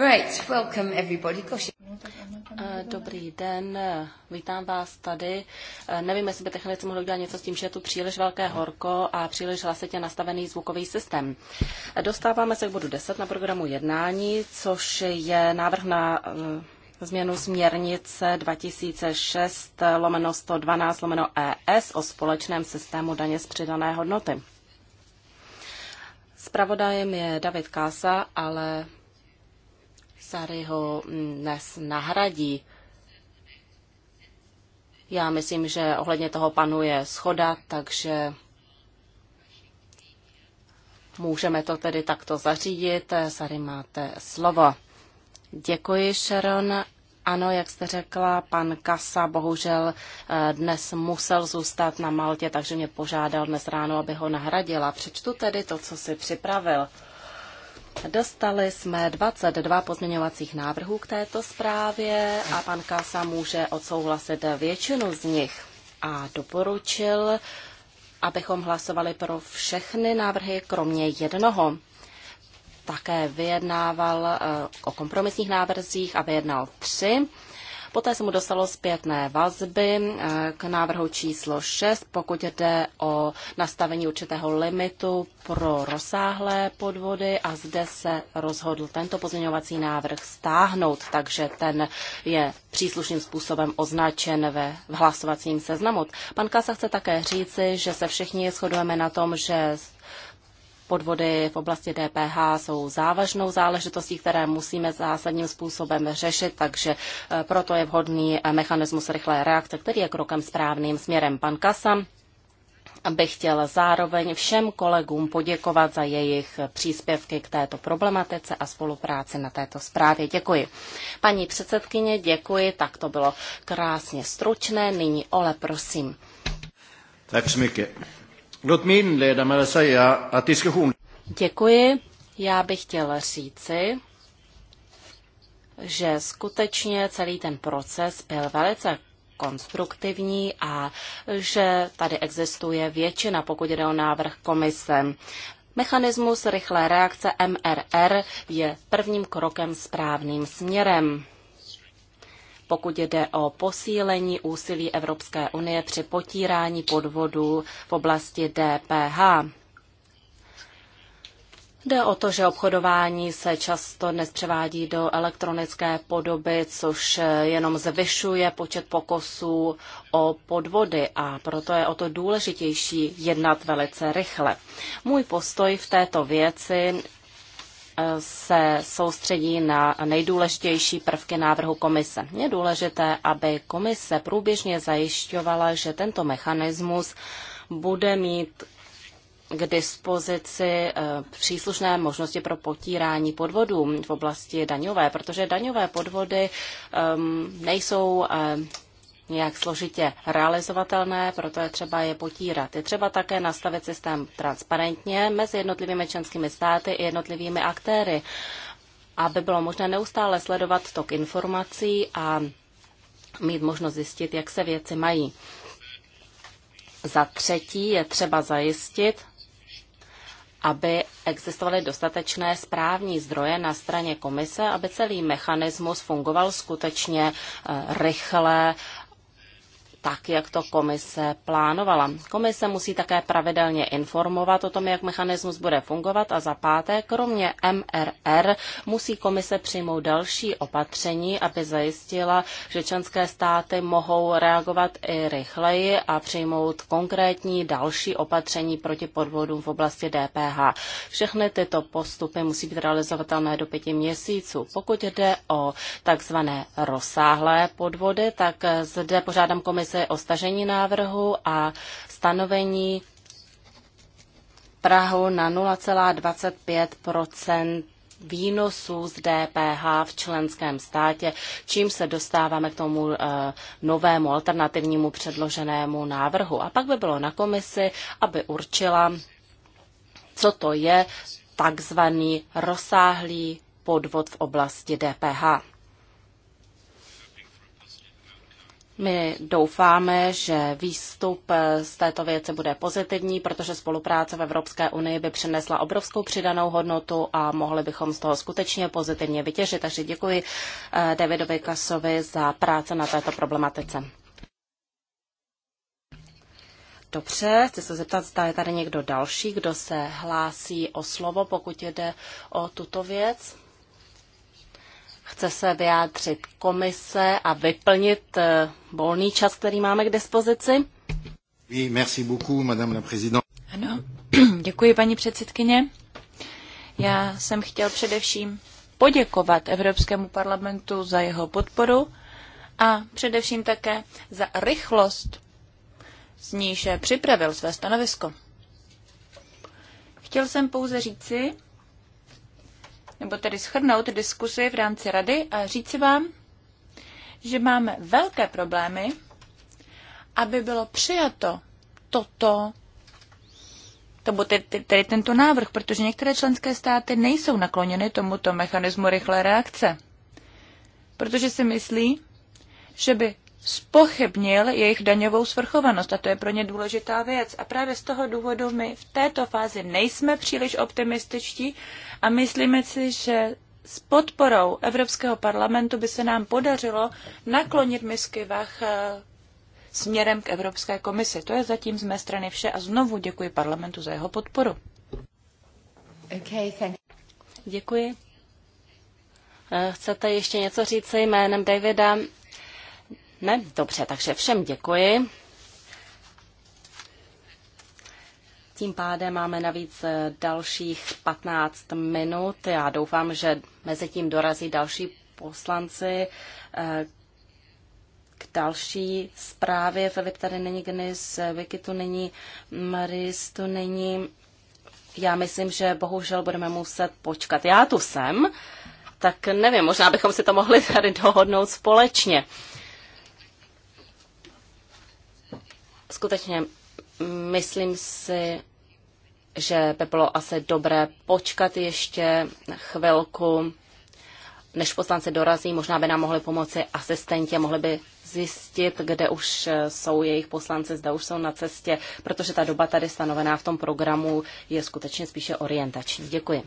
Right, welcome everybody. Gosh. Eh, dobrý den, eh, vítám vás tady. Eh, nevím, jestli by technici mohli udělat něco s tím, že je tu příliš velké horko a příliš hlasitě nastavený zvukový systém. Dostáváme se k bodu 10 na programu jednání, což je návrh na změnu směrnice 2006 lomeno 112 lomeno ES o společném systému daně z přidané hodnoty. Spravodajem je David Kása, ale Saryho dnes nahradí. Já myslím, že ohledně toho panuje schoda, takže můžeme to tedy takto zařídit. Sary, máte slovo. Děkuji, Sharon. Ano, jak jste řekla, pan Kasa bohužel eh, dnes musel zůstat na Maltě, takže mě požádal dnes ráno, aby ho nahradila. Přečtu tedy to, co si připravil. Dostali jsme 22 pozměňovacích návrhů k této zprávě a pan Kasa může odsouhlasit většinu z nich a doporučil, abychom hlasovali pro všechny návrhy, kromě jednoho. Také vyjednával eh, o kompromisních návrzích a vyjednal tři Poté se mu dostalo zpětné vazby eh, k návrhu číslo 6, pokud jde o nastavení určitého limitu pro rozsáhlé podvody a zde se rozhodl tento pozměňovací návrh stáhnout, takže ten je příslušným způsobem označen ve v hlasovacím seznamu. Pan Kasa chce také říci, že se všichni shodujeme na tom, že Podvody v oblasti DPH jsou závažnou záležitostí, které musíme zásadním způsobem řešit, takže eh, proto je vhodný eh, mechanismus rychlé reakce, který je krokem správným směrem. Pan Kasa bych chtěl zároveň všem kolegům poděkovat za jejich příspěvky k této problematice a spolupráci na této zprávě. Děkuji. Paní předsedkyně, děkuji, tak to bylo krásně stručné. Nyní Ole, prosím. Tak smyky. Låt mig inleda med att säga att Děkuji. Já bych chtěl říci, že skutečně celý ten proces byl velice konstruktivní a že tady existuje většina, pokud jde o návrh komise. Mechanismus rychlé reakce MRR je prvním krokem správným směrem pokud jde o posílení úsilí Evropské unie při potírání podvodů v oblasti DPH. Jde o to, že obchodování se často dnes převádí do elektronické podoby, což jenom zvyšuje počet pokusů o podvody a proto je o to důležitější jednat velice rychle. Můj postoj v této věci se soustředí na nejdůležitější prvky návrhu komise. Je důležité, aby komise průběžně zajišťovala, že tento mechanismus bude mít k dispozici eh, příslušné možnosti pro potírání podvodů v oblasti daňové, protože daňové podvody ehm, nejsou eh, nějak složitě realizovatelné, proto je třeba je potírat. Je třeba také nastavit systém transparentně mezi jednotlivými členskými státy i jednotlivými aktéry, aby bylo možné neustále sledovat tok informací a mít možnost zjistit, jak se věci mají. Za třetí je třeba zajistit, aby existovaly dostatečné správní zdroje na straně komise, aby celý mechanismus fungoval skutečně eh, rychle tak, jak to komise plánovala. Komise musí také pravidelně informovat o tom, jak mechanismus bude fungovat a za páté, kromě MRR, musí komise přijmout další opatření, aby zajistila, že členské státy mohou reagovat i rychleji a přijmout konkrétní další opatření proti podvodům v oblasti DPH. Všechny tyto postupy musí být realizovatelné do pěti měsíců. Pokud jde o takzvané rozsáhlé podvody, tak zde požádám Komise se o stažení návrhu a stanovení Prahu na 0,25 výnosů z DPH v členském státě, čím se dostáváme k tomu uh, novému alternativnímu předloženému návrhu. A pak by bylo na komisi, aby určila, co to je takzvaný rozsáhlý podvod v oblasti DPH. My doufáme, že výstup z této věci bude pozitivní, protože spolupráce v Evropské unii by přinesla obrovskou přidanou hodnotu a mohli bychom z toho skutečně pozitivně vytěžit. Takže děkuji eh, Davidovi Kasovi za práce na této problematice. Dobře, chci se zeptat, zda je tady někdo další, kdo se hlásí o slovo, pokud jde o tuto věc. Chce se vyjádřit komise a vyplnit eh, volný čas, který máme k dispozici? Oui, merci beaucoup, madame la Ano, děkuji paní předsedkyně. Já jsem chtěl především poděkovat Evropskému parlamentu za jeho podporu a především také za rychlost, s níž připravil své stanovisko. Chtěl jsem pouze říci, nebo tedy schrnout diskusi v rámci rady a říci vám, že máme velké problémy, aby bylo přijato toto, to tedy tento návrh, protože některé členské státy nejsou nakloněny tomuto mechanismu rychlé reakce. Protože si myslí, že by spochybnil jejich daňovou svrchovanost a to je pro ně důležitá věc. A právě z toho důvodu my v této fázi nejsme příliš optimističtí a myslíme si, že s podporou Evropského parlamentu by se nám podařilo naklonit misky vach eh, směrem k Evropské komisi. To je zatím z mé strany vše a znovu děkuji parlamentu za jeho podporu. Okay, thank Děkuji. Eh, chcete ještě něco říct jménem Davida? Ne? Dobře, takže všem děkuji. Tím pádem máme navíc eh, dalších 15 minut. Já doufám, že mezi tím dorazí další poslanci eh, k další zprávě. Filip tady není, Gnis, eh, Vicky tu není, Maris tu není. Já myslím, že bohužel budeme muset počkat. Já tu jsem, tak nevím, možná bychom si to mohli tady dohodnout společně. Skutečně myslím si, že by bylo asi dobré počkat ještě chvilku, než poslanci dorazí. Možná by nám mohli pomoci asistenti, mohli by zjistit, kde už jsou jejich poslanci, zda už jsou na cestě, protože ta doba tady stanovená v tom programu je skutečně spíše orientační. Děkuji.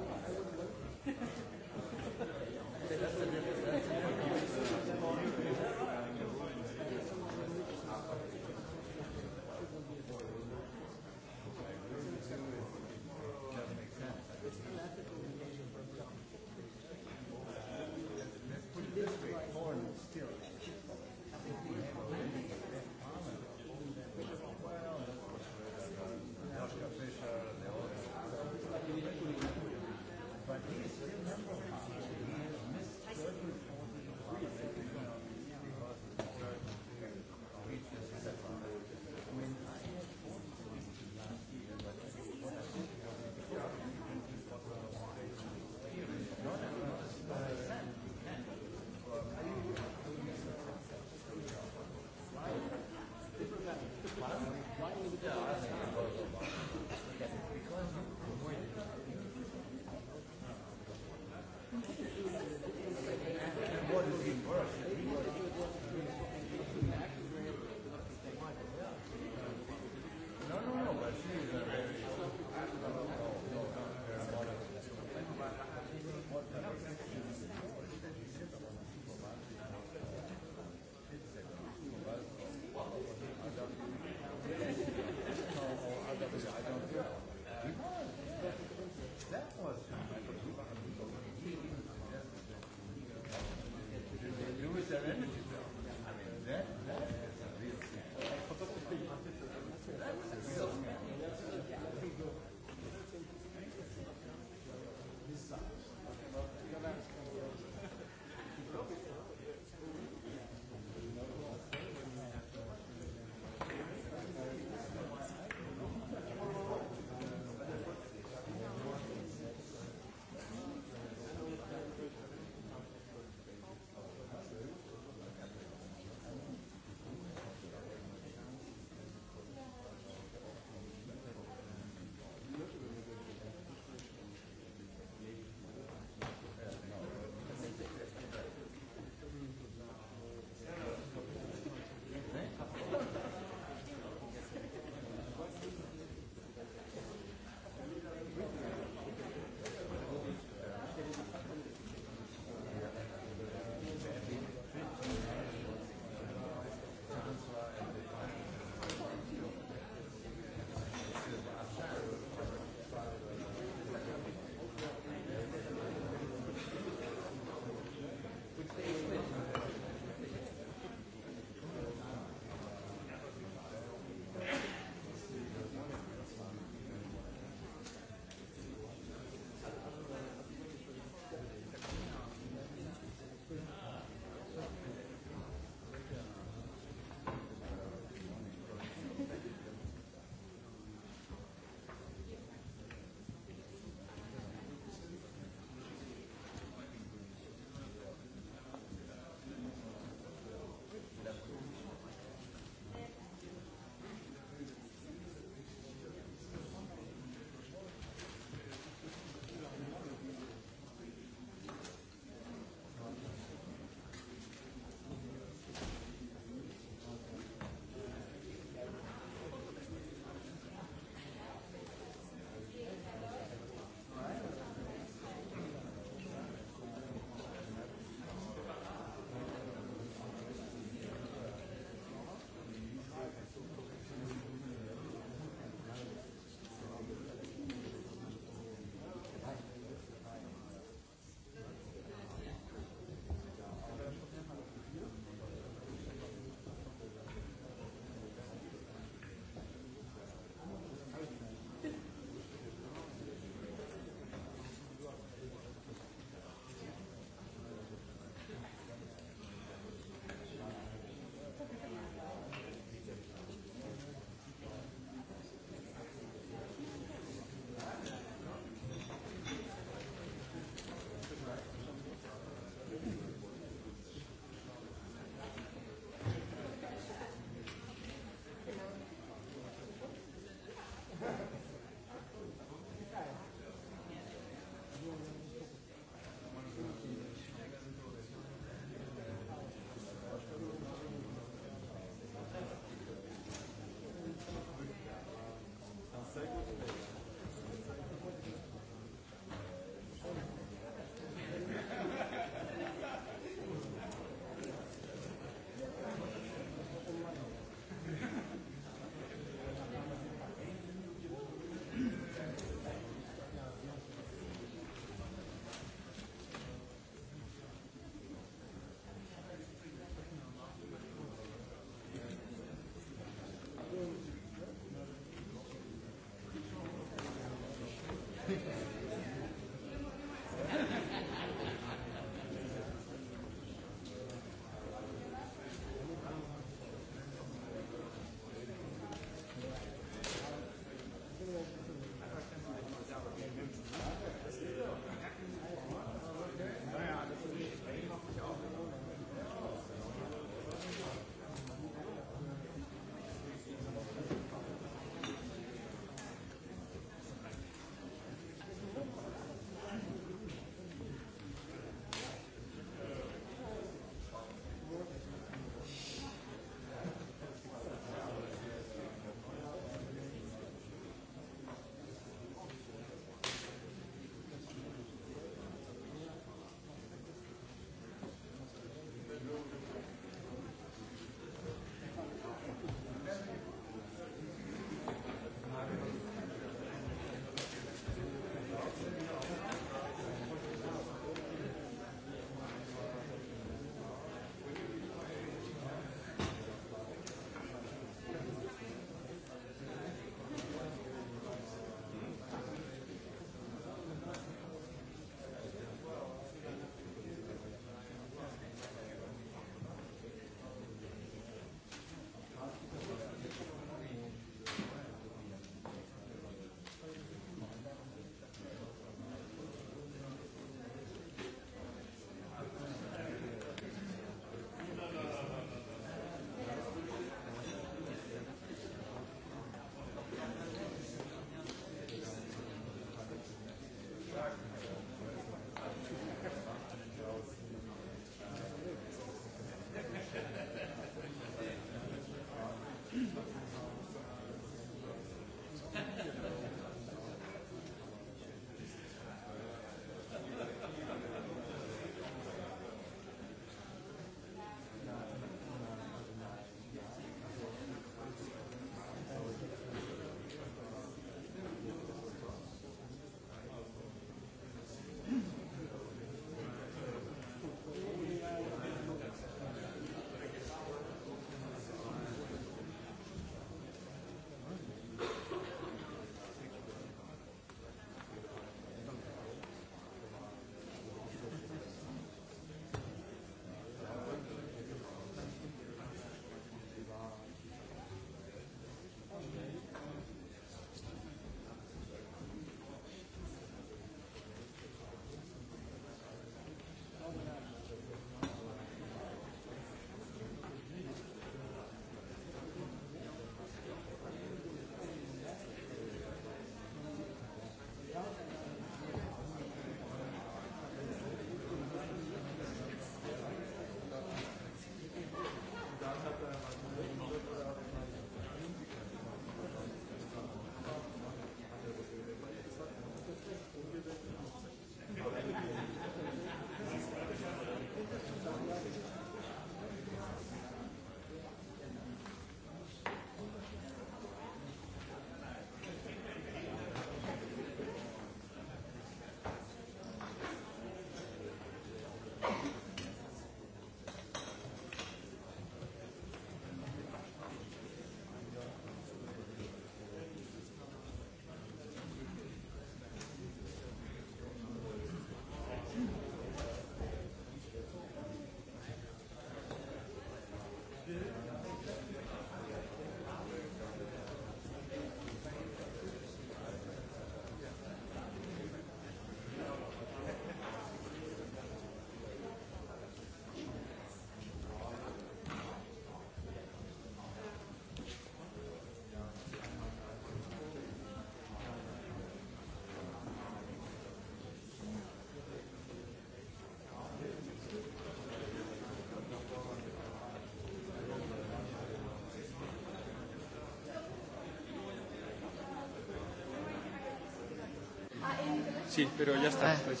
Sì, però ya está. Eh. Pues,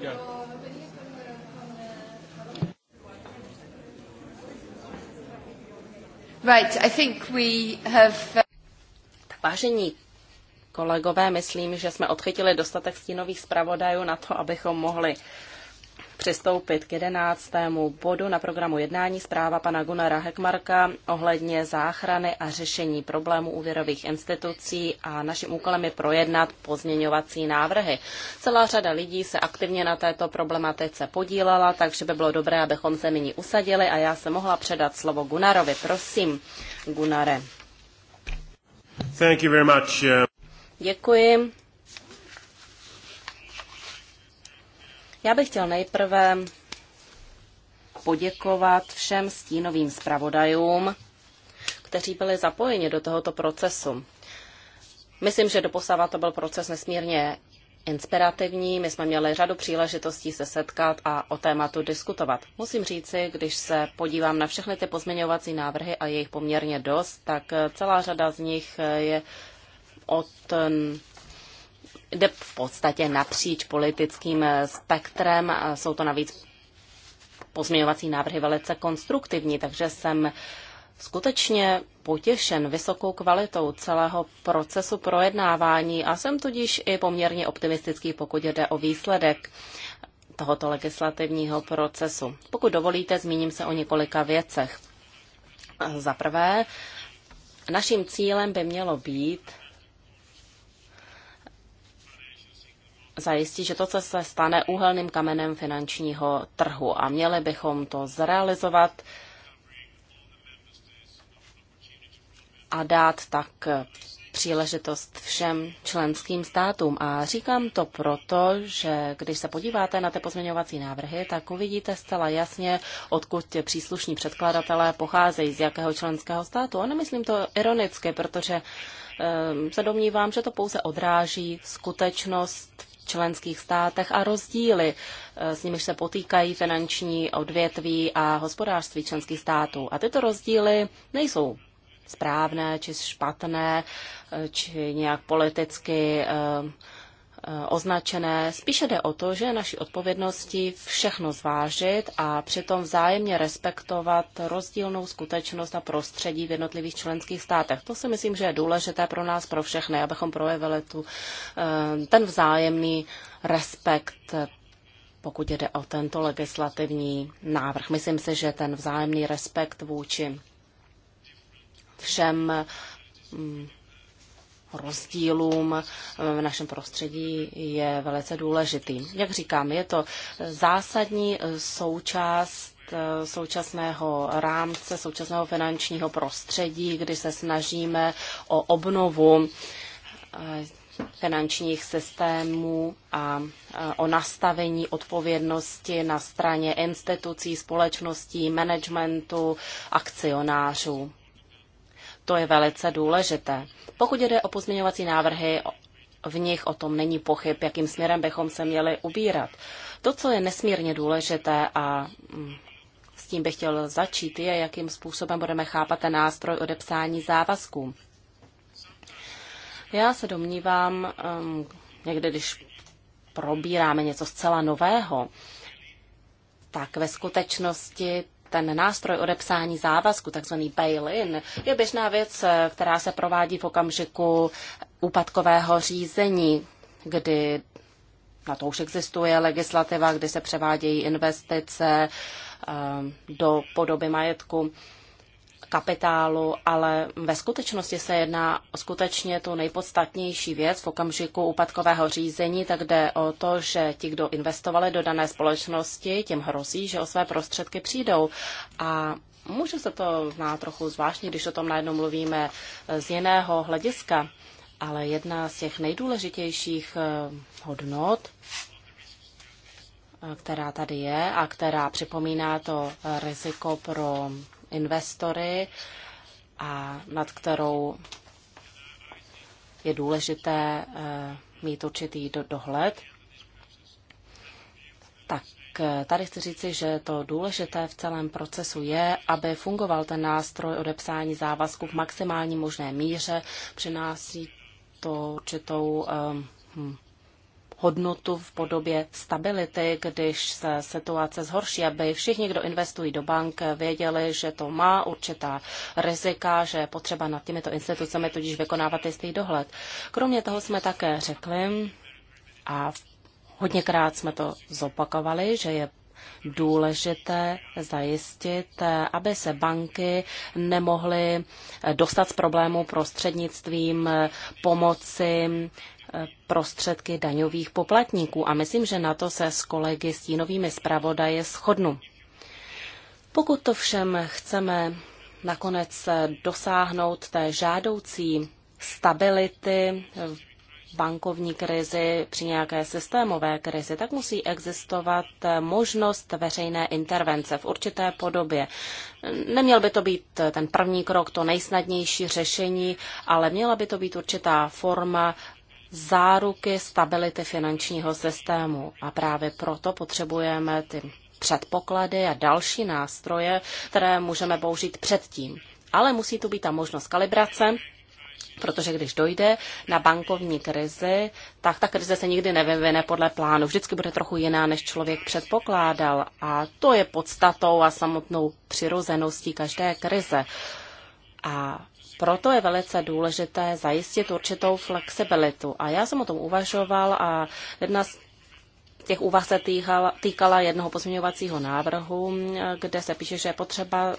ya. Right, I think we have... Tak uh, vážení kolegové, myslím, že jsme odchytili dostatek stínových zpravodajů na to, abychom mohli přistoupit k jedenáctému bodu na programu jednání zpráva pana Gunara Hekmarka ohledně záchrany a řešení problémů úvěrových institucí a naším úkolem je projednat pozměňovací návrhy. Celá řada lidí se aktivně na této problematice podílela, takže by bylo dobré, abychom se nyní usadili a já se mohla předat slovo Gunarovi. Prosím, Gunare. Thank you very much. Uh, Děkuji. Já bych chtěl nejprve poděkovat všem stínovým zpravodajům, kteří byli zapojeni do tohoto procesu. Myslím, že doposava to byl proces nesmírně inspirativní. My jsme měli řadu příležitostí se setkat a o tématu diskutovat. Musím říci, když se podívám na všechny ty pozměňovací návrhy a jejich poměrně dost, tak celá řada z nich je od jde v podstatě napříč politickým eh, spektrem. jsou to navíc pozměňovací návrhy velice konstruktivní, takže jsem skutečně potěšen vysokou kvalitou celého procesu projednávání a jsem tudíž i poměrně optimistický, pokud jde o výsledek tohoto legislativního procesu. Pokud dovolíte, zmíním se o několika věcech. Za prvé, naším cílem by mělo být zajistí, že to, co se stane úhelným kamenem finančního trhu a měli bychom to zrealizovat a dát tak příležitost všem členským státům. A říkám to proto, že když se podíváte na ty pozměňovací návrhy, tak uvidíte zcela jasně, odkud tě příslušní předkladatelé pocházejí, z jakého členského státu. A nemyslím to ironicky, protože ehm, se domnívám, že to pouze odráží skutečnost členských státech a rozdíly, eh, s nimiž se potýkají finanční odvětví a hospodářství členských států. A tyto rozdíly nejsou správné či špatné, eh, či nějak politicky eh, Eh, označené. Spíše jde o to, že je naší odpovědností všechno zvážit a přitom vzájemně respektovat rozdílnou skutečnost a prostředí v jednotlivých členských státech. To si myslím, že je důležité pro nás, pro všechny, abychom projevili tu, eh, ten vzájemný respekt pokud jde o tento legislativní návrh. Myslím si, že ten vzájemný respekt vůči všem mm, rozdílům v našem prostředí je velice důležitý. Jak říkám, je to zásadní součást současného rámce, současného finančního prostředí, kdy se snažíme o obnovu eh, finančních systémů a eh, o nastavení odpovědnosti na straně institucí, společností, managementu, akcionářů. To je velice důležité. Pokud jde o pozměňovací návrhy, v nich o tom není pochyb, jakým směrem bychom se měli ubírat. To, co je nesmírně důležité a mm, s tím bych chtěl začít, je, jakým způsobem budeme chápat ten nástroj odepsání závazků. Já se domnívám, mm, někdy když probíráme něco zcela nového, tak ve skutečnosti ten nástroj odepsání závazku, takzvaný bail-in, je běžná věc, která se provádí v okamžiku úpadkového řízení, kdy na to už existuje legislativa, kdy se převádějí investice eh, do podoby majetku kapitálu, ale ve skutečnosti se jedná o skutečně tu nejpodstatnější věc v okamžiku úpadkového řízení, tak jde o to, že ti, kdo investovali do dané společnosti, těm hrozí, že o své prostředky přijdou. A může se to znát trochu zvláštní, když o tom najednou mluvíme z jiného hlediska, ale jedna z těch nejdůležitějších eh, hodnot eh, která tady je a která připomíná to riziko pro investory a nad kterou je důležité eh, mít určitý do- dohled. Tak eh, tady chci říci, že to důležité v celém procesu je, aby fungoval ten nástroj odepsání závazku v maximální možné míře. Přináší to určitou um, hodnotu v podobě stability, když se situace zhorší, aby všichni, kdo investují do bank, věděli, že to má určitá rizika, že je potřeba nad těmito institucemi tudíž vykonávat jistý dohled. Kromě toho jsme také řekli a hodněkrát jsme to zopakovali, že je důležité zajistit, aby se banky nemohly dostat z problému prostřednictvím pomoci prostředky daňových poplatníků a myslím, že na to se s kolegy stínovými zpravodaje shodnu. Pokud to všem chceme nakonec dosáhnout té žádoucí stability v bankovní krizi, při nějaké systémové krizi, tak musí existovat možnost veřejné intervence v určité podobě. Neměl by to být ten první krok, to nejsnadnější řešení, ale měla by to být určitá forma záruky stability finančního systému. A právě proto potřebujeme ty předpoklady a další nástroje, které můžeme použít předtím. Ale musí tu být ta možnost kalibrace, protože když dojde na bankovní krizi, tak ta krize se nikdy nevyvine podle plánu. Vždycky bude trochu jiná, než člověk předpokládal. A to je podstatou a samotnou přirozeností každé krize. A proto je velice důležité zajistit určitou flexibilitu. A já jsem o tom uvažoval a jedna z těch úvah se týkala, týkala jednoho pozměňovacího návrhu, kde se píše, že je potřeba eh,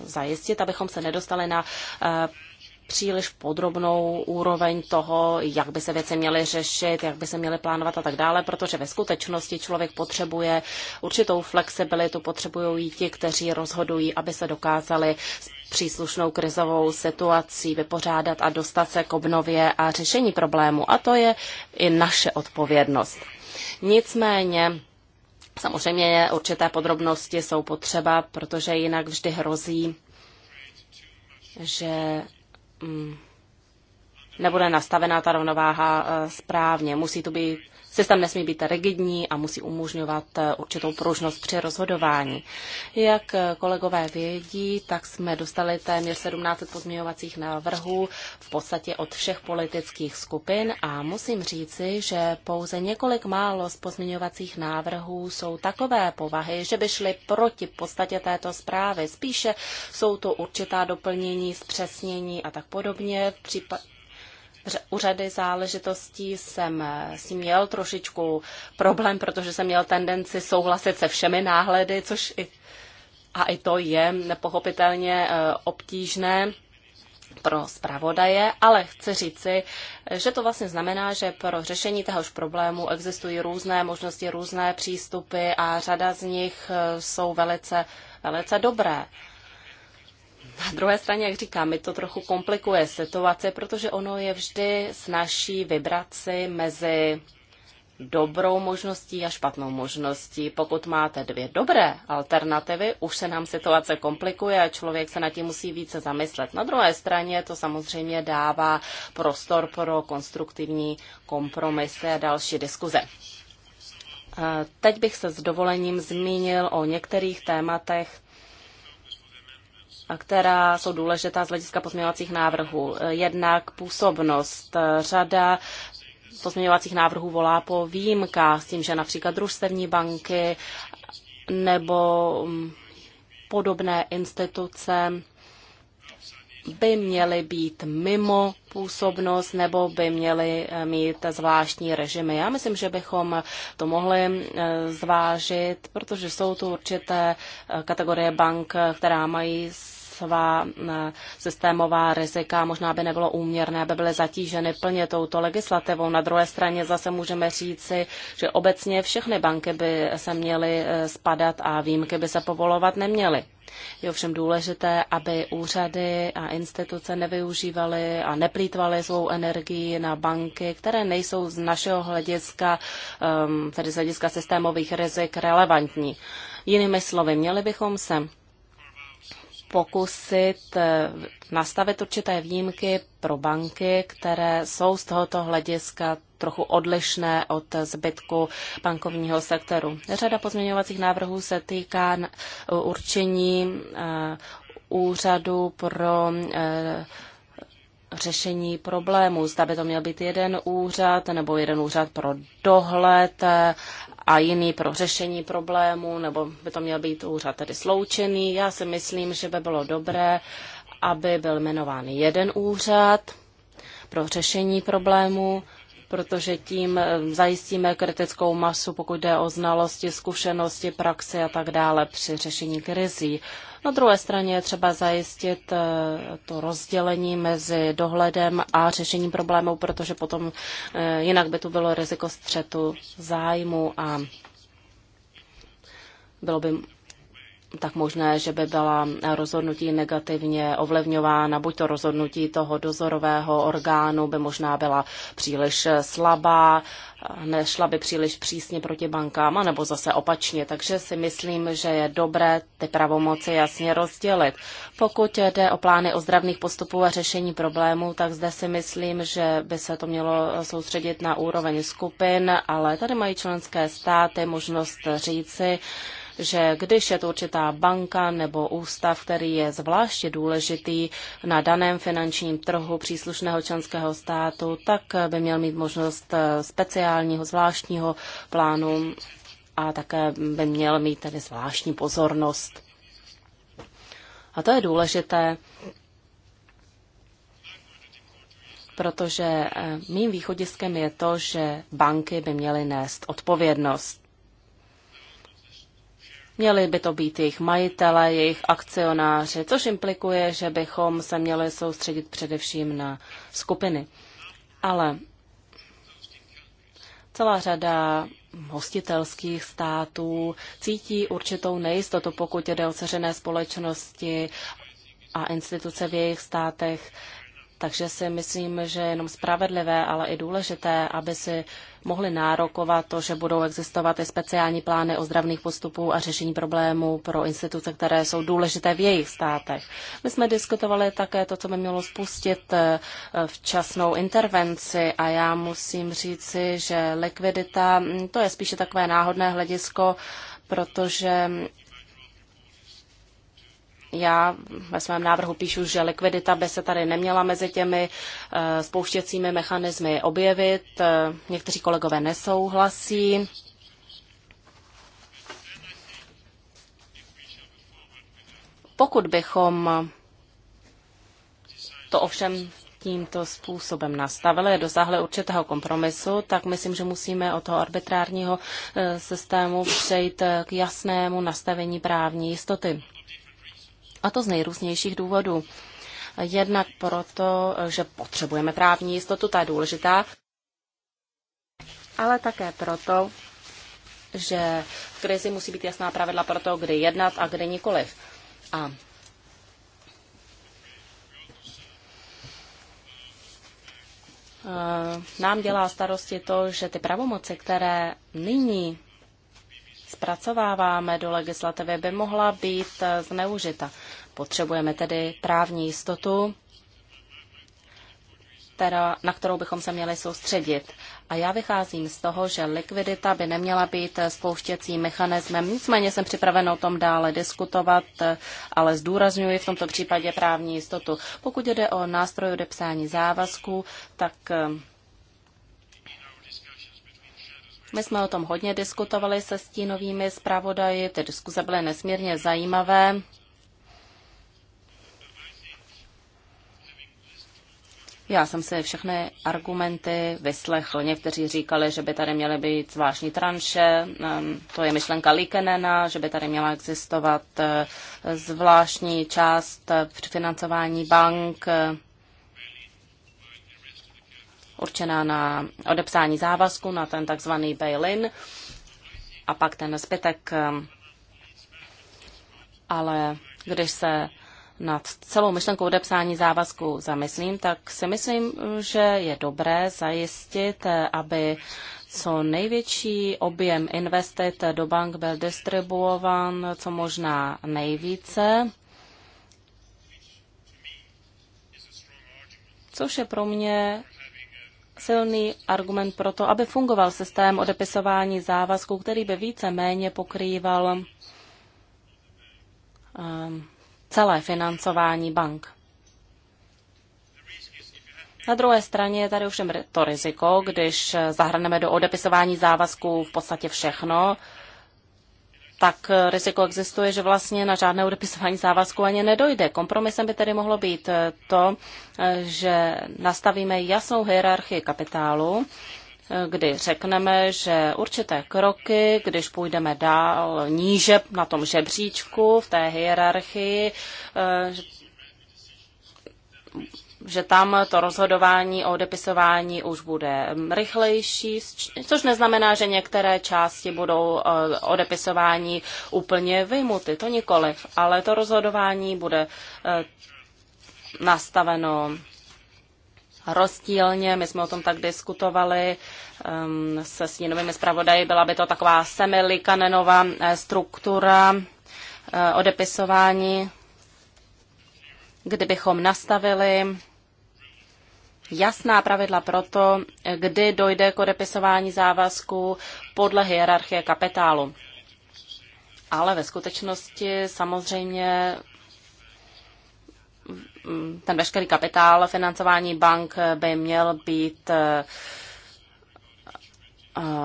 zajistit, abychom se nedostali na eh, příliš podrobnou úroveň toho, jak by se věci měly řešit, jak by se měly plánovat a tak dále, protože ve skutečnosti člověk potřebuje určitou flexibilitu, potřebují ti, kteří rozhodují, aby se dokázali příslušnou krizovou situací vypořádat a dostat se k obnově a řešení problému. A to je i naše odpovědnost. Nicméně samozřejmě určité podrobnosti jsou potřeba, protože jinak vždy hrozí, že mm, nebude nastavená ta rovnováha eh, správně. Musí tu být Systém nesmí být rigidní a musí umožňovat eh, určitou pružnost při rozhodování. Jak eh, kolegové vědí, tak jsme dostali téměř 17 pozměňovacích návrhů v podstatě od všech politických skupin a musím říci, že pouze několik málo z pozměňovacích návrhů jsou takové povahy, že by šly proti podstatě této zprávy. Spíše jsou to určitá doplnění, zpřesnění a tak podobně. V případě u řady záležitostí jsem eh, s ním měl trošičku problém, protože jsem měl tendenci souhlasit se všemi náhledy, což i, a i to je nepochopitelně eh, obtížné pro zpravodaje, ale chci říci, eh, že to vlastně znamená, že pro řešení téhož problému existují různé možnosti, různé přístupy a řada z nich jsou velice, velice dobré. Na druhé straně, jak říkám, mi to trochu komplikuje situace, protože ono je vždy snaží vybrat si mezi dobrou možností a špatnou možností. Pokud máte dvě dobré alternativy, už se nám situace komplikuje a člověk se na tím musí více zamyslet. Na druhé straně to samozřejmě dává prostor pro konstruktivní kompromisy a další diskuze. Teď bych se s dovolením zmínil o některých tématech, která jsou důležitá z hlediska pozměňovacích návrhů. Eh, jednak působnost. Eh, řada pozměňovacích návrhů volá po výjimkách, s tím, že například družstevní banky nebo mm, podobné instituce by měly být mimo působnost nebo by měly eh, mít zvláštní režimy. Já myslím, že bychom to mohli zvážit, protože jsou tu určité kategorie bank, která mají svá eh, systémová rizika. Možná by nebylo úměrné, aby byly zatíženy plně touto legislativou. Na druhé straně zase můžeme říci, že obecně všechny banky by se měly eh, spadat a výjimky by se povolovat neměly. Je ovšem důležité, aby úřady a instituce nevyužívaly a neplýtvaly svou energii na banky, které nejsou z našeho hlediska, ehm, tedy z hlediska systémových rizik, relevantní. Jinými slovy, měli bychom se pokusit eh, nastavit určité výjimky pro banky, které jsou z tohoto hlediska trochu odlišné od zbytku bankovního sektoru. Řada pozměňovacích návrhů se týká eh, určení eh, úřadu pro řešení problému. Zda by to měl být jeden úřad, nebo jeden úřad pro dohled eh, a jiný pro řešení problému, nebo by to měl být úřad tedy sloučený. Já si myslím, že by bylo dobré, aby byl jmenován jeden úřad pro řešení problému, protože tím eh, zajistíme kritickou masu, pokud jde o znalosti, zkušenosti, praxi a tak dále při řešení krizí. Na druhé straně je třeba zajistit eh, to rozdělení mezi dohledem a řešením problémů, protože potom eh, jinak by tu bylo riziko střetu zájmu a bylo by tak možné, že by byla rozhodnutí negativně ovlivňována, buď to rozhodnutí toho dozorového orgánu by možná byla příliš slabá, nešla by příliš přísně proti bankám, nebo zase opačně. Takže si myslím, že je dobré ty pravomoci jasně rozdělit. Pokud jde o plány ozdravných postupů a řešení problémů, tak zde si myslím, že by se to mělo soustředit na úroveň skupin, ale tady mají členské státy možnost říci, že když je to určitá banka nebo ústav, který je zvláště důležitý na daném finančním trhu příslušného členského státu, tak by měl mít možnost eh, speciálního zvláštního plánu a také by měl mít tedy zvláštní pozornost. A to je důležité, protože eh, mým východiskem je to, že banky by měly nést odpovědnost. Měli by to být jejich majitele, jejich akcionáři, což implikuje, že bychom se měli soustředit především na skupiny. Ale celá řada hostitelských států cítí určitou nejistotu, pokud jde o ceřené společnosti a instituce v jejich státech, takže si myslím, že je jenom spravedlivé, ale i důležité, aby si mohli nárokovat to, že budou existovat i speciální plány ozdravných postupů a řešení problémů pro instituce, které jsou důležité v jejich státech. My jsme diskutovali také to, co by mělo spustit eh, včasnou intervenci a já musím říci, že likvidita mm, to je spíše takové náhodné hledisko, protože mm, já ve svém návrhu píšu, že likvidita by se tady neměla mezi těmi eh, spouštěcími mechanismy objevit. Eh, někteří kolegové nesouhlasí. Pokud bychom to ovšem tímto způsobem nastavili a dosáhli určitého kompromisu, tak myslím, že musíme od toho arbitrárního eh, systému přejít k jasnému nastavení právní jistoty a to z nejrůznějších důvodů. Jednak proto, že potřebujeme právní jistotu, ta je důležitá, ale také proto, že v krizi musí být jasná pravidla pro to, kdy jednat a kdy nikoliv. A e, nám dělá starosti to, že ty pravomoci, které nyní zpracováváme do legislativy, by mohla být eh, zneužita. Potřebujeme tedy právní jistotu, která, na kterou bychom se měli soustředit. A já vycházím z toho, že likvidita by neměla být eh, spouštěcím mechanismem. Nicméně jsem připraven o tom dále diskutovat, eh, ale zdůrazňuji v tomto případě právní jistotu. Pokud jde o nástroj odepsání závazků, tak my jsme o tom hodně diskutovali se stínovými zpravodaji, ty diskuze byly nesmírně zajímavé. Já jsem si všechny argumenty vyslechl. Někteří říkali, že by tady měly být zvláštní tranše, ehm, to je myšlenka Likenena, že by tady měla existovat eh, zvláštní část eh, při financování bank určená na odepsání závazku, na ten takzvaný bail-in a pak ten zbytek. Ale když se nad celou myšlenkou odepsání závazku zamyslím, tak si myslím, že je dobré zajistit, aby co největší objem investit do bank byl distribuován, co možná nejvíce, což je pro mě silný argument pro to, aby fungoval systém odepisování závazků, který by více méně pokrýval ehm, celé financování bank. Na druhé straně je tady ovšem to riziko, když eh, zahrneme do odepisování závazků v podstatě všechno, tak eh, riziko existuje, že vlastně na žádné odepisování závazku ani nedojde. Kompromisem by tedy mohlo být eh, to, eh, že nastavíme jasnou hierarchii kapitálu, kdy řekneme, že určité kroky, když půjdeme dál níže na tom žebříčku v té hierarchii, že tam to rozhodování o odepisování už bude rychlejší, což neznamená, že některé části budou eh, odepisování úplně vyjmuty, to nikoliv, ale to rozhodování bude eh, nastaveno rozdílně. My jsme o tom tak diskutovali um, se stínovými zpravodaji. Byla by to taková semilikanenová eh, struktura uh, odepisování, kdybychom nastavili jasná pravidla pro to, kdy dojde k odepisování závazků podle hierarchie kapitálu. Ale ve skutečnosti samozřejmě ten veškerý kapitál financování bank by měl být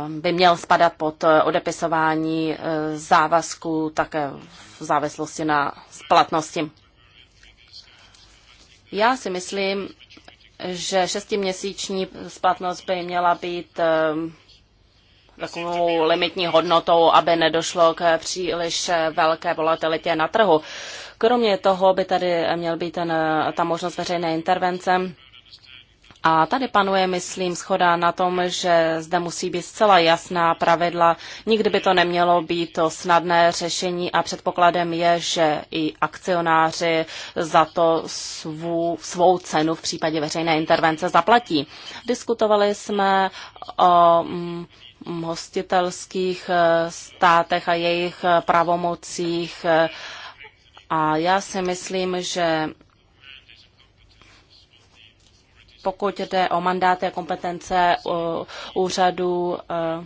by měl spadat pod odepisování závazků také v závislosti na splatnosti. Já si myslím, že šestiměsíční splatnost by měla být eh, takovou limitní hodnotou, aby nedošlo k příliš velké volatilitě na trhu. Kromě toho by tady měl být ten, ta možnost veřejné intervence a tady panuje, myslím, schoda na tom, že zde musí být zcela jasná pravidla. Nikdy by to nemělo být to snadné řešení a předpokladem je, že i akcionáři za to svů, svou cenu v případě veřejné intervence zaplatí. Diskutovali jsme o mm, hostitelských e, státech a jejich pravomocích e, a já si myslím, že pokud jde o mandáty a kompetence úřadů eh,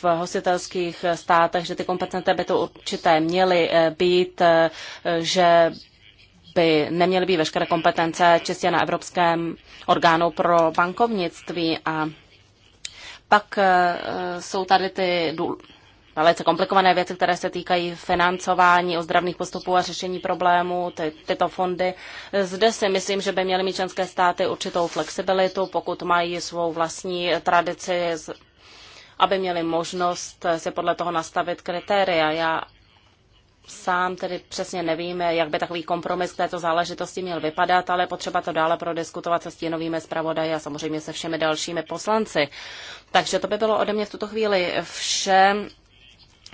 v hostitelských státech, že ty kompetence by to určité měly eh, být, eh, že by neměly být veškeré kompetence čistě na Evropském orgánu pro bankovnictví. A pak jsou tady ty velice komplikované věci, které se týkají financování, ozdravných postupů a řešení problémů, ty, tyto fondy. Zde si myslím, že by měly mít členské státy určitou flexibilitu, pokud mají svou vlastní tradici, aby měli možnost si podle toho nastavit kritéria. Já sám tedy přesně nevím, jak by takový kompromis k této záležitosti měl vypadat, ale potřeba to dále prodiskutovat se stínovými zpravodaji a samozřejmě se všemi dalšími poslanci. Takže to by bylo ode mě v tuto chvíli všem.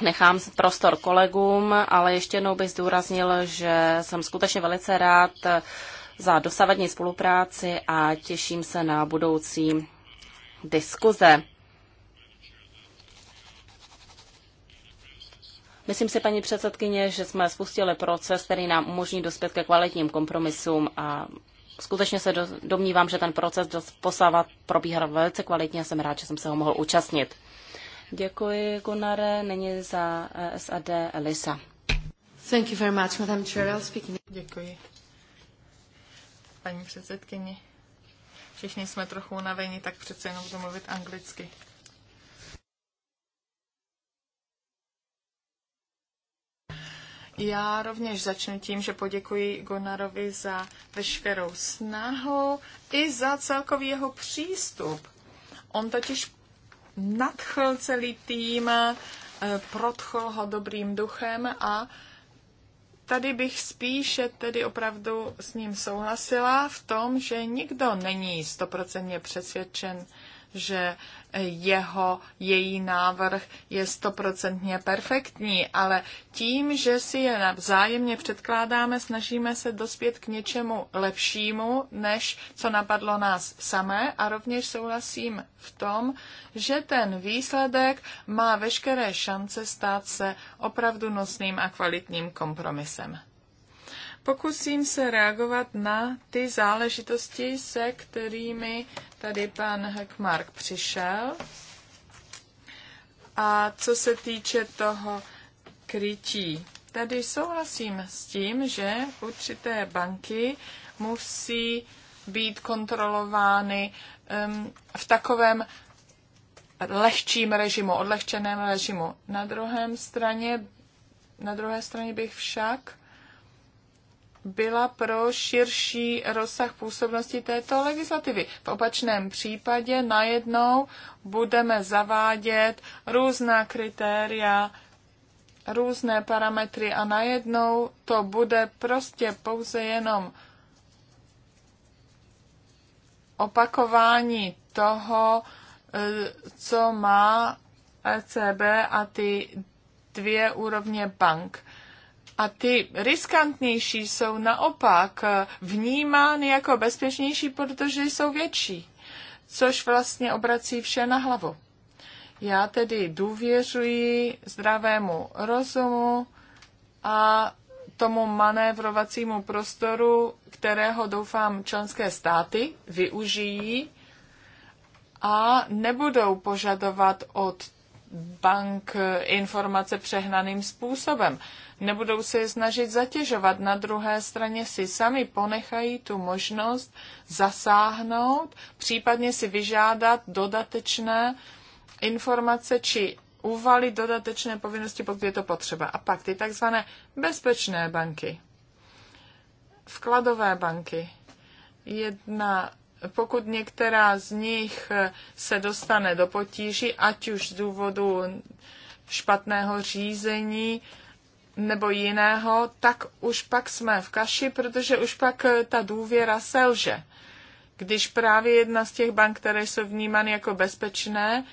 Nechám prostor kolegům, ale ještě jednou bych zdůraznil, že jsem skutečně velice rád eh, za dosavadní spolupráci a těším se na budoucí diskuze. Myslím si, paní předsedkyně, že jsme spustili proces, který nám umožní dospět ke kvalitním kompromisům a skutečně se domnívám, že ten proces posávat probíhal velice kvalitně a jsem rád, že jsem se ho mohl účastnit. Děkuji, Gunare. Nyní za eh, SAD Elisa. Thank you very much, Madam Chair. I'll speak Děkuji. Paní předsedkyni, všichni jsme trochu unavení, tak přece jenom budu mluvit anglicky. Já rovněž začnu tím, že poděkuji Gonarovi za veškerou snahu i za celkový jeho přístup. On totiž nadchl celý tým, protchl ho dobrým duchem a tady bych spíše tedy opravdu s ním souhlasila v tom, že nikdo není stoprocentně přesvědčen že jeho, její návrh je stoprocentně perfektní, ale tím, že si je navzájemně předkládáme, snažíme se dospět k něčemu lepšímu, než co napadlo nás samé a rovněž souhlasím v tom, že ten výsledek má veškeré šance stát se opravdu nosným a kvalitním kompromisem. Pokusím se reagovat na ty záležitosti, se kterými tady pan Heckmark přišel. A co se týče toho krytí, tady souhlasím s tím, že určité banky musí být kontrolovány um, v takovém lehčím režimu, odlehčeném režimu. Na, druhém straně, na druhé straně bych však byla pro širší rozsah působnosti této legislativy. V opačném případě najednou budeme zavádět různá kritéria, různé parametry a najednou to bude prostě pouze jenom opakování toho, e, co má ECB a ty dvě úrovně bank. A ty riskantnější jsou naopak vnímány jako bezpečnější, protože jsou větší, což vlastně obrací vše na hlavu. Já tedy důvěřuji zdravému rozumu a tomu manévrovacímu prostoru, kterého doufám členské státy využijí a nebudou požadovat od bank informace přehnaným způsobem. Nebudou se je snažit zatěžovat. Na druhé straně si sami ponechají tu možnost zasáhnout, případně si vyžádat dodatečné informace či uvalit dodatečné povinnosti, pokud je to potřeba. A pak ty takzvané bezpečné banky, vkladové banky. Jedna pokud některá z nich eh, se dostane do potíží, ať už z důvodu špatného řízení nebo jiného, tak už pak jsme v kaši, protože už pak eh, ta důvěra selže. Když právě jedna z těch bank, které jsou vnímány jako bezpečné,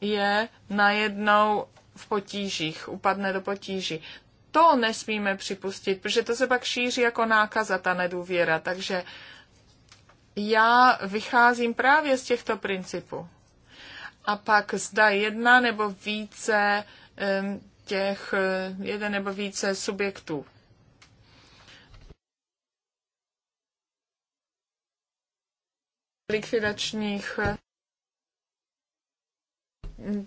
je najednou v potížích, upadne do potíží. To nesmíme připustit, protože to se pak šíří jako nákaza, ta nedůvěra. Takže já vycházím právě z těchto principů. A pak zda jedna nebo více těch, eh, jeden nebo více subjektů. likvidačních eh,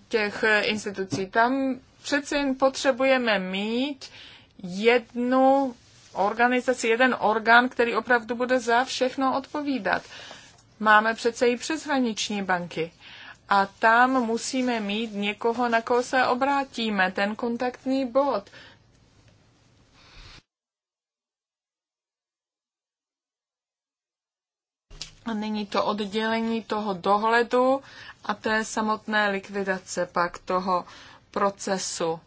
těch eh, institucí. Tam přece jen potřebujeme mít jednu organizaci, jeden orgán, který opravdu bude za všechno odpovídat. Máme přece i přeshraniční banky. A tam musíme mít někoho, na koho se obrátíme, ten kontaktní bod. A není to oddělení toho dohledu a té samotné likvidace pak toho procesu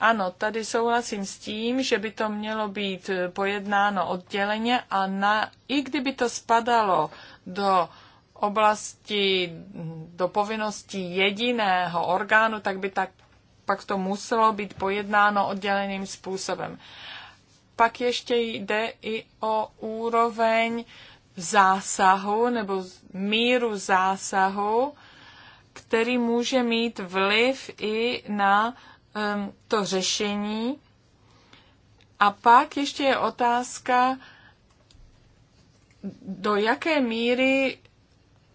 ano, tady souhlasím s tím, že by to mělo být pojednáno odděleně a na, i kdyby to spadalo do oblasti, do povinností jediného orgánu, tak by tak, pak to muselo být pojednáno odděleným způsobem. Pak ještě jde i o úroveň zásahu nebo míru zásahu, který může mít vliv i na to řešení. A pak ještě je otázka, do jaké míry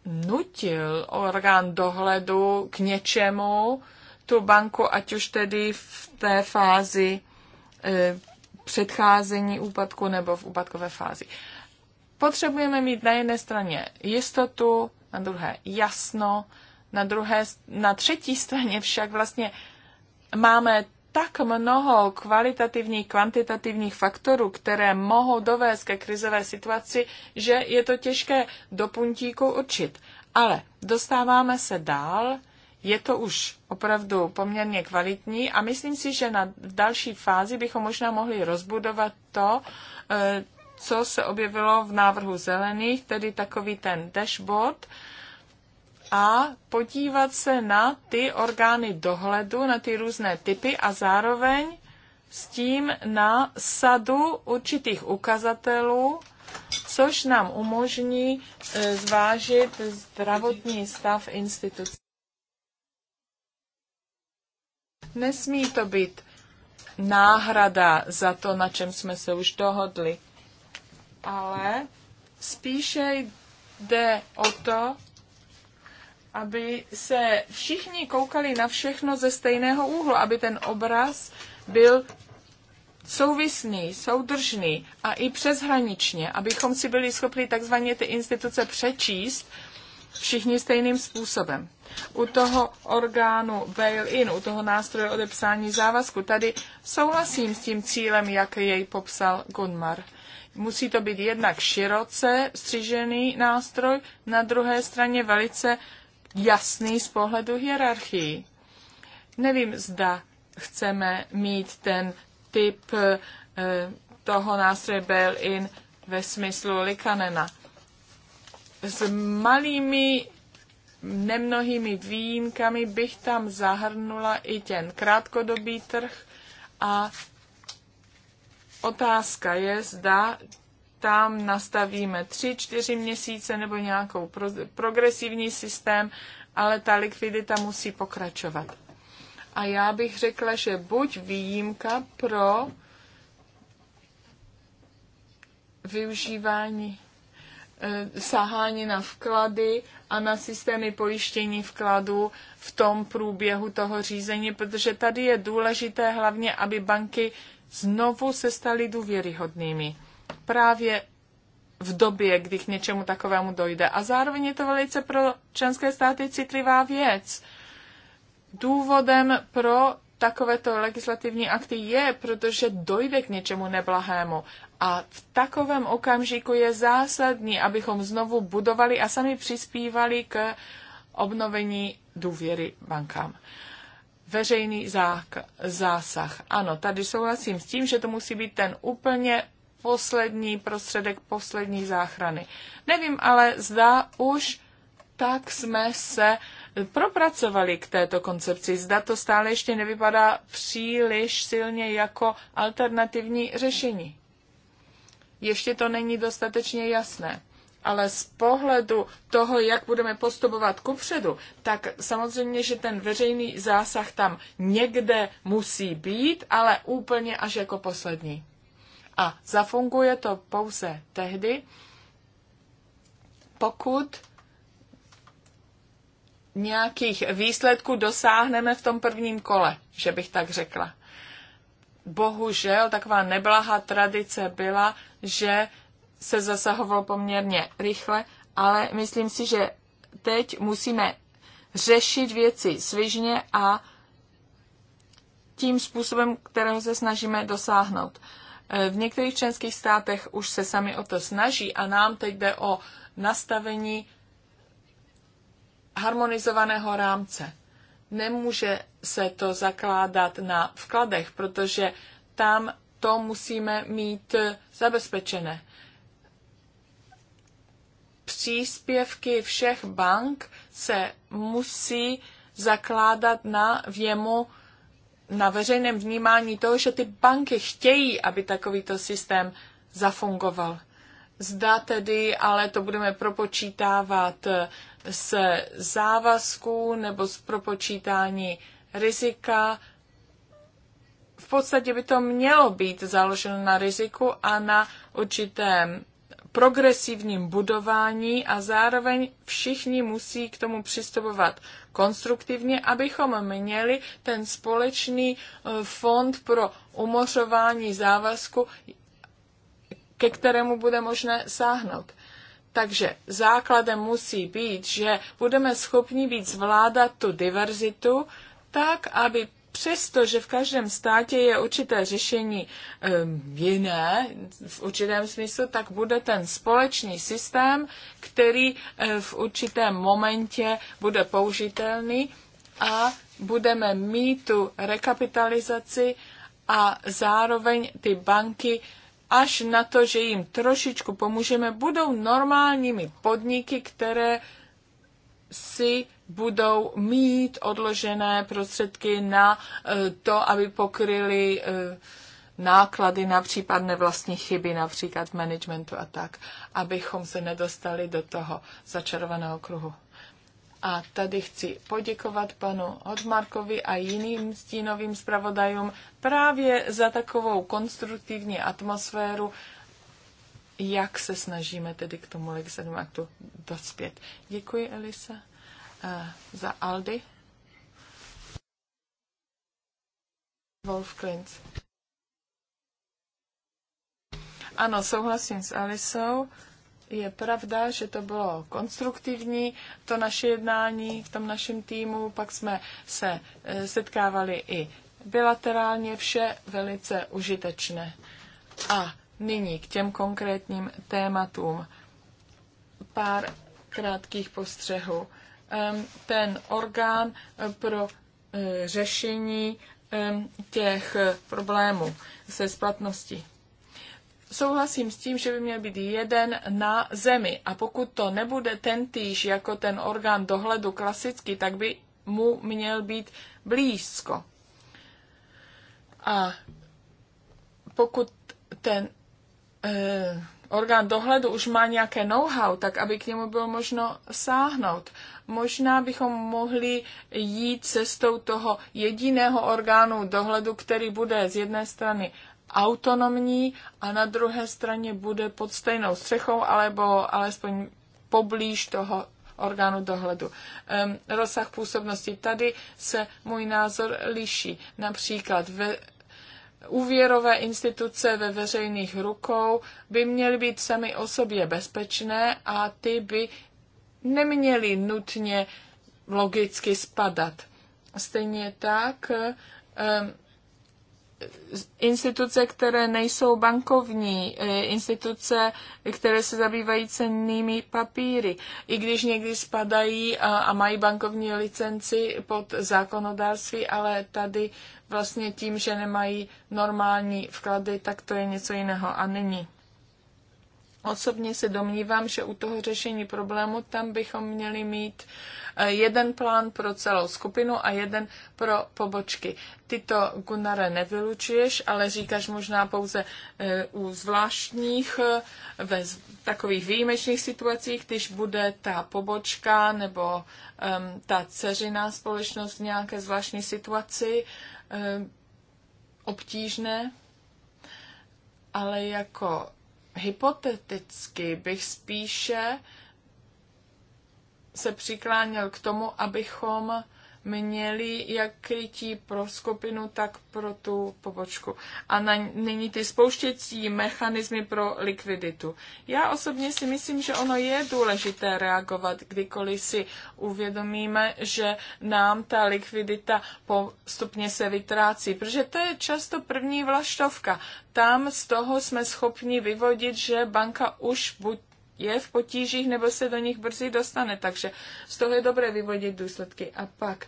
nutil orgán dohledu k něčemu tu banku, ať už tedy v té fázi e, předcházení úpadku nebo v úpadkové fázi. Potřebujeme mít na jedné straně jistotu, na druhé jasno, na, druhé, na třetí straně však vlastně máme tak mnoho kvalitativních, kvantitativních faktorů, které mohou dovést ke krizové situaci, že je to těžké do puntíku určit. Ale dostáváme se dál, je to už opravdu poměrně kvalitní a myslím si, že na, další fázi bychom možná mohli rozbudovat to, eh, co se objevilo v návrhu zelených, tedy takový ten dashboard, a podívat se na ty orgány dohledu, na ty různé typy a zároveň s tím na sadu určitých ukazatelů, což nám umožní e, zvážit zdravotní stav instituce. Nesmí to být náhrada za to, na čem jsme se už dohodli, ale spíše jde o to, aby se všichni koukali na všechno ze stejného úhlu, aby ten obraz byl souvisný, soudržný a i přeshraničně, abychom si byli schopni takzvaně ty instituce přečíst všichni stejným způsobem. U toho orgánu bail-in, u toho nástroje odepsání závazku, tady souhlasím s tím cílem, jak jej popsal Gunmar. Musí to být jednak široce střižený nástroj, na druhé straně velice jasný z pohledu hierarchii. Nevím, zda chceme mít ten typ eh, toho nástroje bail-in ve smyslu Likanena. S malými nemnohými výjimkami bych tam zahrnula i ten krátkodobý trh a otázka je, zda tam nastavíme tři, čtyři měsíce nebo nějakou pro, progresivní systém, ale ta likvidita musí pokračovat. A já bych řekla, že buď výjimka pro využívání eh, sahání na vklady a na systémy pojištění vkladů v tom průběhu toho řízení, protože tady je důležité hlavně, aby banky znovu se staly důvěryhodnými právě v době, kdy k něčemu takovému dojde. A zároveň je to velice pro členské státy citlivá věc. Důvodem pro takovéto legislativní akty je, protože dojde k něčemu neblahému. A v takovém okamžiku je zásadní, abychom znovu budovali a sami přispívali k obnovení důvěry bankám. Veřejný zásah. Ano, tady souhlasím s tím, že to musí být ten úplně poslední prostředek poslední záchrany. Nevím ale, zda už tak jsme se propracovali k této koncepci. Zda to stále ještě nevypadá příliš silně jako alternativní řešení. Ještě to není dostatečně jasné. Ale z pohledu toho, jak budeme postupovat kupředu, tak samozřejmě, že ten veřejný zásah tam někde musí být, ale úplně až jako poslední. A zafunguje to pouze tehdy, pokud nějakých výsledků dosáhneme v tom prvním kole, že bych tak řekla. Bohužel taková neblahá tradice byla, že se zasahovalo poměrně rychle, ale myslím si, že teď musíme řešit věci svižně a tím způsobem, kterého se snažíme dosáhnout. V některých členských státech už se sami o to snaží a nám teď jde o nastavení harmonizovaného rámce. Nemůže se to zakládat na vkladech, protože tam to musíme mít zabezpečené. Příspěvky všech bank se musí zakládat na věmu na veřejném vnímání toho, že ty banky chtějí, aby takovýto systém zafungoval. Zda tedy, ale to budeme propočítávat z závazků nebo z propočítání rizika. V podstatě by to mělo být založeno na riziku a na určitém progresivním budování a zároveň všichni musí k tomu přistupovat konstruktivně, abychom měli ten společný eh, fond pro umořování závazku, ke kterému bude možné sáhnout. Takže základem musí být, že budeme schopni být zvládat tu diverzitu tak, aby přestože v každém státě je určité řešení ehm, jiné, v určitém smyslu, tak bude ten společný systém, který eh, v určitém momentě bude použitelný a budeme mít tu rekapitalizaci a zároveň ty banky až na to, že jim trošičku pomůžeme, budou normálními podniky, které si budou mít odložené prostředky na eh, to, aby pokryli eh, náklady na případné vlastní chyby, například v managementu a tak, abychom se nedostali do toho začarovaného kruhu. A tady chci poděkovat panu Hodmarkovi a jiným stínovým zpravodajům právě za takovou konstruktivní atmosféru, jak se snažíme tedy k tomu legislativnímu aktu dospět. Děkuji, Elisa. Eh, za Aldi. Wolf Klintz. Ano, souhlasím s Alisou. Je pravda, že to bylo konstruktivní, to naše jednání v tom našem týmu. Pak jsme se eh, setkávali i bilaterálně, vše velice užitečné. A nyní k těm konkrétním tématům. Pár krátkých postřehů ten orgán eh, pro eh, řešení těch eh, problémů se splatností. Souhlasím s tím, že by měl být jeden na zemi a pokud to nebude ten týž jako ten orgán dohledu klasicky, tak by mu měl být blízko. A pokud ten orgán dohledu už má nějaké know-how, tak aby k němu bylo možno sáhnout. Možná bychom mohli jít cestou toho jediného orgánu dohledu, který bude z jedné strany autonomní a na druhé straně bude pod stejnou střechou alebo alespoň poblíž toho orgánu dohledu. Um, rozsah působnosti. Tady se můj názor liší. Například ve úvěrové instituce ve veřejných rukou by měly být sami o sobě bezpečné a ty by neměly nutně logicky spadat. Stejně tak eh, instituce, které nejsou bankovní, eh, instituce, které se zabývají cennými papíry, i když někdy spadají a, a mají bankovní licenci pod zákonodárství, ale tady vlastně tím, že nemají normální vklady, tak to je něco jiného. A není. Osobně se domnívám, že u toho řešení problému tam bychom měli mít eh, jeden plán pro celou skupinu a jeden pro pobočky. Ty to, Gunnare, nevylučuješ, ale říkáš možná pouze eh, u zvláštních, eh, ve takových výjimečných situacích, když bude ta pobočka nebo um, ta ceřiná společnost v nějaké zvláštní situaci um, obtížné, ale jako hypoteticky bych spíše se přikláněl k tomu, abychom měli jak krytí pro skupinu, tak pro tu pobočku. A na, nyní ty spouštěcí mechanismy pro likviditu. Já osobně si myslím, že ono je důležité reagovat, kdykoliv si uvědomíme, že nám ta likvidita postupně se vytrácí, protože to je často první vlaštovka. Tam z toho jsme schopni vyvodit, že banka už buď je v potížích nebo se do nich brzy dostane. Takže z toho je dobré vyvodit důsledky. A pak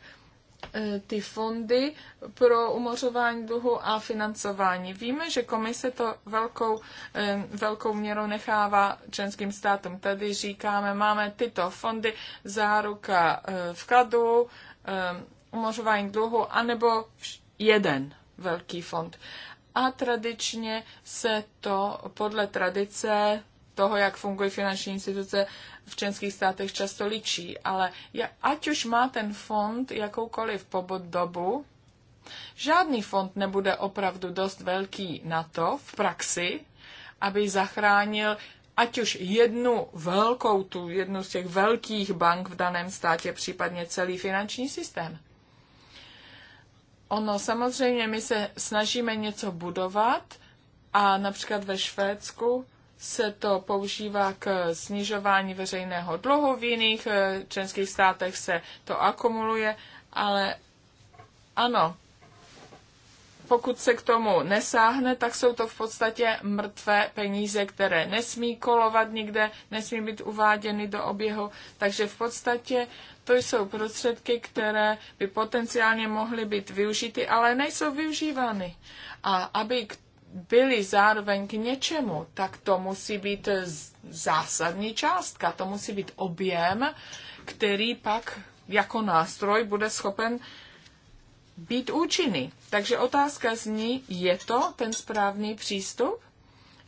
e, ty fondy pro umořování dluhu a financování. Víme, že komise to velkou, e, velkou měrou nechává členským státům. Tady říkáme, máme tyto fondy, záruka e, vkladu, umořování dluhu, anebo jeden velký fond. A tradičně se to podle tradice toho, jak fungují finanční instituce v členských státech, často ličí. Ale ať už má ten fond jakoukoliv dobu, žádný fond nebude opravdu dost velký na to v praxi, aby zachránil ať už jednu velkou, tu jednu z těch velkých bank v daném státě, případně celý finanční systém. Ono samozřejmě, my se snažíme něco budovat a například ve Švédsku se to používá k snižování veřejného dluhu, v jiných eh, členských státech se to akumuluje, ale ano, pokud se k tomu nesáhne, tak jsou to v podstatě mrtvé peníze, které nesmí kolovat nikde, nesmí být uváděny do oběhu. Takže v podstatě to jsou prostředky, které by potenciálně mohly být využity, ale nejsou využívány. A aby k byly zároveň k něčemu, tak to musí být zásadní částka, to musí být objem, který pak jako nástroj bude schopen být účinný. Takže otázka zní, je to ten správný přístup?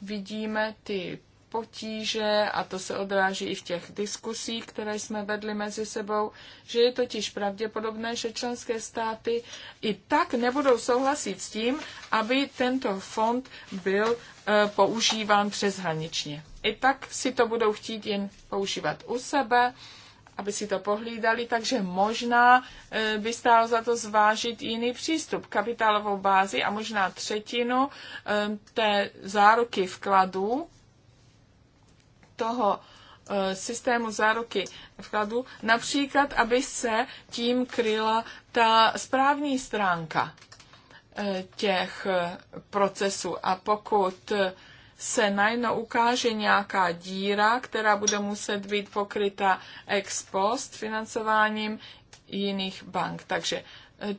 Vidíme ty potíže, a to se odráží i v těch diskusích, které jsme vedli mezi sebou, že je totiž pravděpodobné, že členské státy i tak nebudou souhlasit s tím, aby tento fond byl e, používán přeshraničně. I tak si to budou chtít jen používat u sebe, aby si to pohlídali, takže možná eh, by stálo za to zvážit jiný přístup, kapitálovou bázi a možná třetinu eh, té záruky vkladů toho eh, systému záruky vkladu, například, aby se tím kryla ta správní stránka eh, těch eh, procesů. A pokud se najednou ukáže nějaká díra, která bude muset být pokryta ex post financováním jiných bank. Takže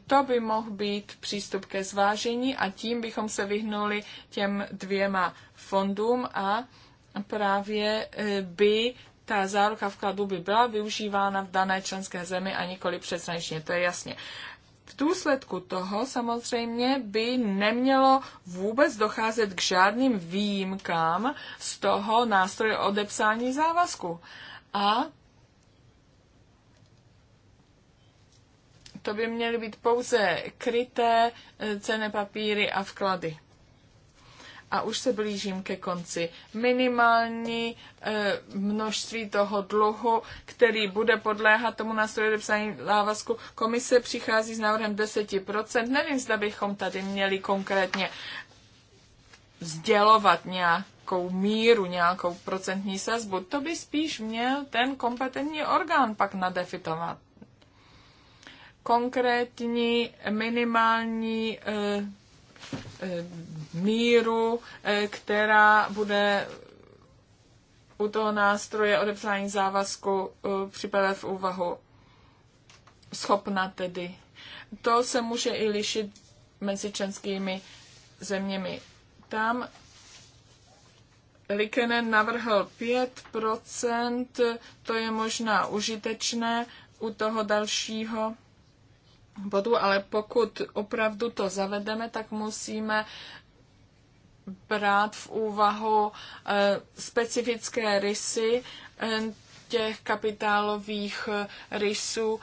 to by mohl být přístup ke zvážení a tím bychom se vyhnuli těm dvěma fondům a právě e, by ta záruka vkladu by byla využívána v dané členské zemi a nikoli přeshraničně, to je jasně. V důsledku toho samozřejmě by nemělo vůbec docházet k žádným výjimkám z toho nástroje odepsání závazku. A to by měly být pouze kryté e, cené papíry a vklady a už se blížím ke konci, minimální e, množství toho dluhu, který bude podléhat tomu nástroji odepsání závazku. Komise přichází s návrhem 10%. Nevím, zda bychom tady měli konkrétně vzdělovat nějakou míru, nějakou procentní sazbu. To by spíš měl ten kompetentní orgán pak nadefitovat. Konkrétní minimální e, Eh, míru, eh, která bude u toho nástroje odepsání závazku eh, připadat v úvahu schopna tedy. To se může i lišit mezi členskými zeměmi. Tam Likenen navrhl 5%, to je možná užitečné u toho dalšího bodu, ale pokud opravdu to zavedeme, tak musíme brát v úvahu eh, specifické rysy eh, těch kapitálových eh, rysů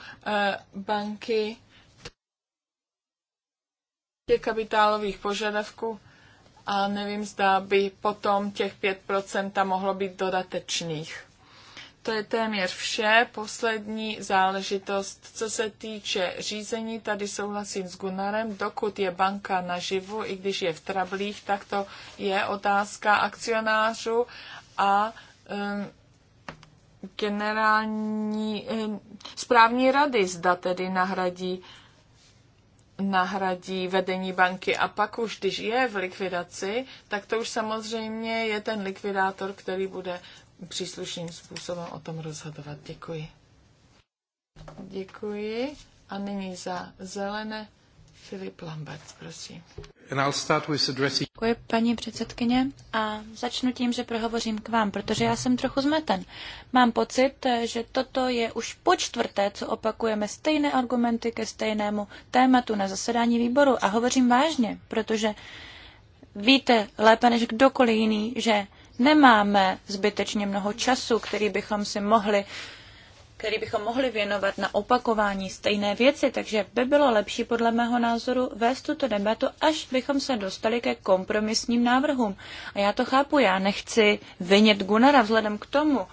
banky, těch kapitálových požadavků a nevím, zda by potom těch 5% mohlo být dodatečných to je téměř vše. Poslední záležitost, co se týče řízení, tady souhlasím s Gunnarem, dokud je banka naživu, i když je v trablích, tak to je otázka akcionářů a um, generální um, správní rady, zda tedy nahradí nahradí vedení banky a pak už, když je v likvidaci, tak to už samozřejmě je ten likvidátor, který bude příslušným způsobem o tom rozhodovat. Děkuji. Děkuji. A nyní za zelené Filip Lambert, prosím. Děkuji, paní předsedkyně, a začnu tím, že prohovořím k vám, protože já jsem trochu zmeten. Mám pocit, že toto je už po čtvrté, co opakujeme stejné argumenty ke stejnému tématu na zasedání výboru. A hovořím vážně, protože víte lépe než kdokoliv jiný, že nemáme zbytečně mnoho času, který bychom si mohli který bychom mohli věnovat na opakování stejné věci, takže by bylo lepší podle mého názoru vést tuto debatu, až bychom se dostali ke kompromisním návrhům. A já to chápu, já nechci vinit Gunara vzhledem k tomu,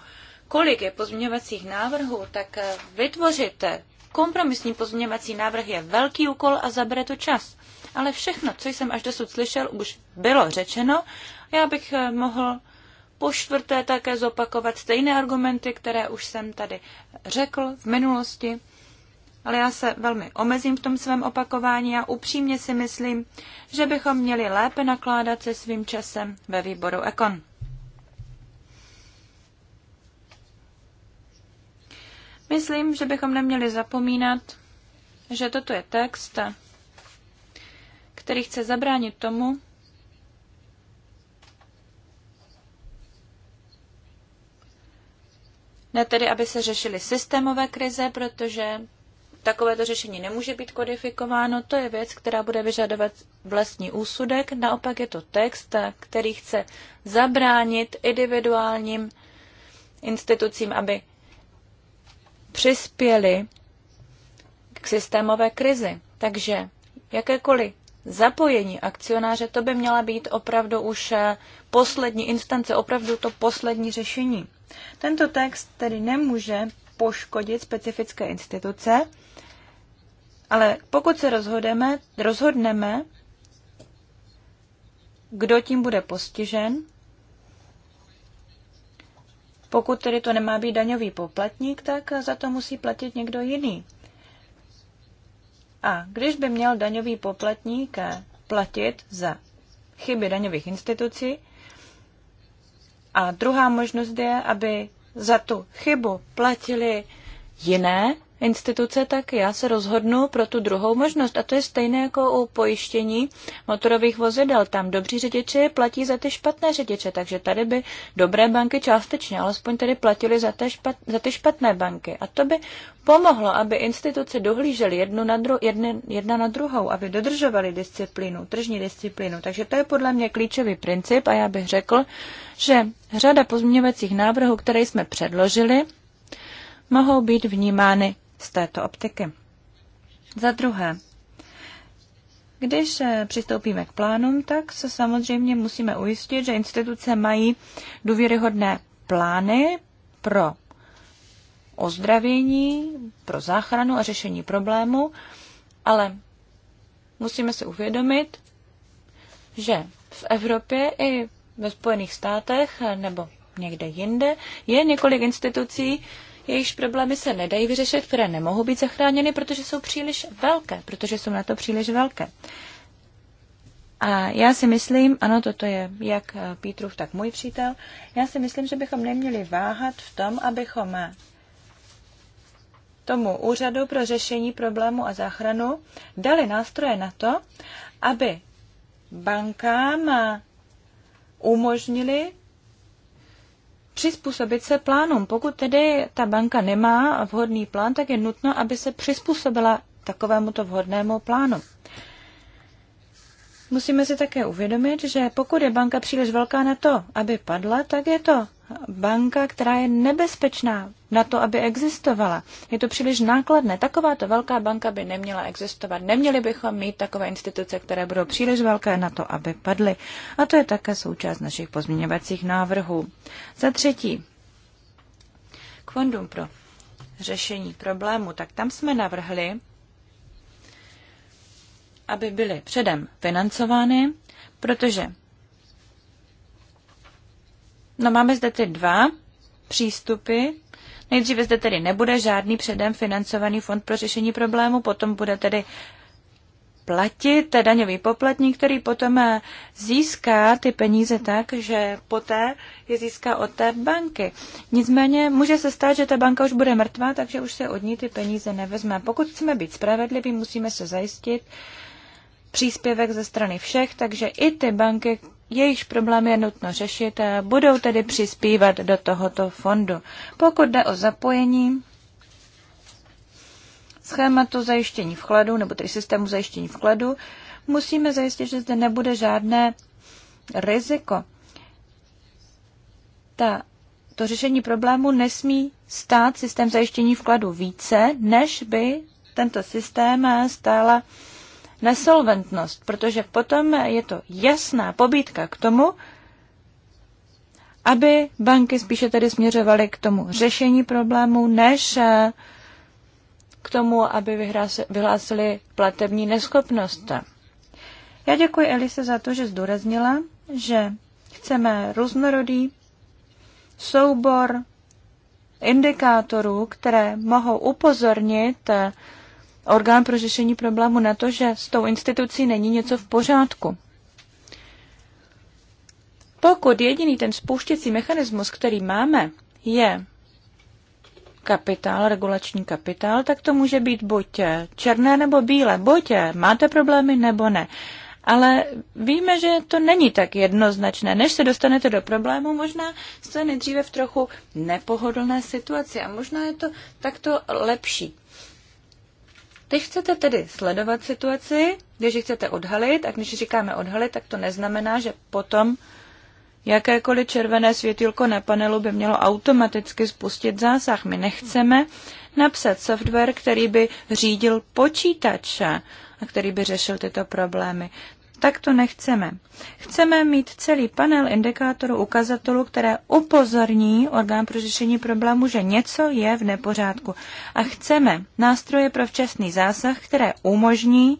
kolik je pozměňovacích návrhů, tak eh, vytvořite eh, kompromisní pozměňovací návrh je velký úkol a zabere to čas. Ale všechno, co jsem až dosud slyšel, už bylo řečeno. Já bych eh, mohl po čtvrté také zopakovat stejné argumenty, které už jsem tady řekl v minulosti, ale já se velmi omezím v tom svém opakování a upřímně si myslím, že bychom měli lépe nakládat se svým časem ve výboru Ekon. Myslím, že bychom neměli zapomínat, že toto je text, který chce zabránit tomu, Ne tedy, aby se řešily systémové krize, protože takovéto řešení nemůže být kodifikováno. To je věc, která bude vyžadovat vlastní úsudek. Naopak je to text, který chce zabránit individuálním institucím, aby přispěli k systémové krizi. Takže jakékoliv zapojení akcionáře, to by měla být opravdu už eh, poslední instance, opravdu to poslední řešení. Tento text tedy nemůže poškodit specifické instituce, ale pokud se rozhodeme, rozhodneme, kdo tím bude postižen, pokud tedy to nemá být daňový poplatník, tak za to musí platit někdo jiný. A když by měl daňový poplatník platit za chyby daňových institucí, a druhá možnost je, aby za tu chybu platili jiné instituce, tak já se rozhodnu pro tu druhou možnost. A to je stejné jako u pojištění motorových vozidel. Tam dobří řidiči platí za ty špatné řidiče, takže tady by dobré banky částečně, alespoň tady platili za, špat, za ty špatné banky. A to by pomohlo, aby instituce dohlížely jednu na dru, jedne, jedna na druhou, aby dodržovaly disciplínu, tržní disciplínu. Takže to je podle mě klíčový princip a já bych řekl, že řada pozměňovacích návrhů, které jsme předložili, mohou být vnímány z této optiky. Za druhé, když přistoupíme k plánům, tak se samozřejmě musíme ujistit, že instituce mají důvěryhodné plány pro ozdravění, pro záchranu a řešení problému, ale musíme si uvědomit, že v Evropě i ve Spojených státech nebo někde jinde je několik institucí, jejichž problémy se nedají vyřešit, které nemohou být zachráněny, protože jsou příliš velké, protože jsou na to příliš velké. A já si myslím, ano, toto je jak eh, Pítrův, tak můj přítel, já si myslím, že bychom neměli váhat v tom, abychom tomu úřadu pro řešení problému a záchranu dali nástroje na to, aby bankám umožnili přizpůsobit se plánům. Pokud tedy ta banka nemá vhodný plán, tak je nutno, aby se přizpůsobila takovémuto vhodnému plánu. Musíme si také uvědomit, že pokud je banka příliš velká na to, aby padla, tak je to banka, která je nebezpečná na to, aby existovala. Je to příliš nákladné. Takováto velká banka by neměla existovat. Neměli bychom mít takové instituce, které budou příliš velké na to, aby padly. A to je také součást našich pozměňovacích návrhů. Za třetí, k fondům pro řešení problému, tak tam jsme navrhli, aby byly předem financovány, protože No máme zde ty dva přístupy. Nejdříve zde tedy nebude žádný předem financovaný fond pro řešení problému, potom bude tedy platit daňový poplatník, který potom eh, získá ty peníze tak, že poté je získá od té banky. Nicméně může se stát, že ta banka už bude mrtvá, takže už se od ní ty peníze nevezme. Pokud chceme být spravedliví, musíme se zajistit příspěvek ze strany všech, takže i ty banky, jejichž problémy je nutno řešit, eh, budou tedy přispívat do tohoto fondu. Pokud jde o zapojení schématu zajištění vkladu, nebo tedy systému zajištění vkladu, musíme zajistit, že zde nebude žádné riziko. Ta, to řešení problému nesmí stát systém zajištění vkladu více, než by tento systém eh, stála nesolventnost, protože potom je to jasná pobídka k tomu, aby banky spíše tedy směřovaly k tomu řešení problému, než eh, k tomu, aby vyhlásili platební neschopnost. Já děkuji Elise za to, že zdůraznila, že chceme různorodý soubor indikátorů, které mohou upozornit eh, orgán pro řešení problému na to, že s tou institucí není něco v pořádku. Pokud jediný ten spouštěcí mechanismus, který máme, je kapitál, regulační kapitál, tak to může být buď černé nebo bílé, buď máte problémy nebo ne. Ale víme, že to není tak jednoznačné. Než se dostanete do problému, možná jste nejdříve v trochu nepohodlné situaci a možná je to takto lepší. Teď chcete tedy sledovat situaci, když ji chcete odhalit, a když říkáme odhalit, tak to neznamená, že potom jakékoliv červené světilko na panelu by mělo automaticky spustit zásah. My nechceme napsat software, který by řídil počítače a který by řešil tyto problémy. Tak to nechceme. Chceme mít celý panel indikátorů ukazatelů, které upozorní orgán pro řešení problému, že něco je v nepořádku. A chceme nástroje pro včasný zásah, které umožní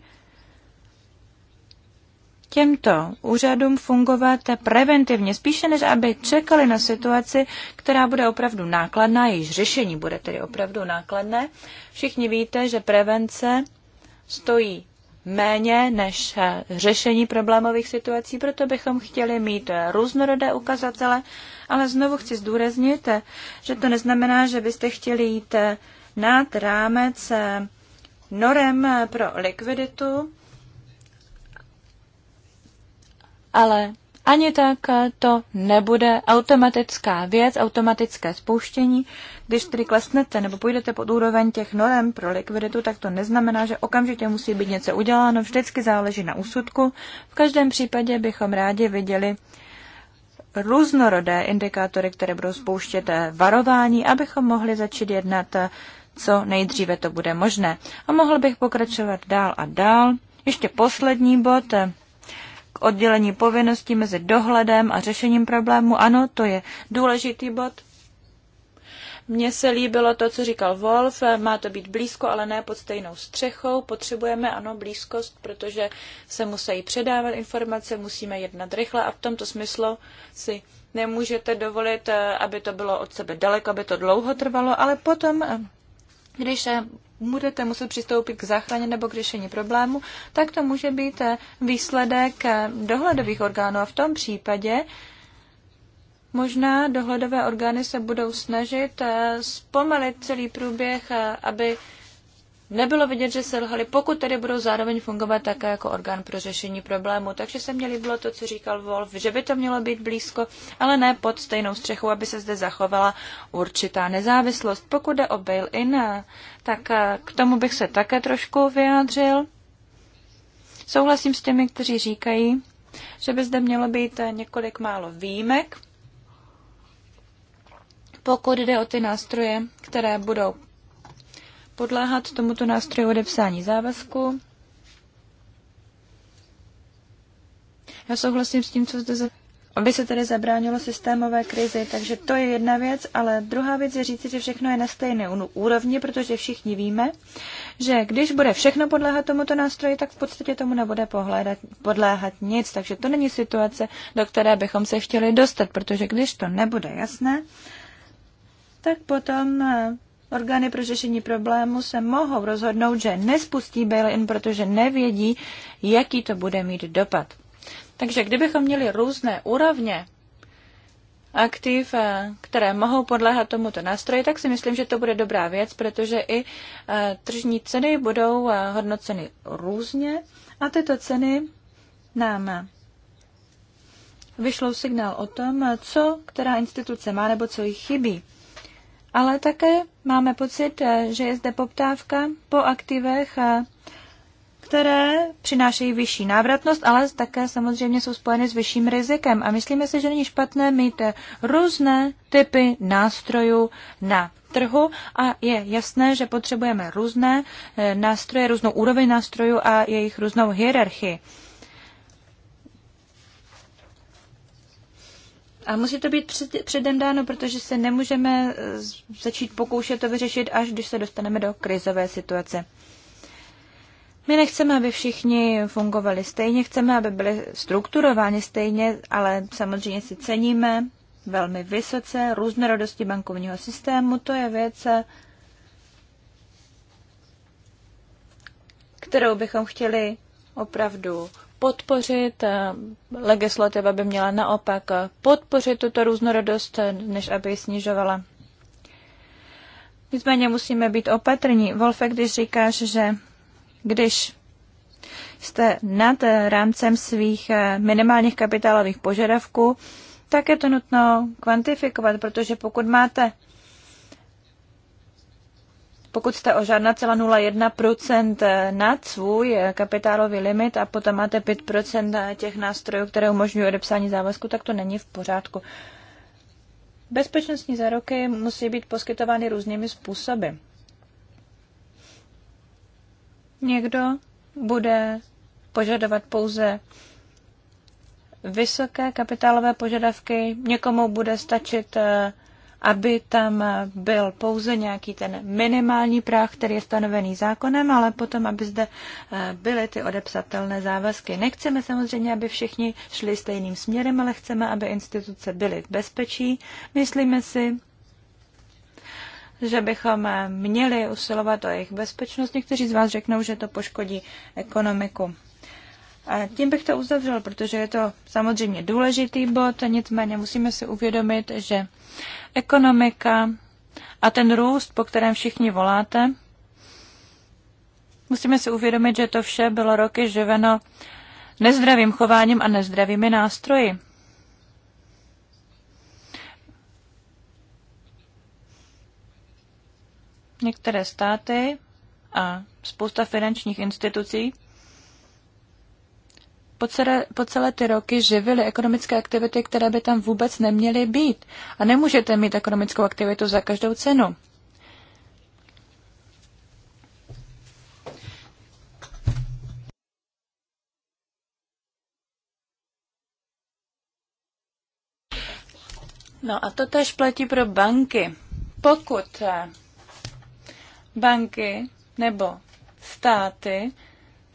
těmto úřadům fungovat preventivně, spíše než aby čekali na situaci, která bude opravdu nákladná, jejíž řešení bude tedy opravdu nákladné. Všichni víte, že prevence stojí méně než eh, řešení problémových situací, proto bychom chtěli mít eh, různorodé ukazatele, ale znovu chci zdůraznit, eh, že to neznamená, že byste chtěli jít nad rámec norem pro likviditu, ale ani tak to nebude automatická věc, automatické spouštění. Když tedy klesnete nebo půjdete pod úroveň těch norem pro likviditu, tak to neznamená, že okamžitě musí být něco uděláno, vždycky záleží na úsudku. V každém případě bychom rádi viděli různorodé indikátory, které budou spouštět varování, abychom mohli začít jednat co nejdříve to bude možné. A mohl bych pokračovat dál a dál. Ještě poslední bod, k oddělení povinností mezi dohledem a řešením problému. Ano, to je důležitý bod. Mně se líbilo to, co říkal Wolf, má to být blízko, ale ne pod stejnou střechou. Potřebujeme, ano, blízkost, protože se musí předávat informace, musíme jednat rychle a v tomto smyslu si nemůžete dovolit, eh, aby to bylo od sebe daleko, aby to dlouho trvalo, ale potom, eh, když budete muset přistoupit k záchraně nebo k řešení problému, tak to může být eh, výsledek eh, dohledových orgánů. A v tom případě možná dohledové orgány se budou snažit eh, zpomalit celý průběh, aby nebylo vidět, že selhali, pokud tedy budou zároveň fungovat také jako orgán pro řešení problému. Takže se mě líbilo to, co říkal Wolf, že by to mělo být blízko, ale ne pod stejnou střechou, aby se zde zachovala určitá nezávislost. Pokud jde o bail-in, tak eh, k tomu bych se také trošku vyjádřil. Souhlasím s těmi, kteří říkají, že by zde mělo být eh, několik málo výjimek, pokud jde o ty nástroje, které budou podléhat tomuto nástroji odepsání závazku. Já souhlasím s tím, co zde za... aby se tedy zabránilo systémové krizi, takže to je jedna věc, ale druhá věc je říci, že všechno je na stejné úrovni, protože všichni víme, že když bude všechno podléhat tomuto nástroji, tak v podstatě tomu nebude pohledat, podléhat nic, takže to není situace, do které bychom se chtěli dostat, protože když to nebude jasné, tak potom eh, orgány pro řešení problému se mohou rozhodnout, že nespustí bail-in, protože nevědí, jaký to bude mít dopad. Takže kdybychom měli různé úrovně aktiv, eh, které mohou podléhat tomuto nástroji, tak si myslím, že to bude dobrá věc, protože i eh, tržní ceny budou eh, hodnoceny různě a tyto ceny nám vyšlou signál o tom, co která instituce má nebo co jí chybí ale také máme pocit, eh, že je zde poptávka po aktivech, eh, které přinášejí vyšší návratnost, ale také samozřejmě jsou spojeny s vyšším rizikem. A myslíme si, že není špatné mít eh, různé typy nástrojů na trhu a je jasné, že potřebujeme různé nástroje, různou úroveň nástrojů a jejich různou hierarchii. A musí to být před, předem dáno, protože se nemůžeme eh, začít pokoušet to vyřešit, až když se dostaneme do krizové situace. My nechceme, aby všichni fungovali stejně, chceme, aby byli strukturováni stejně, ale samozřejmě si ceníme velmi vysoce různorodosti bankovního systému. To je věc, eh, kterou bychom chtěli opravdu podpořit. Eh, Legislativa by měla naopak podpořit tuto různorodost, než aby ji snižovala. Nicméně musíme být opatrní. Wolfe, když říkáš, že když jste nad rámcem svých eh, minimálních kapitálových požadavků, tak je to nutno kvantifikovat, protože pokud máte pokud jste o žádná celá 0,1% nad svůj kapitálový limit a potom máte 5% těch nástrojů, které umožňují odepsání závazku, tak to není v pořádku. Bezpečnostní zároky musí být poskytovány různými způsoby. Někdo bude požadovat pouze vysoké kapitálové požadavky, někomu bude stačit eh, aby tam byl pouze nějaký ten minimální práh, který je stanovený zákonem, ale potom, aby zde eh, byly ty odepsatelné závazky. Nechceme samozřejmě, aby všichni šli stejným směrem, ale chceme, aby instituce byly v bezpečí. Myslíme si, že bychom eh, měli usilovat o jejich bezpečnost. Někteří z vás řeknou, že to poškodí ekonomiku. A tím bych to uzavřel, protože je to samozřejmě důležitý bod, nicméně musíme si uvědomit, že ekonomika a ten růst, po kterém všichni voláte, musíme si uvědomit, že to vše bylo roky živeno nezdravým chováním a nezdravými nástroji. Některé státy a spousta finančních institucí po celé, po celé ty roky živily ekonomické aktivity, které by tam vůbec neměly být. A nemůžete mít ekonomickou aktivitu za každou cenu. No a to tež platí pro banky. Pokud eh, banky nebo státy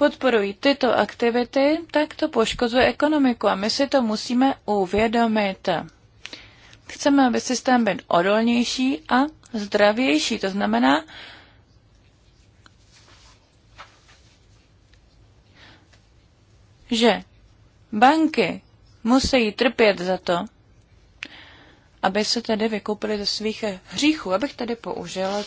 podporují tyto aktivity, tak to poškozuje ekonomiku a my si to musíme uvědomit. Chceme, aby systém byl odolnější a zdravější. To znamená, že banky musí trpět za to, aby se tedy vykoupili ze svých hříchů, abych tady použil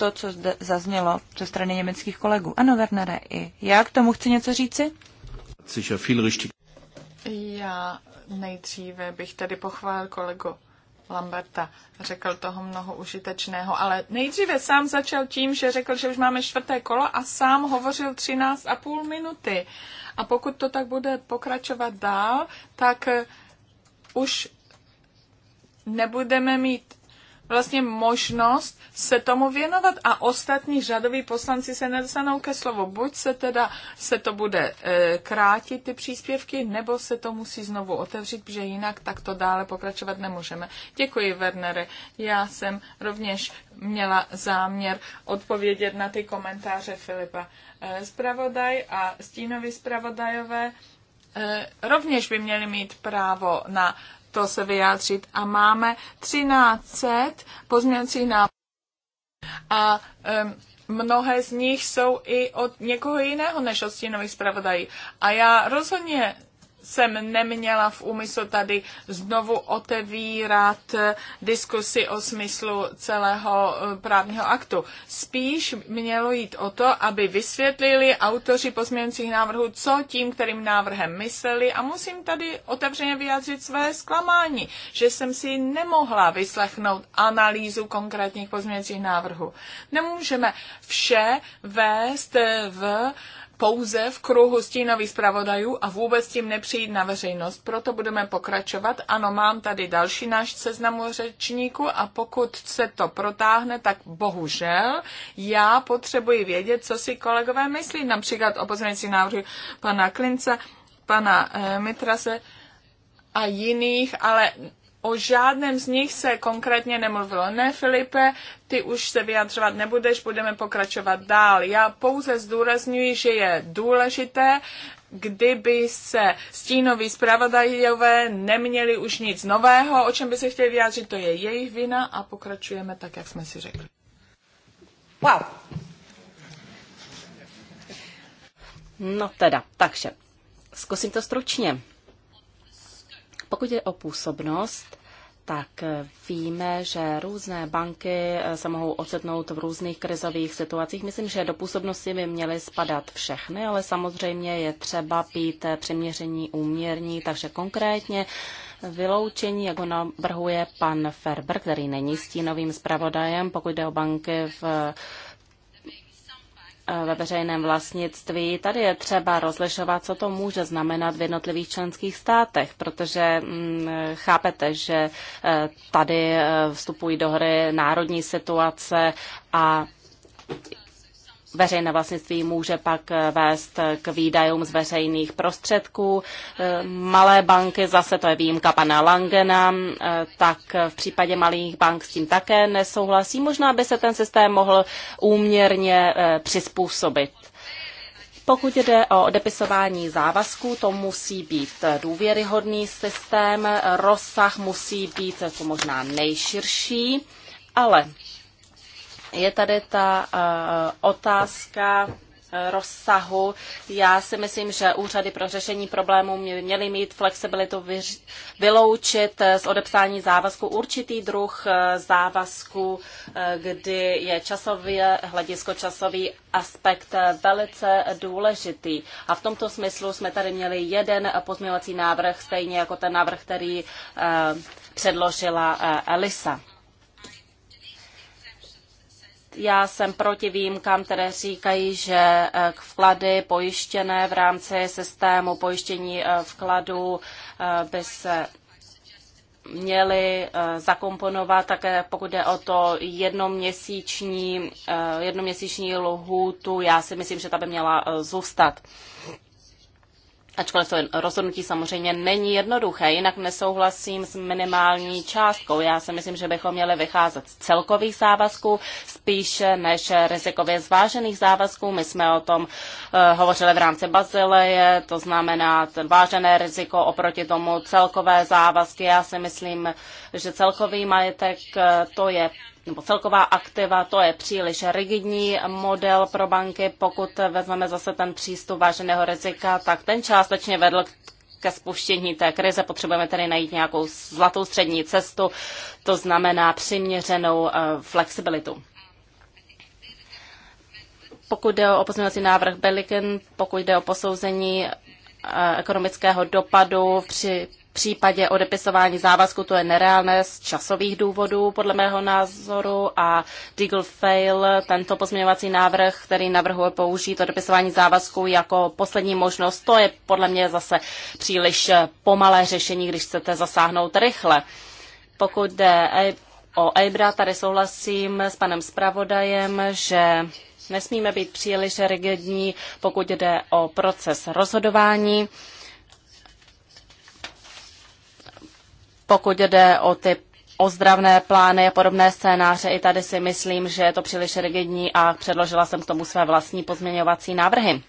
to, co zde zaznělo ze strany německých kolegů. Ano, Wernere, i já k tomu chci něco říci? Já nejdříve bych tady pochválil kolegu Lamberta. Řekl toho mnoho užitečného, ale nejdříve sám začal tím, že řekl, že už máme čtvrté kolo a sám hovořil 13,5 a půl minuty. A pokud to tak bude pokračovat dál, tak už nebudeme mít vlastně možnost se tomu věnovat a ostatní řadoví poslanci se nedostanou ke slovu. Buď se teda se to bude e, krátit ty příspěvky, nebo se to musí znovu otevřít, protože jinak tak to dále pokračovat nemůžeme. Děkuji, Wernere. Já jsem rovněž měla záměr odpovědět na ty komentáře Filipa. E, spravodaj a stínovi spravodajové e, rovněž by měli mít právo na to se vyjádřit. A máme 13 pozměňovacích návrhů. A um, mnohé z nich jsou i od někoho jiného než od stínových zpravodají. A já rozhodně jsem neměla v úmyslu tady znovu otevírat diskusy o smyslu celého eh, právního aktu. Spíš mělo jít o to, aby vysvětlili autoři pozměňujících návrhů, co tím, kterým návrhem mysleli a musím tady otevřeně vyjádřit své zklamání, že jsem si nemohla vyslechnout analýzu konkrétních pozměňujících návrhů. Nemůžeme vše vést eh, v pouze v kruhu stínových zpravodajů a vůbec tím nepřijít na veřejnost. Proto budeme pokračovat. Ano, mám tady další náš seznam řečníků a pokud se to protáhne, tak bohužel já potřebuji vědět, co si kolegové myslí. Například o pozměnící návrhu pana Klince, pana eh, Mitrase a jiných, ale O žádném z nich se konkrétně nemluvilo. Ne, Filipe, ty už se vyjadřovat nebudeš, budeme pokračovat dál. Já pouze zdůrazňuji, že je důležité, kdyby se stínoví zpravodajové neměli už nic nového, o čem by se chtěli vyjádřit, to je jejich vina a pokračujeme tak, jak jsme si řekli. Wow. No teda, takže, zkusím to stručně. Pokud je o působnost, tak víme, že různé banky se mohou ocitnout v různých krizových situacích. Myslím, že do působnosti by měly spadat všechny, ale samozřejmě je třeba být přiměření úměrní, takže konkrétně vyloučení, jak ho navrhuje pan Ferber, který není stínovým zpravodajem, pokud jde o banky v ve veřejném vlastnictví. Tady je třeba rozlišovat, co to může znamenat v jednotlivých členských státech, protože mm, chápete, že eh, tady eh, vstupují do hry národní situace a veřejné vlastnictví může pak eh, vést eh, k výdajům z veřejných prostředků. Eh, malé banky, zase to je výjimka pana Langena, tak v případě malých bank s tím také nesouhlasí. Možná by se ten systém mohl úměrně přizpůsobit. Pokud jde o odepisování závazků, to musí být důvěryhodný systém, rozsah musí být jako možná nejširší, ale je tady ta eh, otázka eh, rozsahu. Já si myslím, že úřady pro řešení problémů měly mít flexibilitu vyloučit eh, z odepsání závazku určitý druh závazku, kdy je časově, hledisko časový aspekt velice důležitý. A v tomto smyslu jsme tady měli jeden pozměňovací návrh, stejně jako ten návrh, který předložila Elisa. Já jsem proti výjimkám, které říkají, že eh, vklady pojištěné v rámci systému pojištění eh, vkladů eh, by se měli zakomponovat také, pokud jde o to jednoměsíční, jednoměsíční lhůtu. Já si myslím, že ta by měla zůstat. Ačkoliv to rozhodnutí samozřejmě není jednoduché, jinak nesouhlasím s minimální částkou. Já si myslím, že bychom měli vycházet z celkových závazků spíše než rizikově zvážených závazků. My jsme o tom uh, hovořili v rámci Bazileje, to znamená ten vážené riziko oproti tomu celkové závazky. Já si myslím, že celkový majetek uh, to je nebo celková aktiva, to je příliš rigidní model pro banky. Pokud vezmeme zase ten přístup váženého rizika, tak ten částečně vedl ke spuštění té krize. Potřebujeme tedy najít nějakou zlatou střední cestu, to znamená přiměřenou eh, flexibilitu. Pokud jde o pozměňovací návrh Belikin, pokud jde o posouzení eh, ekonomického dopadu při případě odepisování závazku to je nereálné z časových důvodů, podle mého názoru, a Deagle Fail, tento pozměňovací návrh, který navrhuje použít odepisování závazku jako poslední možnost, to je podle mě zase příliš pomalé řešení, když chcete zasáhnout rychle. Pokud jde o EBRA, tady souhlasím s panem zpravodajem, že nesmíme být příliš rigidní, pokud jde o proces rozhodování. Pokud jde o ty ozdravné plány a podobné scénáře, i tady si myslím, že je to příliš rigidní a předložila jsem k tomu své vlastní pozměňovací návrhy.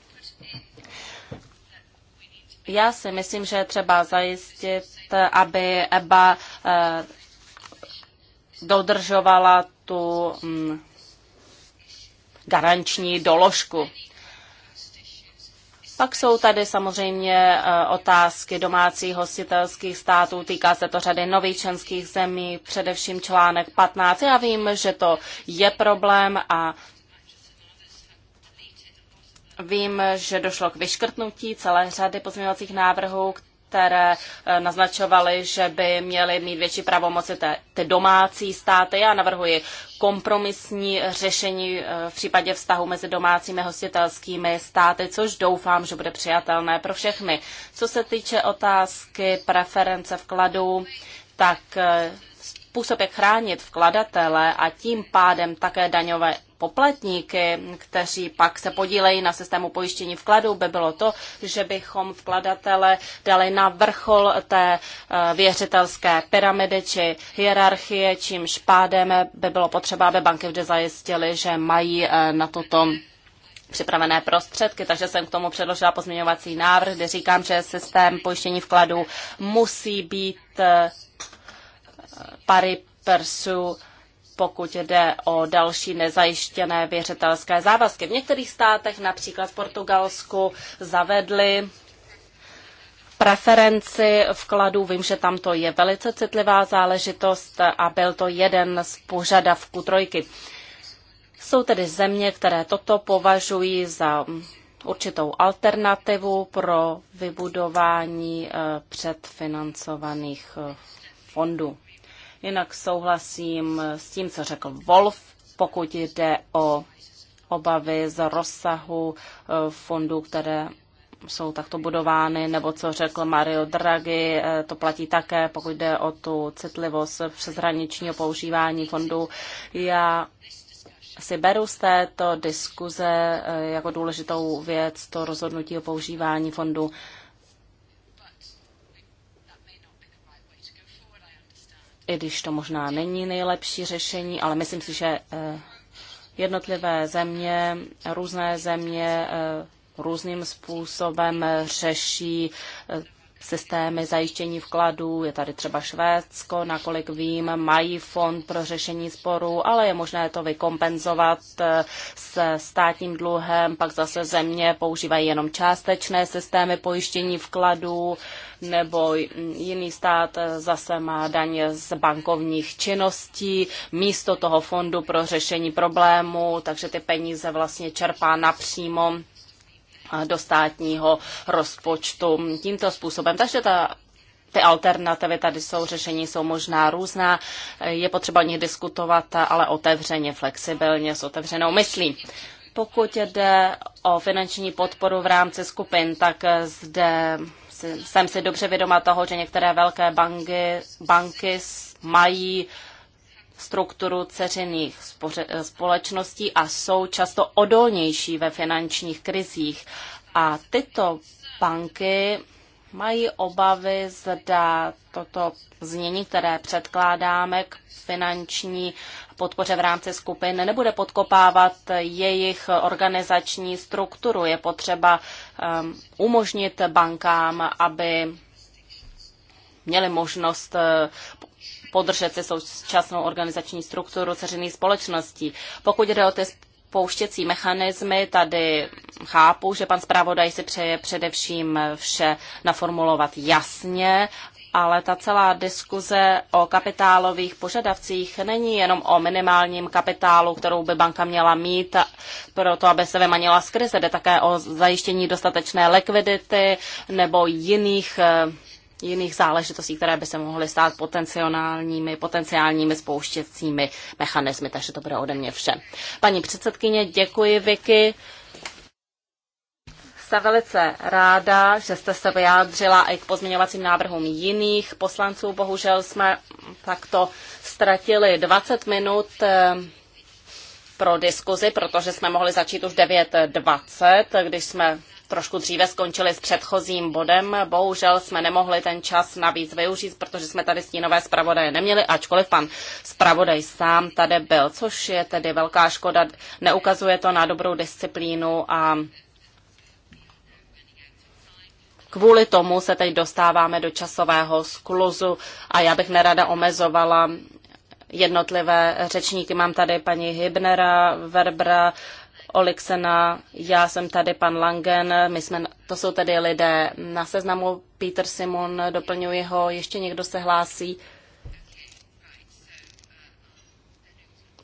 Já si myslím, že je třeba zajistit, aby EBA eh, dodržovala tu mm, garanční doložku. Pak jsou tady samozřejmě eh, otázky domácích hostitelských států, týká se to řady nových členských zemí, především článek 15. Já vím, že to je problém a Vím, že došlo k vyškrtnutí celé řady pozměňovacích návrhů, které eh, naznačovaly, že by měly mít větší pravomoci té, ty domácí státy. Já navrhuji kompromisní řešení eh, v případě vztahu mezi domácími hostitelskými státy, což doufám, že bude přijatelné pro všechny. Co se týče otázky preference vkladů, tak eh, způsob, jak chránit vkladatele a tím pádem také daňové poplatníky, kteří pak se podílejí na systému pojištění vkladů, by bylo to, že bychom vkladatele dali na vrchol té eh, věřitelské pyramidy či hierarchie, čímž pádem by bylo potřeba, aby banky vždy zajistily, že mají eh, na toto připravené prostředky, takže jsem k tomu předložila pozměňovací návrh, kde říkám, že systém pojištění vkladů musí být eh, pari persu, pokud jde o další nezajištěné věřitelské závazky. V některých státech, například v Portugalsku, zavedli preferenci vkladů. Vím, že tam to je velice citlivá záležitost a byl to jeden z požadavků trojky. Jsou tedy země, které toto považují za určitou alternativu pro vybudování eh, předfinancovaných eh, fondů. Jinak souhlasím s tím, co řekl Wolf, pokud jde o obavy z rozsahu eh, fondů, které jsou takto budovány, nebo co řekl Mario Draghi, eh, to platí také, pokud jde o tu citlivost přeshraničního používání fondů. Já si beru z této diskuze eh, jako důležitou věc to rozhodnutí o používání fondů. i když to možná není nejlepší řešení, ale myslím si, že eh, jednotlivé země, různé země eh, různým způsobem řeší eh, systémy zajištění vkladů, je tady třeba Švédsko, nakolik vím, mají fond pro řešení sporů, ale je možné to vykompenzovat eh, se státním dluhem, pak zase země používají jenom částečné systémy pojištění vkladů, nebo jiný stát eh, zase má daň z bankovních činností místo toho fondu pro řešení problému, takže ty peníze vlastně čerpá napřímo do státního rozpočtu tímto způsobem. Takže ta ty alternativy tady jsou, řešení jsou možná různá, je potřeba o nich diskutovat, ale otevřeně, flexibilně, s otevřenou myslí. Pokud jde o finanční podporu v rámci skupin, tak zde jsem si dobře vědoma toho, že některé velké banky, banky mají strukturu ceřených společností a jsou často odolnější ve finančních krizích. A tyto banky mají obavy, zda toto znění, které předkládáme k finanční podpoře v rámci skupin, nebude podkopávat jejich organizační strukturu. Je potřeba um, umožnit bankám, aby měli možnost uh, podržet se současnou organizační strukturu ceřených společností. Pokud jde o ty pouštěcí mechanismy, tady chápu, že pan zpravodaj si přeje především vše naformulovat jasně, ale ta celá diskuze o kapitálových požadavcích není jenom o minimálním kapitálu, kterou by banka měla mít pro to, aby se vymanila z krize. Jde také o zajištění dostatečné likvidity nebo jiných eh, jiných záležitostí, které by se mohly stát potenciálními, potenciálními spouštěcími mechanismy. Takže to bude ode mě vše. Paní předsedkyně, děkuji Vicky. Jsem velice ráda, že jste se vyjádřila i k pozměňovacím návrhům jiných poslanců. Bohužel jsme takto ztratili 20 minut eh, pro diskuzi, protože jsme mohli začít už 9.20, když jsme trošku dříve skončili s předchozím bodem. Bohužel jsme nemohli ten čas navíc využít, protože jsme tady stínové zpravodaje neměli, ačkoliv pan zpravodaj sám tady byl, což je tedy velká škoda. Neukazuje to na dobrou disciplínu a kvůli tomu se teď dostáváme do časového skluzu a já bych nerada omezovala jednotlivé řečníky. Mám tady paní Hybnera, Verbra, Olixena, já jsem tady pan Langen, my jsme, to jsou tedy lidé na seznamu, Peter Simon, doplňuji ho, ještě někdo se hlásí.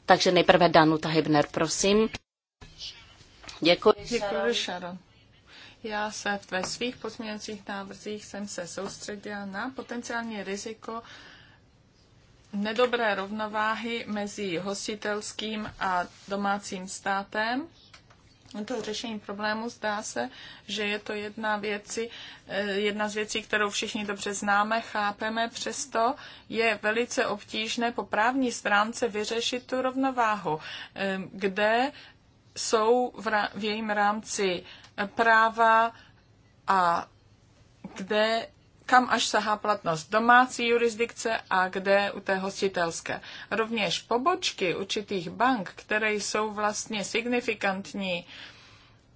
Takže nejprve Danuta Hybner, prosím. Děkuji. Děkuji, Sharon. Já se ve svých pozměňovacích návrzích jsem se soustředila na potenciální riziko nedobré rovnováhy mezi hostitelským a domácím státem. To řešení problému zdá se, že je to jedna, věci, eh, jedna z věcí, kterou všichni dobře známe, chápeme, přesto je velice obtížné po právní stránce vyřešit tu rovnováhu, eh, kde jsou v, v jejím rámci práva a kde kam až sahá platnost domácí jurisdikce a kde u té hostitelské. Rovněž pobočky určitých bank, které jsou vlastně signifikantní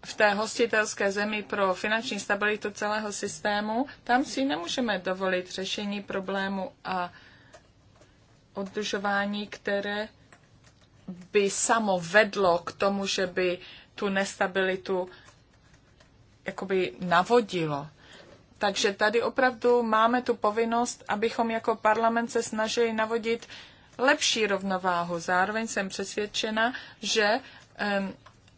v té hostitelské zemi pro finanční stabilitu celého systému, tam si nemůžeme dovolit řešení problému a oddužování, které by samo vedlo k tomu, že by tu nestabilitu jakoby navodilo takže tady opravdu máme tu povinnost, abychom jako parlament se snažili navodit lepší rovnováhu. Zároveň jsem přesvědčena, že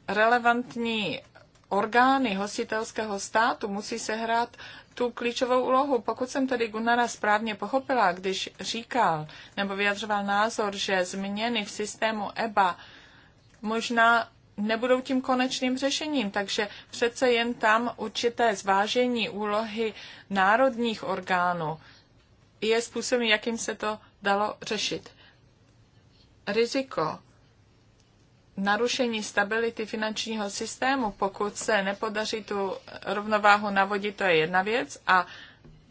relevantní orgány hostitelského státu musí sehrát tu klíčovou úlohu. Pokud jsem tady Gunnara správně pochopila, když říkal nebo vyjadřoval názor, že změny v systému EBA možná nebudou tím konečným řešením, takže přece jen tam určité zvážení úlohy národních orgánů je způsob, jakým se to dalo řešit. Riziko narušení stability finančního systému, pokud se nepodaří tu rovnováhu navodit, to je jedna věc. A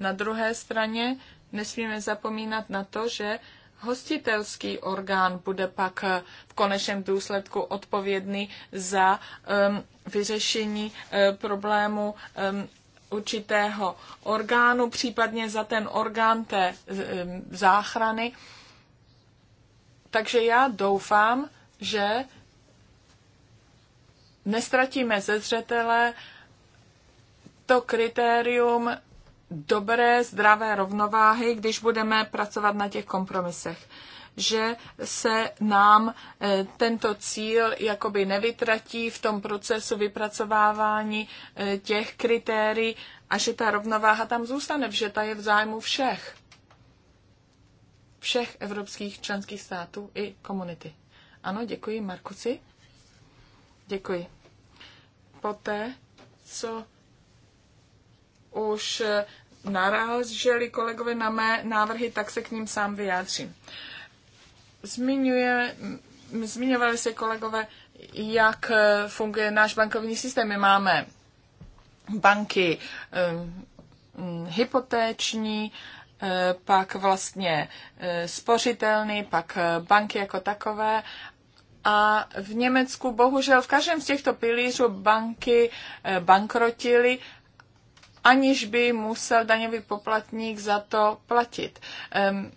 na druhé straně nesmíme zapomínat na to, že hostitelský orgán bude pak eh, v konečném důsledku odpovědný za um, vyřešení um, problému um, určitého orgánu, případně za ten orgán té um, záchrany. Takže já doufám, že nestratíme ze zřetele to kritérium dobré, zdravé rovnováhy, když budeme pracovat na těch kompromisech že se nám e, tento cíl jakoby nevytratí v tom procesu vypracovávání e, těch kritérií a že ta rovnováha tam zůstane, že ta je v zájmu všech. Všech evropských členských států i komunity. Ano, děkuji, Markuci. Děkuji. Poté, co už naráželi kolegové na mé návrhy, tak se k ním sám vyjádřím. Zmiňuje, zmiňovali se kolegové, jak eh, funguje náš bankovní systém. My máme banky eh, hypotéční, eh, pak vlastně spořitelný, pak banky jako takové. A v Německu bohužel v každém z těchto pilířů banky bankrotily aniž by musel daňový poplatník za to platit. Um,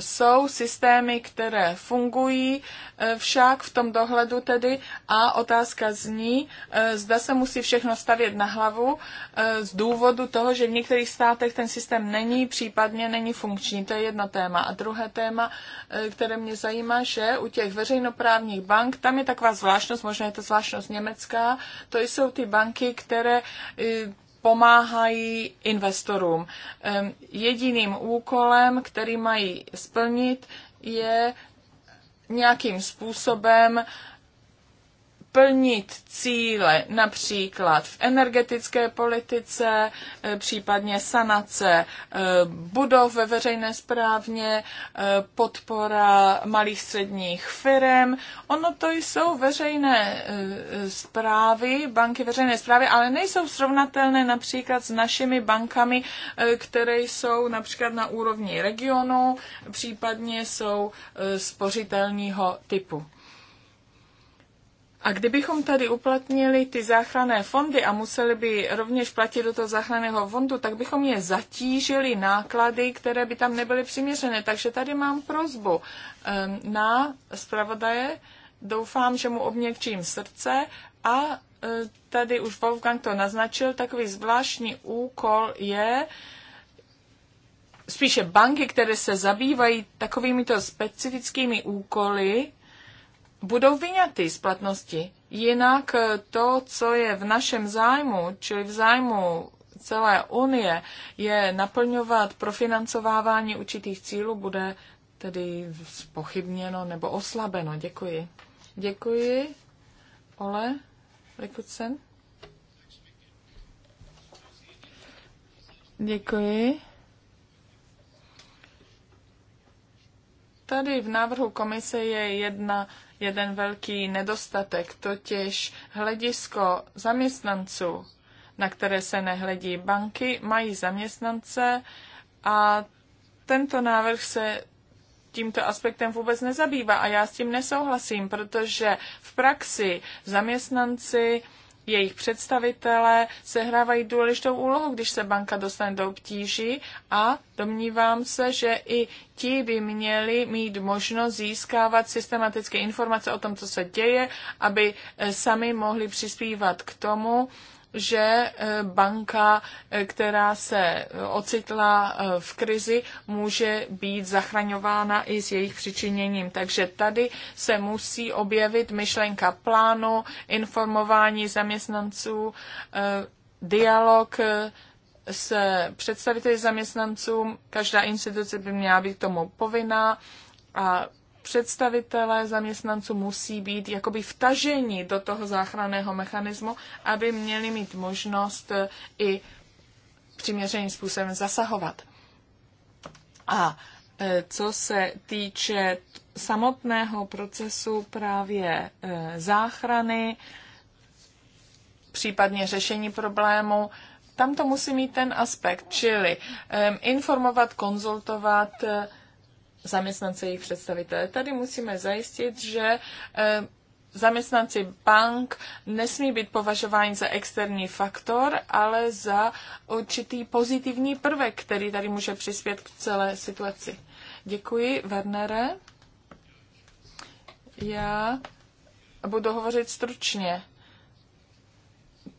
jsou systémy, které fungují, e, však v tom dohledu tedy a otázka zní, e, zda se musí všechno stavět na hlavu e, z důvodu toho, že v některých státech ten systém není, případně není funkční. To je jedno téma. A druhé téma, které mě zajímá, že u těch veřejnoprávních bank, tam je taková zvláštnost, možná je to zvláštnost německá, to jsou ty banky, které pomáhají investorům. Jediným úkolem, který mají splnit, je nějakým způsobem plnit cíle, například v energetické politice, e, případně sanace e, budov ve veřejné správně, e, podpora malých středních firm. Ono to jsou veřejné zprávy, banky veřejné zprávy, ale nejsou srovnatelné například s našimi bankami, které jsou například na úrovni regionu, případně jsou spořitelního typu. A kdybychom tady uplatnili ty záchranné fondy a museli by rovněž platit do toho záchranného fondu, tak bychom je zatížili náklady, které by tam nebyly přiměřené. Takže tady mám prozbu ehm, na zpravodaje. Doufám, že mu obněkčím srdce a e, tady už Wolfgang to naznačil, takový zvláštní úkol je spíše banky, které se zabývají takovýmito specifickými úkoly, budou vyňaty z platnosti. Jinak eh, to, co je v našem zájmu, čili v zájmu celé Unie, je naplňovat profinancovávání určitých cílů, bude tedy spochybněno nebo oslabeno. Děkuji. Děkuji. Ole Likucen. Děkuji. Tady v návrhu komise je jedna, jeden velký nedostatek, totiž hledisko zaměstnanců, na které se nehledí banky, mají zaměstnance a tento návrh se tímto aspektem vůbec nezabývá a já s tím nesouhlasím, protože v praxi zaměstnanci jejich představitelé sehrávají důležitou úlohu, když se banka dostane do obtíží a domnívám se, že i ti by měli mít možnost získávat systematické informace o tom, co se děje, aby eh, sami mohli přispívat k tomu, že eh, banka, eh, která se eh, ocitla v krizi, může být zachraňována i s jejich přičiněním. Takže tady se musí objevit myšlenka plánu, informování zaměstnanců, dialog s představiteli zaměstnanců. Každá instituce by měla být k tomu povinná a představitelé zaměstnanců musí být jakoby vtaženi do toho záchranného mechanismu, aby měli mít možnost eh, i přiměřeným způsobem zasahovat. A eh, co se týče samotného procesu právě eh, záchrany, případně řešení problému, tam to musí mít ten aspekt, čili informovat, konzultovat, zaměstnance jejich představitele. Tady musíme zajistit, že eh, zaměstnanci bank nesmí být považováni za externí faktor, ale za určitý pozitivní prvek, který tady může přispět k celé situaci. Děkuji, Wernere. Já budu hovořit stručně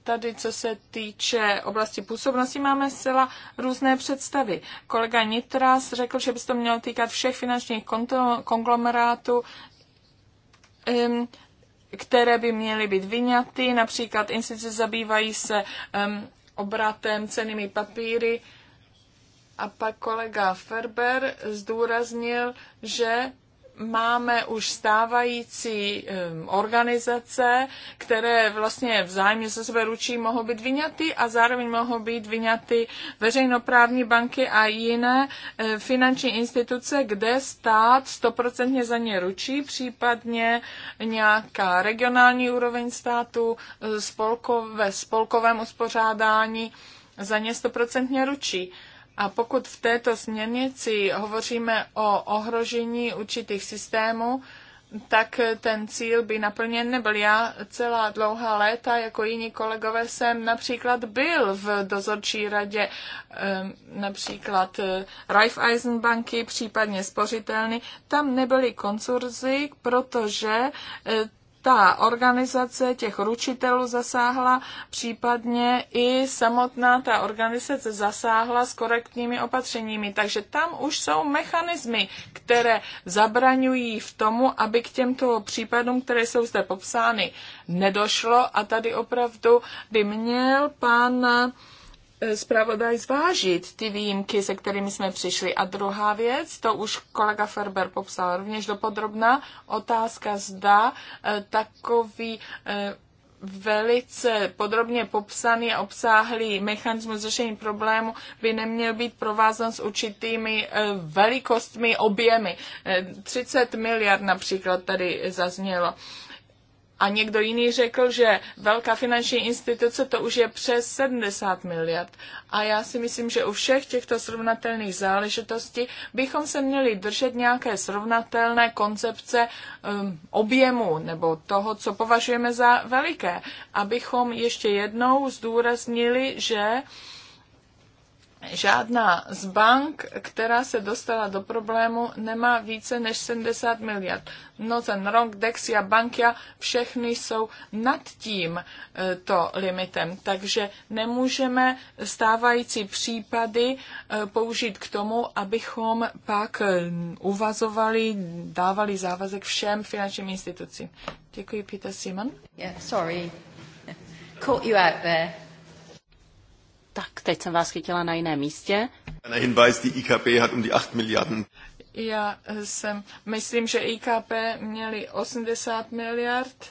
tady, co se týče oblasti působnosti, máme zcela různé představy. Kolega Nitras řekl, že by se to mělo týkat všech finančních konto, konglomerátů, um, které by měly být vyňaty, například instituce zabývají se um, obratem cenými papíry. A pak kolega Ferber zdůraznil, že máme už stávající um, organizace, které vlastně vzájemně se sebe ručí, mohou být vyňaty a zároveň mohou být vyňaty veřejnoprávní banky a jiné e, finanční instituce, kde stát stoprocentně za ně ručí, případně nějaká regionální úroveň státu eh, ve spolkovém uspořádání za ně stoprocentně ručí. A pokud v této směrnici hovoříme o ohrožení určitých systémů, tak ten cíl by naplněn nebyl. Já celá dlouhá léta, jako jiní kolegové, jsem například byl v dozorčí radě ehm, například eh, Raiffeisen banky, případně spořitelny. Tam nebyly koncurzy, protože eh, ta organizace těch ručitelů zasáhla, případně i samotná ta organizace zasáhla s korektními opatřeními. Takže tam už jsou mechanismy, které zabraňují v tomu, aby k těmto případům, které jsou zde popsány, nedošlo. A tady opravdu by měl pan Eh, zpravodaj zvážit ty výjimky, se kterými jsme přišli. A druhá věc, to už kolega Ferber popsal rovněž dopodrobná, otázka zda eh, takový eh, velice podrobně popsaný a obsáhlý mechanismus řešení problému by neměl být provázan s určitými velikostmi, objemy. 30 miliard například tady zaznělo. A někdo jiný řekl, že velká finanční instituce to už je přes 70 miliard. A já si myslím, že u všech těchto srovnatelných záležitostí bychom se měli držet nějaké srovnatelné koncepce um, objemu nebo toho, co považujeme za veliké. Abychom ještě jednou zdůraznili, že uh, Žádná z bank, která se dostala do problému, nemá více než 70 miliard. ten Rock, Dexia, Bankia, všechny jsou nad tím e, to limitem, takže nemůžeme stávající případy e, použít k tomu, abychom pak e, uvazovali, dávali závazek všem finančním institucím. Děkuji, Peter Simon. Yeah, sorry. Caught you out there. Tak, teď jsem vás chytila na jiném místě. Hinweis, die hat um die 8 Já jsem, myslím, že IKP měli 80 miliard,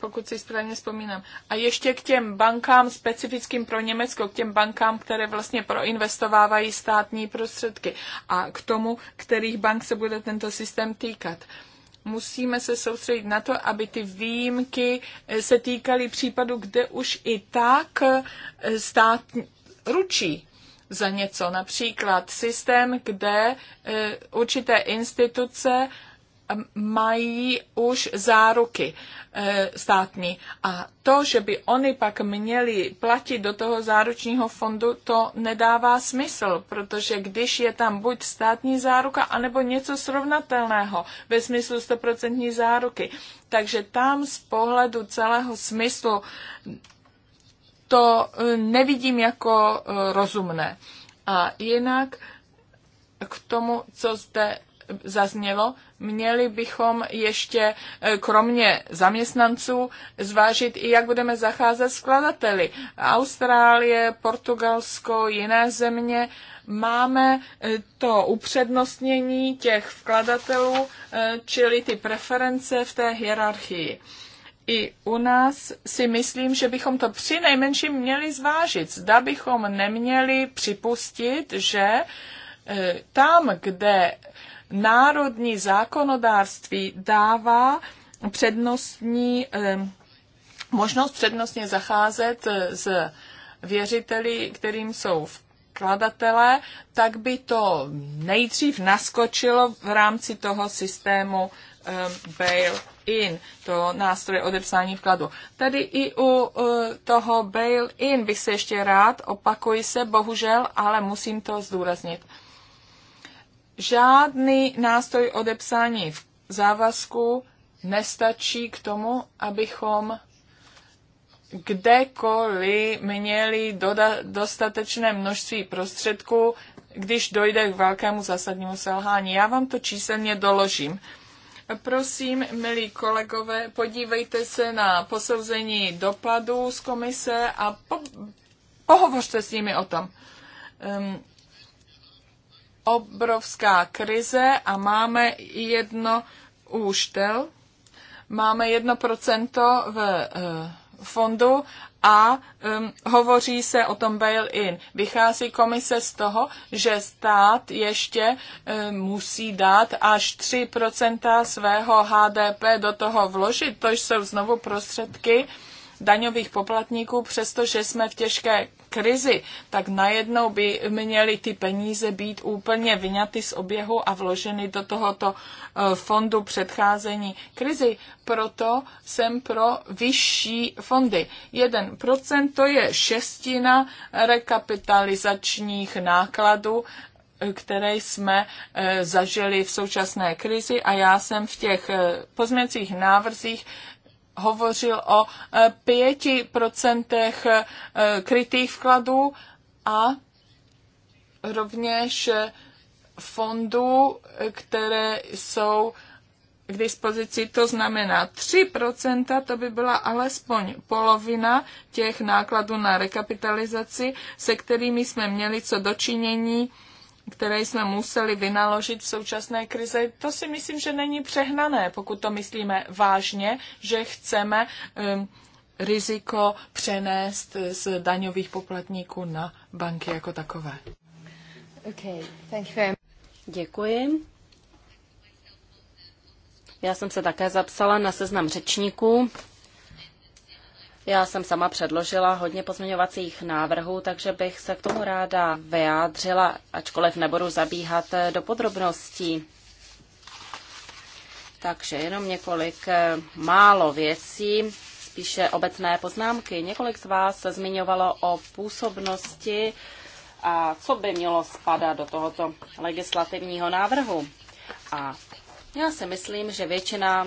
pokud si správně vzpomínám. A ještě k těm bankám, specifickým pro Německo, k těm bankám, které vlastně proinvestovávají státní prostředky a k tomu, kterých bank se bude tento systém týkat. Uh, musíme se soustředit na to, aby ty výjimky eh, se týkaly případu, kde už i tak eh, stát ručí za něco. Například systém, kde eh, určité instituce mají už záruky eh, státní. A to, že by oni pak měli platit do toho záručního fondu, to nedává smysl, protože když je tam buď státní záruka, anebo něco srovnatelného ve smyslu 100% záruky. Takže tam z pohledu celého smyslu to eh, nevidím jako eh, rozumné. A jinak k tomu, co zde zaznělo, Měli bychom ještě e, kromě zaměstnanců zvážit i, jak budeme zacházet s Austrálie, Portugalsko, jiné země máme e, to upřednostnění těch vkladatelů, e, čili ty preference v té hierarchii. I u nás si myslím, že bychom to při nejmenším měli zvážit. Zda bychom neměli připustit, že tam, kde národní zákonodárství dává přednostní, možnost přednostně zacházet eh, s věřiteli, kterým jsou vkladatele, tak by to nejdřív naskočilo v rámci toho systému bail-in, to nástroje odepsání vkladu. Tady i u eh, toho bail-in bych se ještě rád, opakuji se, bohužel, ale musím to zdůraznit žádný nástroj odepsání v závazku nestačí k tomu, abychom kdekoliv měli doda- dostatečné množství prostředků, když dojde k velkému zásadnímu selhání. Já vám to číselně doložím. Prosím, milí kolegové, podívejte se na posouzení dopadů z komise a po- pohovořte s nimi o tom. Um, obrovská krize a máme jedno úštel, máme jedno procento v eh, fondu a um, hovoří se o tom bail-in. Vychází komise z toho, že stát ještě um, musí dát až 3% svého HDP do toho vložit. To jsou znovu prostředky daňových poplatníků, přestože jsme v těžké krizi, tak najednou by měly ty peníze být úplně vyňaty z oběhu a vloženy do tohoto eh, fondu předcházení krizi. Proto jsem pro vyšší fondy. 1% to je šestina rekapitalizačních nákladů eh, které jsme eh, zažili v současné krizi a já jsem v těch pozměcích návrzích hovořil o 5% e, e, krytých vkladů a rovněž fondů, které jsou k dispozici, to znamená 3%, to by byla alespoň polovina těch nákladů na rekapitalizaci, se kterými jsme měli co dočinění které jsme museli vynaložit v současné krizi, to si myslím, že není přehnané, pokud to myslíme vážně, že chceme um, riziko přenést z daňových poplatníků na banky jako takové. Okay, thank you Děkuji. Já jsem se také zapsala na seznam řečníků. Já jsem sama předložila hodně pozměňovacích návrhů, takže bych se k tomu ráda vyjádřila, ačkoliv nebudu zabíhat eh, do podrobností. Takže jenom několik eh, málo věcí, spíše obecné poznámky. Několik z vás se zmiňovalo o působnosti a co by mělo spadat do tohoto legislativního návrhu. A já si myslím, že většina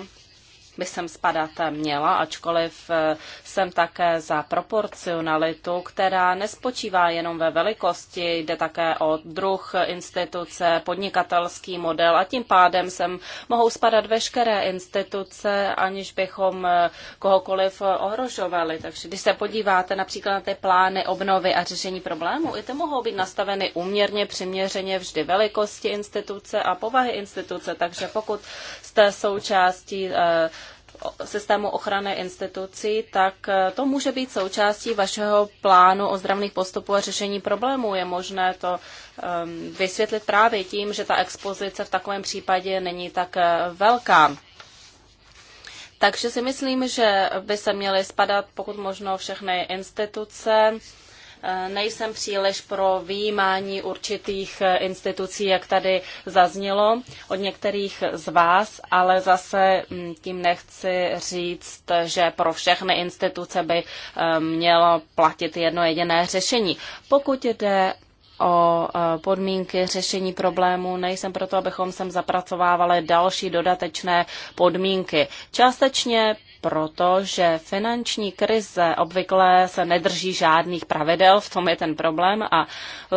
by sem spadat měla, ačkoliv eh, jsem také za proporcionalitu, která nespočívá jenom ve velikosti, jde také o druh instituce, podnikatelský model a tím pádem sem mohou spadat veškeré instituce, aniž bychom eh, kohokoliv eh, ohrožovali. Takže když se podíváte například na ty plány obnovy a řešení problémů, i ty mohou být nastaveny úměrně, přiměřeně vždy velikosti instituce a povahy instituce, takže pokud jste součástí systému ochrany institucí, tak eh, to může být součástí vašeho plánu ozdravných postupů a řešení problémů. Je možné to ehm, vysvětlit právě tím, že ta expozice v takovém případě není tak eh, velká. Takže si myslím, že by se měly spadat pokud možno všechny instituce nejsem příliš pro výjímání určitých eh, institucí, jak tady zaznělo od některých z vás, ale zase mm, tím nechci říct, že pro všechny instituce by eh, mělo platit jedno jediné řešení. Pokud jde o eh, podmínky řešení problémů. Nejsem proto, abychom sem zapracovávali další dodatečné podmínky. Částečně proto, že finanční krize obvykle se nedrží žádných pravidel, v tom je ten problém a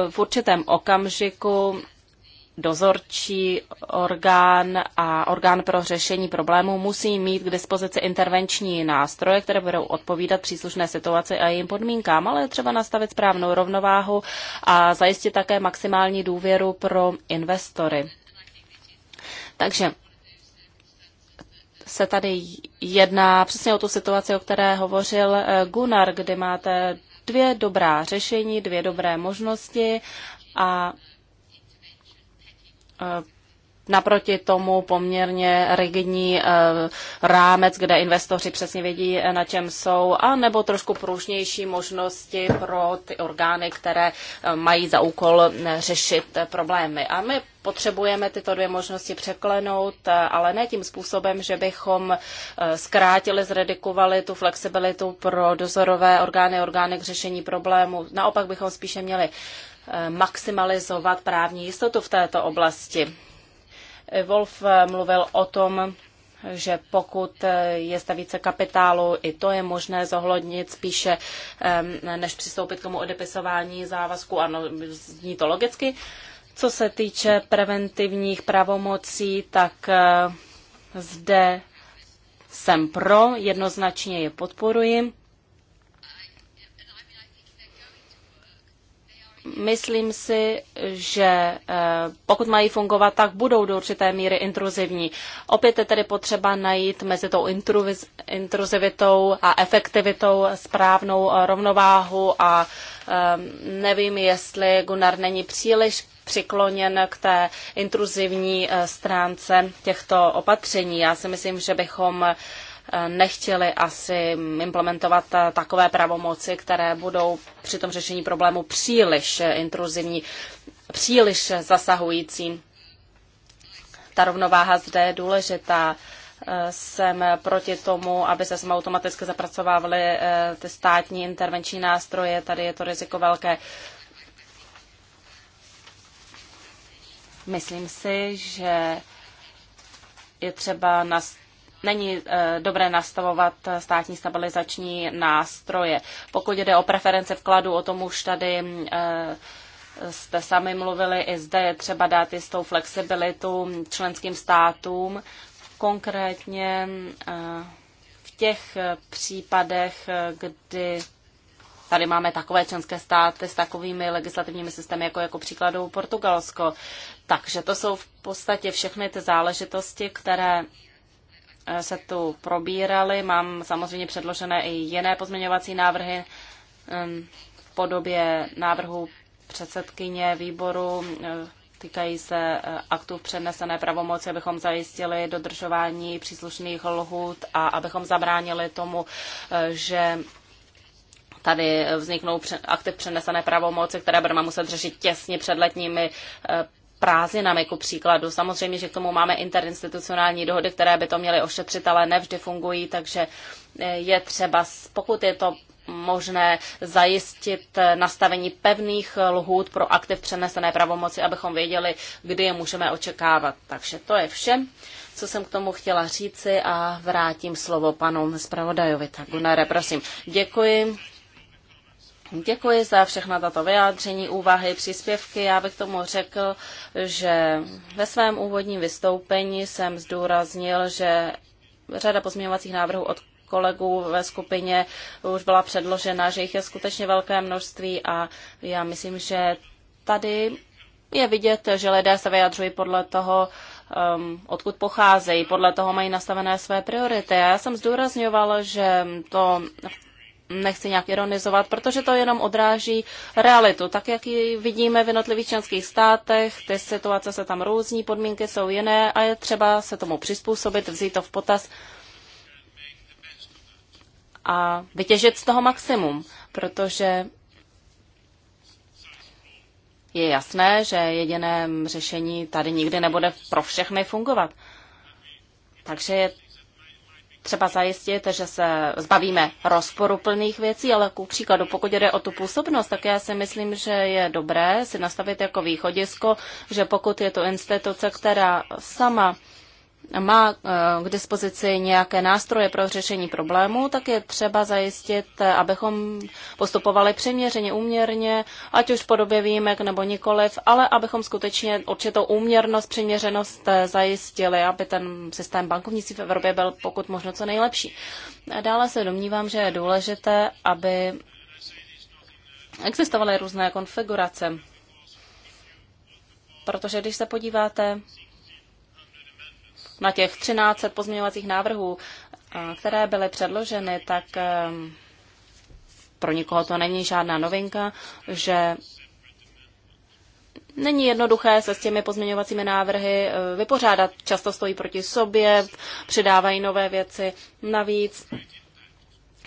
v určitém okamžiku dozorčí orgán a orgán pro řešení problémů musí mít k dispozici intervenční nástroje, které budou odpovídat příslušné situaci a jejím podmínkám, ale třeba nastavit správnou rovnováhu a zajistit také maximální důvěru pro investory. Takže se tady jedná přesně o tu situaci, o které hovořil eh, Gunnar, kdy máte dvě dobrá řešení, dvě dobré možnosti a eh, naproti tomu poměrně rigidní eh, rámec, kde investoři přesně vědí, na čem jsou, a nebo trošku pružnější možnosti pro ty orgány, které mají za úkol řešit problémy. A my Potřebujeme tyto dvě možnosti překlenout, eh, ale ne tím způsobem, že bychom eh, zkrátili, zredikovali tu flexibilitu pro dozorové orgány, orgány k řešení problému. Naopak bychom spíše měli eh, maximalizovat právní jistotu v této oblasti. Wolf mluvil o tom, že pokud je zde více kapitálu, i to je možné zohlednit spíše, než přistoupit k tomu odepisování závazku. Ano, zní to logicky, co se týče preventivních pravomocí, tak eh, zde jsem pro, jednoznačně je podporuji. Myslím si, že eh, pokud mají fungovat, tak budou do určité míry intruzivní. Opět je tedy potřeba najít mezi tou intruzivitou a efektivitou správnou eh, rovnováhu a nevím, jestli Gunnar není příliš přikloněn k té intruzivní eh, stránce těchto opatření. Já si myslím, že bychom eh, nechtěli asi implementovat eh, takové pravomoci, které budou při tom řešení problému příliš intruzivní, příliš zasahující. Ta rovnováha zde je důležitá. Jsem proti tomu, aby se automaticky zapracovávaly ty státní intervenční nástroje. Tady je to riziko velké. Myslím si, že je třeba nas- není eh, dobré nastavovat státní stabilizační nástroje. Pokud jde o preference vkladu, o tom už tady eh, jste sami mluvili, i zde je třeba dát jistou flexibilitu členským státům, konkrétně eh, v těch případech, kdy tady máme takové členské státy s takovými legislativními systémy, jako, jako příkladu Portugalsko. Takže to jsou v podstatě všechny ty záležitosti, které eh, se tu probíraly. Mám samozřejmě předložené i jiné pozměňovací návrhy ehm, v podobě návrhu předsedkyně výboru eh, týkají se eh, aktů přednesené přenesené pravomoci, abychom zajistili dodržování příslušných lhůt a abychom zabránili tomu, že tady vzniknou akty přenesené pravomoci, které budeme muset řešit těsně před letními eh, prázdninami, ku příkladu. Samozřejmě, že k tomu máme interinstitucionální dohody, které by to měly ošetřit, ale nevždy fungují, takže eh, je třeba, pokud je to možné zajistit eh, nastavení pevných lhůt pro aktiv přenesené pravomoci, abychom věděli, kdy je můžeme očekávat. Takže to je vše, co jsem k tomu chtěla říci a vrátím slovo panu zpravodajovi. Tak Gunnare, prosím. Děkuji. Děkuji za všechna tato vyjádření, úvahy, příspěvky. Já bych tomu řekl, že ve svém úvodním vystoupení jsem zdůraznil, že řada pozměňovacích návrhů od kolegů ve skupině už byla předložena, že jich je skutečně velké množství a já myslím, že tady je vidět, že lidé se vyjadřují podle toho, um, odkud pocházejí, podle toho mají nastavené své priority. Já jsem zdůrazňoval, že to nechci nějak ironizovat, protože to jenom odráží realitu. Tak, jak ji vidíme v jednotlivých členských státech, ty situace se tam různí, podmínky jsou jiné a je třeba se tomu přizpůsobit, vzít to v potaz a vytěžit z toho maximum, protože je jasné, že jediné řešení tady nikdy nebude pro všechny fungovat. Takže je třeba zajistit, že se zbavíme rozporuplných věcí, ale ku příkladu, pokud jde o tu působnost, tak já si myslím, že je dobré si nastavit jako východisko, že pokud je to instituce, která sama má eh, k dispozici nějaké nástroje pro řešení problému, tak je třeba zajistit, eh, abychom postupovali přiměřeně, úměrně, ať už v podobě výjimek nebo nikoliv, ale abychom skutečně určitou úměrnost, přiměřenost eh, zajistili, aby ten systém bankovnictví v Evropě byl pokud možno co nejlepší. Dále se domnívám, že je důležité, aby existovaly různé konfigurace. Protože když se podíváte na těch 13 pozměňovacích návrhů, které byly předloženy, tak ehm, pro nikoho to není žádná novinka, že není jednoduché se s těmi pozměňovacími návrhy eh, vypořádat. Často stojí proti sobě, přidávají nové věci navíc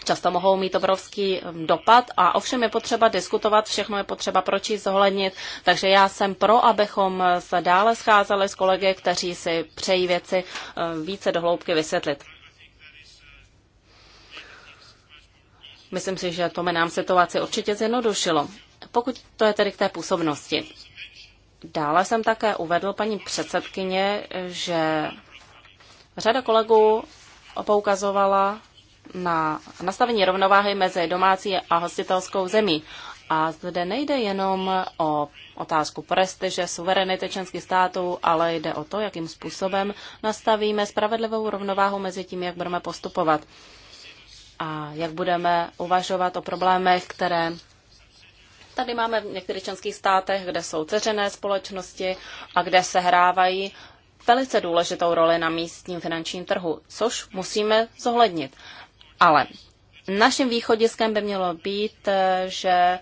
často mohou mít obrovský mm, dopad a ovšem je potřeba diskutovat, všechno je potřeba pročíst, zohlednit, takže já jsem pro, abychom se dále scházeli s kolegy, kteří si přejí věci eh, více dohloubky vysvětlit. Myslím si, že to nám situaci určitě zjednodušilo. Pokud to je tedy k té působnosti. Dále jsem také uvedl paní předsedkyně, že řada kolegů poukazovala na nastavení rovnováhy mezi domácí a hostitelskou zemí. A zde nejde jenom o otázku prestiže, suverenity členských států, ale jde o to, jakým způsobem nastavíme spravedlivou rovnováhu mezi tím, jak budeme postupovat a jak budeme uvažovat o problémech, které tady máme v některých členských státech, kde jsou ceřené společnosti a kde se hrávají velice důležitou roli na místním finančním trhu, což musíme zohlednit. Ale naším východiskem by mělo být, eh, že eh,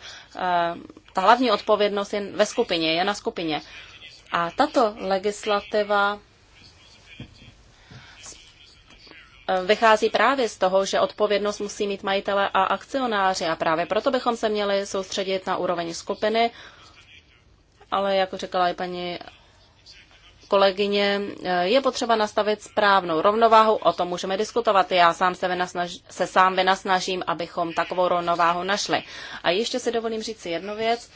ta hlavní odpovědnost je ve skupině, je na skupině. A tato legislativa eh, vychází právě z toho, že odpovědnost musí mít majitele a akcionáři a právě proto bychom se měli soustředit na úroveň skupiny, ale jako říkala i paní kolegyně, eh, je potřeba nastavit správnou rovnováhu, o tom můžeme diskutovat. Já sám se, vynasnaž, se sám vynasnažím, abychom takovou rovnováhu našli. A ještě si dovolím říct si jednu věc,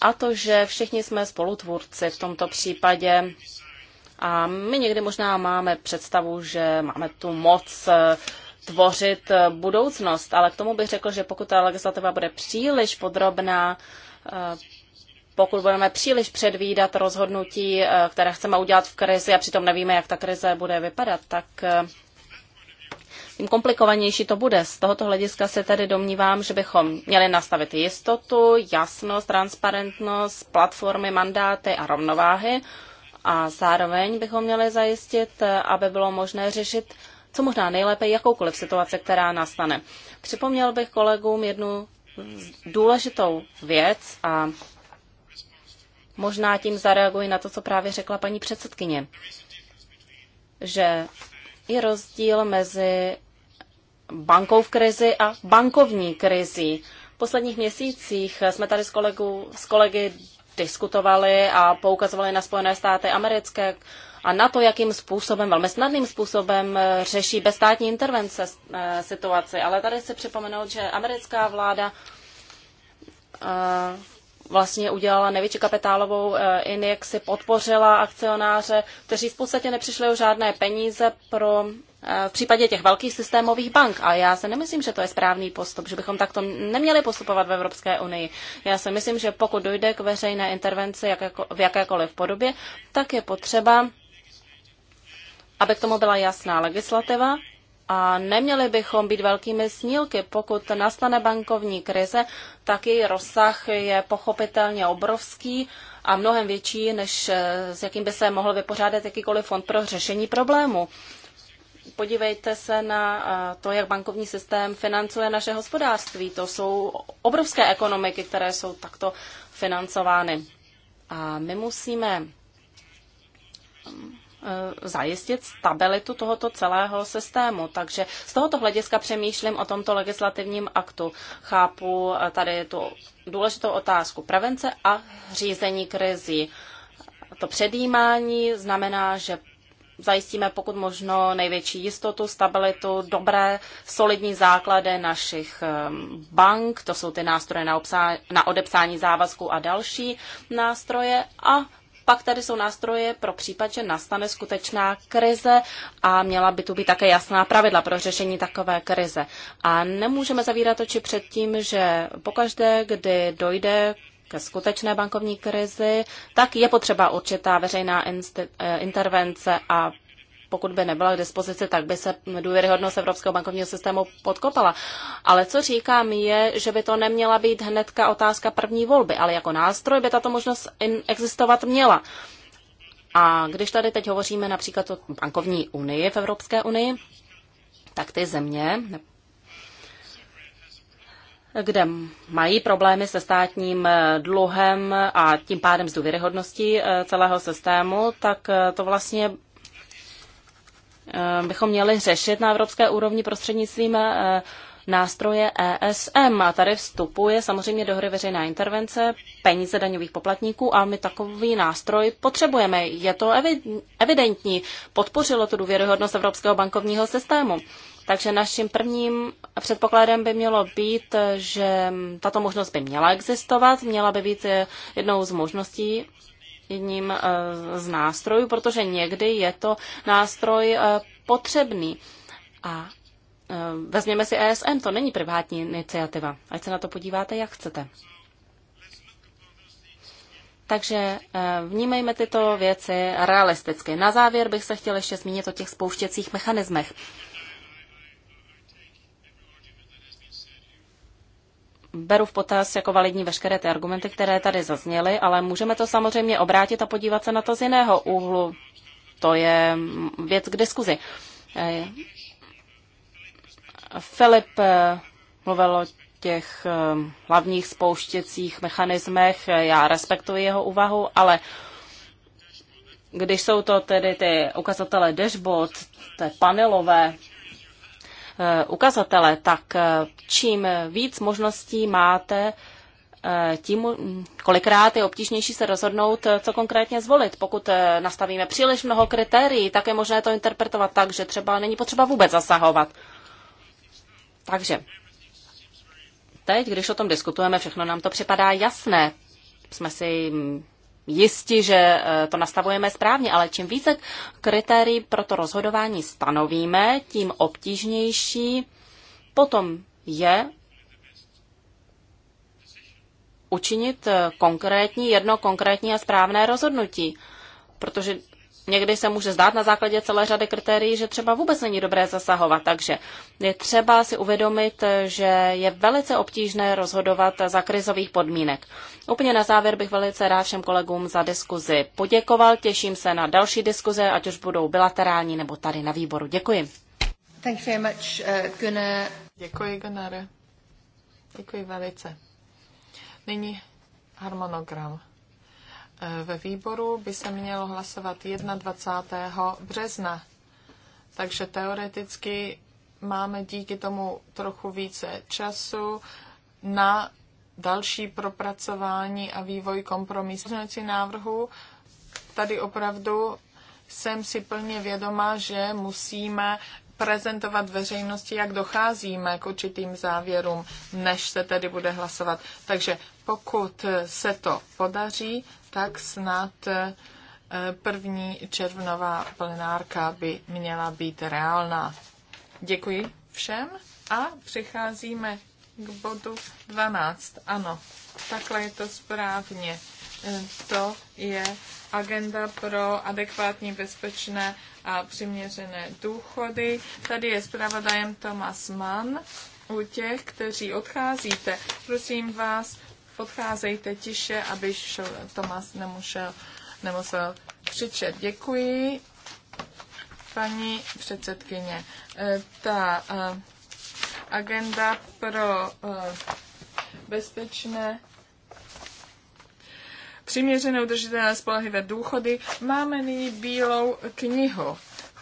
a to, že všichni jsme spolutvůrci v tomto případě a my někdy možná máme představu, že máme tu moc eh, tvořit eh, budoucnost, ale k tomu bych řekl, že pokud ta legislativa bude příliš podrobná, pokud budeme příliš předvídat rozhodnutí, eh, které chceme udělat v krizi a přitom nevíme, jak ta krize bude vypadat, tak eh, tím komplikovanější to bude. Z tohoto hlediska se tedy domnívám, že bychom měli nastavit jistotu, jasnost, transparentnost, platformy, mandáty a rovnováhy a zároveň bychom měli zajistit, eh, aby bylo možné řešit co možná nejlépe jakoukoliv situace, která nastane. Připomněl bych kolegům jednu důležitou věc a Možná tím zareaguji na to, co právě řekla paní předsedkyně, že je rozdíl mezi bankou v krizi a bankovní krizi. V posledních měsících jsme tady s, kolegu, s kolegy diskutovali a poukazovali na Spojené státy americké a na to, jakým způsobem, velmi snadným způsobem řeší bezstátní intervence eh, situaci. Ale tady se připomenout, že americká vláda eh, vlastně udělala největší kapitálovou eh, injekci, podpořila akcionáře, kteří v podstatě nepřišli o žádné peníze pro eh, v případě těch velkých systémových bank. A já se nemyslím, že to je správný postup, že bychom takto neměli postupovat v Evropské unii. Já si myslím, že pokud dojde k veřejné intervenci jakéko, v jakékoliv podobě, tak je potřeba, aby k tomu byla jasná legislativa, a neměli bychom být velkými snílky. Pokud nastane bankovní krize, tak její rozsah je pochopitelně obrovský a mnohem větší, než eh, s jakým by se mohl vypořádat jakýkoliv fond pro řešení problému. Podívejte se na eh, to, jak bankovní systém financuje naše hospodářství. To jsou obrovské ekonomiky, které jsou takto financovány. A my musíme Eh, zajistit stabilitu tohoto celého systému. Takže z tohoto hlediska přemýšlím o tomto legislativním aktu. Chápu eh, tady tu důležitou otázku prevence a řízení krizí. To předjímání znamená, že zajistíme pokud možno největší jistotu, stabilitu, dobré, solidní základy našich eh, bank, to jsou ty nástroje na, obsá- na odepsání závazků a další nástroje a pak tady jsou nástroje pro případ, že nastane skutečná krize a měla by tu být také jasná pravidla pro řešení takové krize. A nemůžeme zavírat oči před tím, že pokaždé, kdy dojde ke skutečné bankovní krizi, tak je potřeba určitá veřejná eh, intervence a pokud by nebyla k dispozici, tak by se důvěryhodnost Evropského bankovního systému podkopala. Ale co říkám je, že by to neměla být hnedka otázka první volby, ale jako nástroj by tato možnost existovat měla. A když tady teď hovoříme například o bankovní unii v Evropské unii, tak ty země, kde mají problémy se státním dluhem a tím pádem s důvěryhodností eh, celého systému, tak eh, to vlastně Eh, bychom měli řešit na evropské úrovni prostřednictvím eh, nástroje ESM. A tady vstupuje samozřejmě do hry veřejná intervence, peníze daňových poplatníků a my takový nástroj potřebujeme. Je to evidentní. Podpořilo to důvěryhodnost evropského bankovního systému. Takže naším prvním předpokladem by mělo být, eh, že tato možnost by měla existovat, měla by být jednou z možností jedním eh, z nástrojů, protože někdy je to nástroj eh, potřebný. A eh, vezměme si ESM, to není privátní iniciativa. Ať se na to podíváte, jak chcete. Takže vnímejme tyto věci realisticky. Na závěr bych se chtěl ještě zmínit o těch spouštěcích mechanismech. beru v potaz jako validní veškeré ty argumenty, které tady zazněly, ale můžeme to samozřejmě obrátit a podívat se na to z jiného úhlu. To je věc k diskuzi. Eh, Filip eh, mluvil o těch eh, hlavních spouštěcích mechanismech. Já respektuji jeho úvahu, ale když jsou to tedy ty ukazatele dashboard, té panelové Eh, ukazatele, tak eh, čím víc možností máte, eh, tím kolikrát je obtížnější se rozhodnout, co konkrétně zvolit. Pokud nastavíme příliš mnoho kritérií, tak je možné to interpretovat tak, že třeba není potřeba vůbec zasahovat. Takže teď, když o tom diskutujeme, všechno nám to připadá jasné. Jsme si mm, jisti, že eh, to nastavujeme správně, ale čím více kritérií pro to rozhodování stanovíme, tím obtížnější potom je učinit eh, konkrétní, jedno konkrétní a správné rozhodnutí. Protože Někdy se může zdát na základě celé řady kritérií, že třeba vůbec není dobré zasahovat, takže je třeba si uvědomit, že je velice obtížné rozhodovat za krizových podmínek. Úplně na závěr bych velice rád všem kolegům za diskuzi poděkoval, těším se na další diskuze, ať už budou bilaterální nebo tady na výboru. Děkuji. Thank you very much, uh, Gunnar. Děkuji, Gunnar. Děkuji velice. Nyní harmonogram ve výboru by se mělo hlasovat 21. března. Takže teoreticky máme díky tomu trochu více času na další propracování a vývoj kompromisu. kompromisů. návrhu tady opravdu jsem si plně vědoma, že musíme prezentovat veřejnosti, jak docházíme k určitým závěrům, než se tedy bude hlasovat. Takže pokud se to podaří, tak snad eh, první červnová plenárka by měla být reálná. Děkuji všem a přicházíme k bodu 12. Ano, takhle je to správně. Eh, to je agenda pro adekvátní, bezpečné a přiměřené důchody. Tady je zpravodajem Thomas Mann. U těch, kteří odcházíte, prosím vás, podcházejte tiše, aby Tomas nemusel, nemusel křičet. Děkuji, paní předsedkyně. E, ta e, agenda pro e, bezpečné přiměřené udržitelné spolehlivé důchody. Máme nyní bílou knihu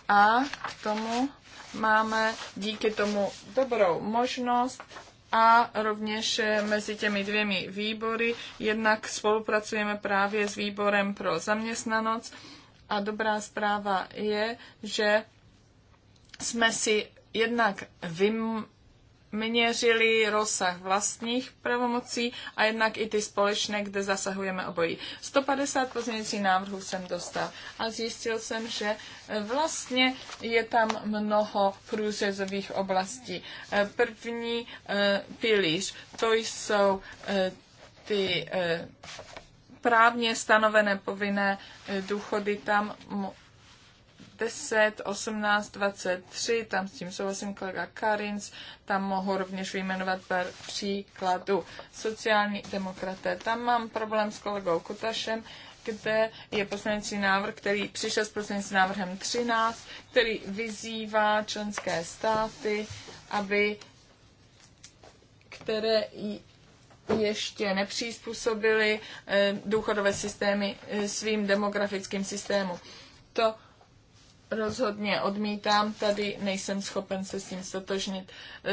a k tomu máme díky tomu dobrou možnost a rovněž eh, mezi těmi dvěmi výbory. Jednak spolupracujeme právě s výborem pro zaměstnanost a dobrá zpráva je, že jsme si jednak vymysleli, měřili rozsah vlastních pravomocí a jednak i ty společné, kde zasahujeme obojí. 150 pozměňujících návrhů jsem dostal a zjistil jsem, že vlastně je tam mnoho průřezových oblastí. Eh, první eh, pilíř, to jsou eh, ty právně stanovené povinné důchody, tam 10, 18, 23, tam s tím souhlasím kolega Karins, tam mohu rovněž vyjmenovat pár příkladů. Sociální demokraté, tam mám problém s kolegou Kutašem, kde je poslanecí návrh, který přišel s poslanecí návrhem 13, který vyzývá členské státy, aby které ještě nepřizpůsobili eh, důchodové systémy eh, svým demografickým systému. To rozhodně odmítám, tady nejsem schopen se s tím stotožnit.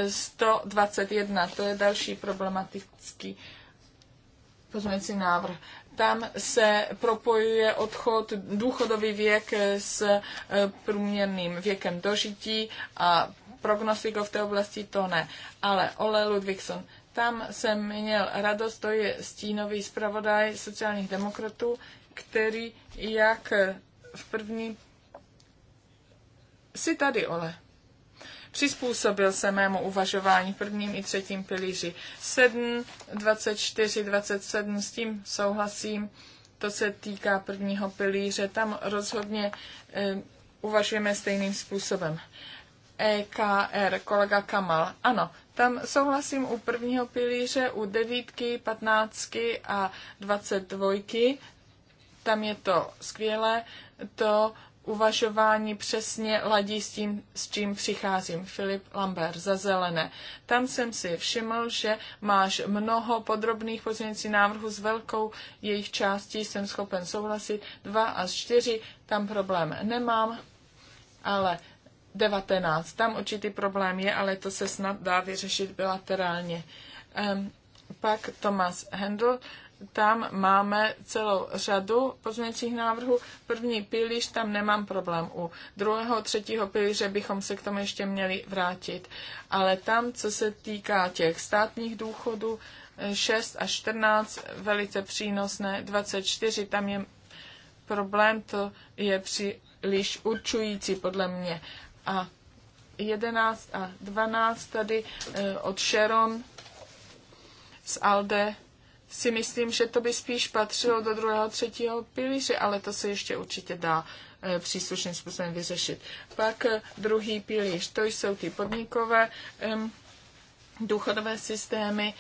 121, e, to je další problematický pozměňující návrh. Tam se propojuje odchod důchodový věk e, s e, průměrným věkem dožití a prognostiko v té oblasti to ne. Ale Ole Ludvigson, tam jsem měl radost, to je stínový zpravodaj sociálních demokratů, který jak v první Jsi tady, Ole. Přizpůsobil se mému uvažování v prvním i třetím pilíři. 7, 24, 27, s tím souhlasím. To se týká prvního pilíře. Tam rozhodně e, uvažujeme stejným způsobem. EKR, kolega Kamal. Ano, tam souhlasím u prvního pilíře, u devítky, patnáctky a dvacet dvojky. Tam je to skvělé. To uvažování přesně ladí s tím, s čím přicházím. Filip Lambert za zelené. Tam jsem si všiml, že máš mnoho podrobných pozměňovacích návrhů s velkou jejich částí, jsem schopen souhlasit. Dva až čtyři, tam problém nemám, ale 19, tam určitý problém je, ale to se snad dá vyřešit bilaterálně. Um, pak Thomas Handel, tam máme celou řadu pozměňovacích návrhů. První pilíř, tam nemám problém. U druhého, třetího pilíře bychom se k tomu ještě měli vrátit. Ale tam, co se týká těch státních důchodů, 6 a 14 velice přínosné, 24 tam je problém, to je příliš určující podle mě. A 11 a 12 tady eh, od Sharon z Alde si myslím, že to by spíš patřilo do druhého, třetího pilíře, ale to se ještě určitě dá eh, příslušným způsobem vyřešit. Pak eh, druhý pilíř, to jsou ty podnikové důchodové systémy,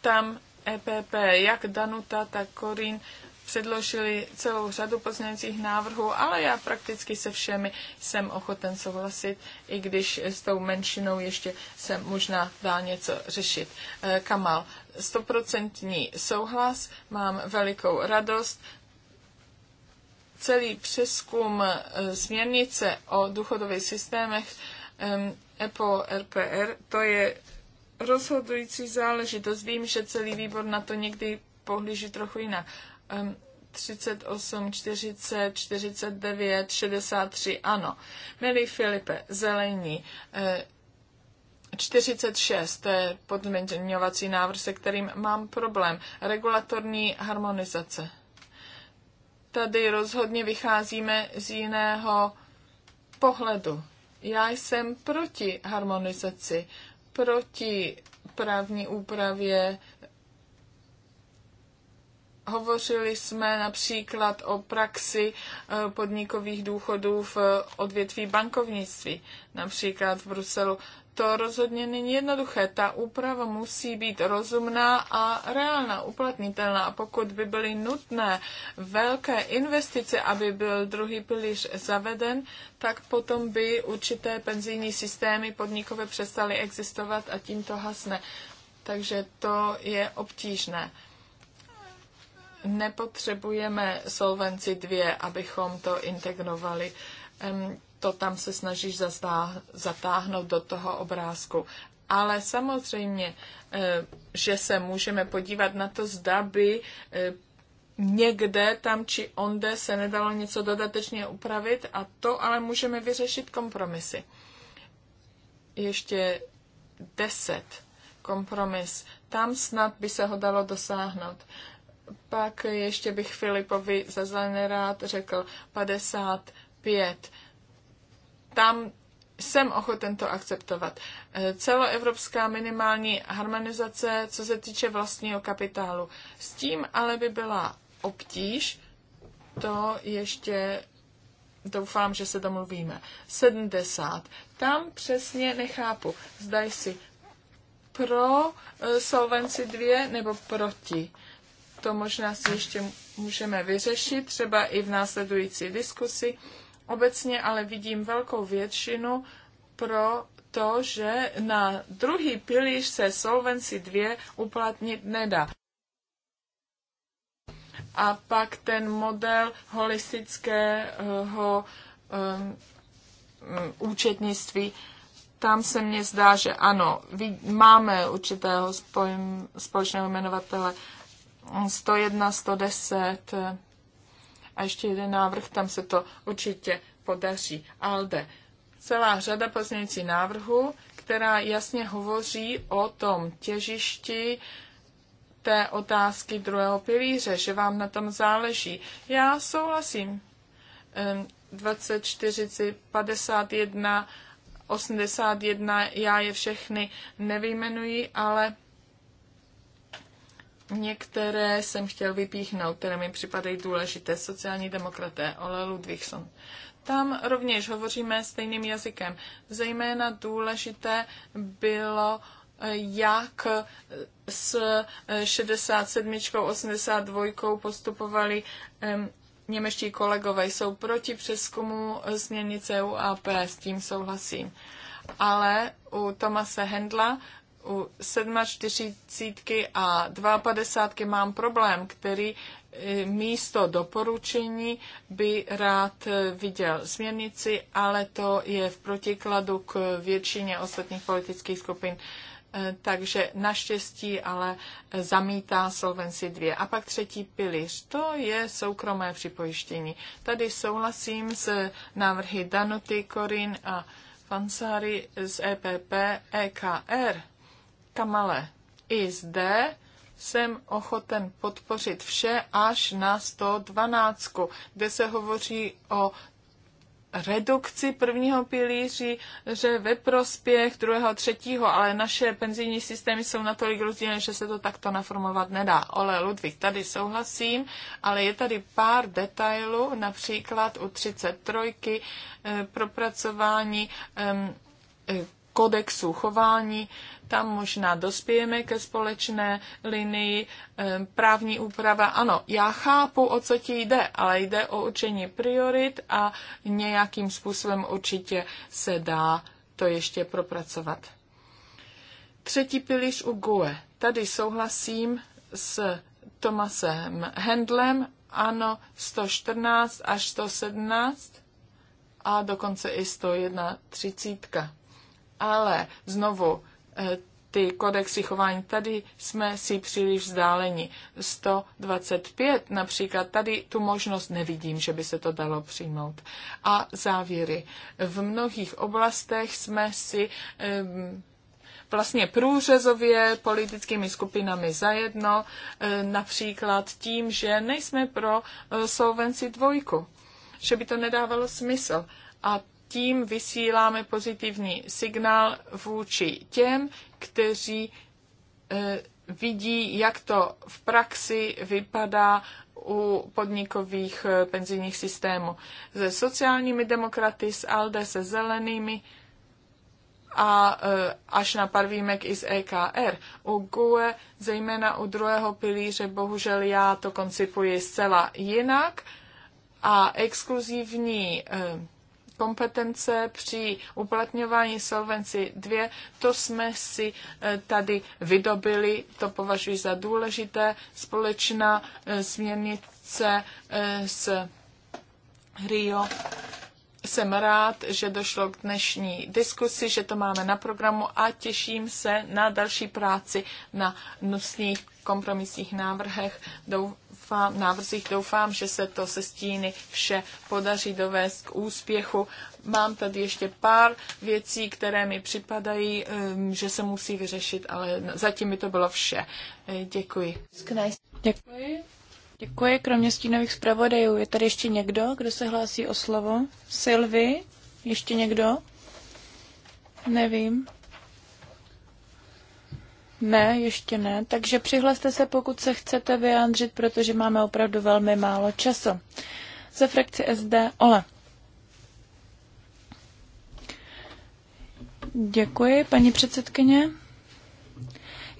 tam EPP, jak Danuta, tak Korin předložili celou řadu pozměňujících návrhů, ale já prakticky se všemi jsem ochoten souhlasit, i když s tou menšinou ještě se možná dá něco řešit. Eh, Kamal, stoprocentní souhlas, mám velikou radost. Celý přeskum eh, směrnice o důchodových systémech eh, EPO RPR, to je rozhodující záležitost. Vím, že celý výbor na to někdy pohlíží trochu jinak. 38, 40, 49, 63, ano. Milý Filipe, zelení, eh, 46, to je podmiňovací návrh, se kterým mám problém. Regulatorní harmonizace. Tady rozhodně vycházíme z jiného pohledu. Já jsem proti harmonizaci, proti právní úpravě. Hovořili jsme například o praxi eh, podnikových důchodů v odvětví bankovnictví, například v Bruselu to rozhodně není jednoduché. Ta úprava musí být rozumná a reálná, uplatnitelná. Pokud by byly nutné velké investice, aby byl druhý pilíř zaveden, tak potom by určité penzijní systémy podnikové přestaly existovat a tím to hasne. Takže to je obtížné. Nepotřebujeme solvenci dvě, abychom to integrovali to tam se snažíš zatáhnout do toho obrázku. Ale samozřejmě, e, že se můžeme podívat na to, zda by e, někde tam či onde se nedalo něco dodatečně upravit a to ale můžeme vyřešit kompromisy. Ještě deset kompromis. Tam snad by se ho dalo dosáhnout. Pak ještě bych Filipovi za zelený rád řekl 55 tam jsem ochoten to akceptovat. E, celoevropská minimální harmonizace, co se týče vlastního kapitálu. S tím ale by byla obtíž, to ještě doufám, že se domluvíme. 70. Tam přesně nechápu. Zdaj si pro e, solvenci dvě, nebo proti. To možná si ještě můžeme vyřešit, třeba i v následující diskusi. Obecně ale vidím velkou většinu pro to, že na druhý pilíř se Solvency 2 uplatnit nedá. A pak ten model holistického um, účetnictví, tam se mně zdá, že ano, máme určitého společného jmenovatele 101, 110, a ještě jeden návrh, tam se to určitě podaří. ALDE. Celá řada pozměňující návrhů, která jasně hovoří o tom těžišti té otázky druhého pilíře, že vám na tom záleží. Já souhlasím. 24, 51, 81, já je všechny nevyjmenuji, ale Některé jsem chtěl vypíchnout, které mi připadají důležité. Sociální demokraté, Ole Ludvíkson. Tam rovněž hovoříme stejným jazykem. Zejména důležité bylo eh, jak s 67, eh, 82 postupovali němečtí kolegové. Jsou proti přeskumu eh, směrnice UAP, s tím souhlasím. Ale u Tomase Hendla u 47 a 52 mám problém, který e, místo doporučení by rád e, viděl směrnici, ale to je v protikladu k většině ostatních politických skupin. E, takže naštěstí ale zamítá Solvency 2. A pak třetí pilíř, to je soukromé připojištění. Tady souhlasím s návrhy Danuty, Korin a Fansary z EPP, EKR Kamale. I zde jsem ochoten podpořit vše až na 112, kde se hovoří o redukci prvního pilíři, že ve prospěch druhého třetího, ale naše penzijní systémy jsou natolik rozdílné, že se to takto naformovat nedá. Ale Ludvík, tady souhlasím, ale je tady pár detailů, například u 33 eh, propracování eh, kodexu chování, tam možná dospějeme ke společné linii. Eh, právní úprava, ano, já chápu, o co ti jde, ale jde o učení priorit a nějakým způsobem určitě se dá to ještě propracovat. Třetí pilíř u GUE. Tady souhlasím s Tomasem Hendlem, ano, 114 až 117 a dokonce i 131. Ale znovu Eh, ty kodexy chování. Tady jsme si příliš vzdáleni. 125 například, tady tu možnost nevidím, že by se to dalo přijmout. A závěry. V mnohých oblastech jsme si vlastně průřezově politickými skupinami zajedno, eh, například tím, že nejsme pro eh, solvenci dvojku, že by to nedávalo smysl. A tím vysíláme pozitivní signál vůči těm, kteří eh, vidí, jak to v praxi vypadá u podnikových eh, penzijních systémů. Se sociálními demokraty, s ALDE, se zelenými a eh, až na pár výjimek i z EKR. U GUE, zejména u druhého pilíře, bohužel já to koncipuji zcela jinak a exkluzivní kompetence při uplatňování Solvency 2, to jsme si eh, tady vydobili, to považuji za důležité, společná eh, směrnice eh, s Rio. Jsem rád, že došlo k dnešní diskusi, že to máme na programu a těším se na další práci na nutných kompromisních návrhech doufám, návrzích doufám, že se to se stíny vše podaří dovést k úspěchu. Mám tady ještě pár věcí, které mi připadají, ehm, že se musí vyřešit, ale zatím mi to bylo vše. Eh, děkuji. Děkuji. Děkuji. Kromě stínových zpravodajů je tady ještě někdo, kdo se hlásí o slovo? Sylvie? Ještě někdo? Nevím. Ne, ještě ne. Takže přihlaste se, pokud se chcete vyjádřit, protože máme opravdu velmi málo času. Za frakci SD Ole. Děkuji, paní předsedkyně.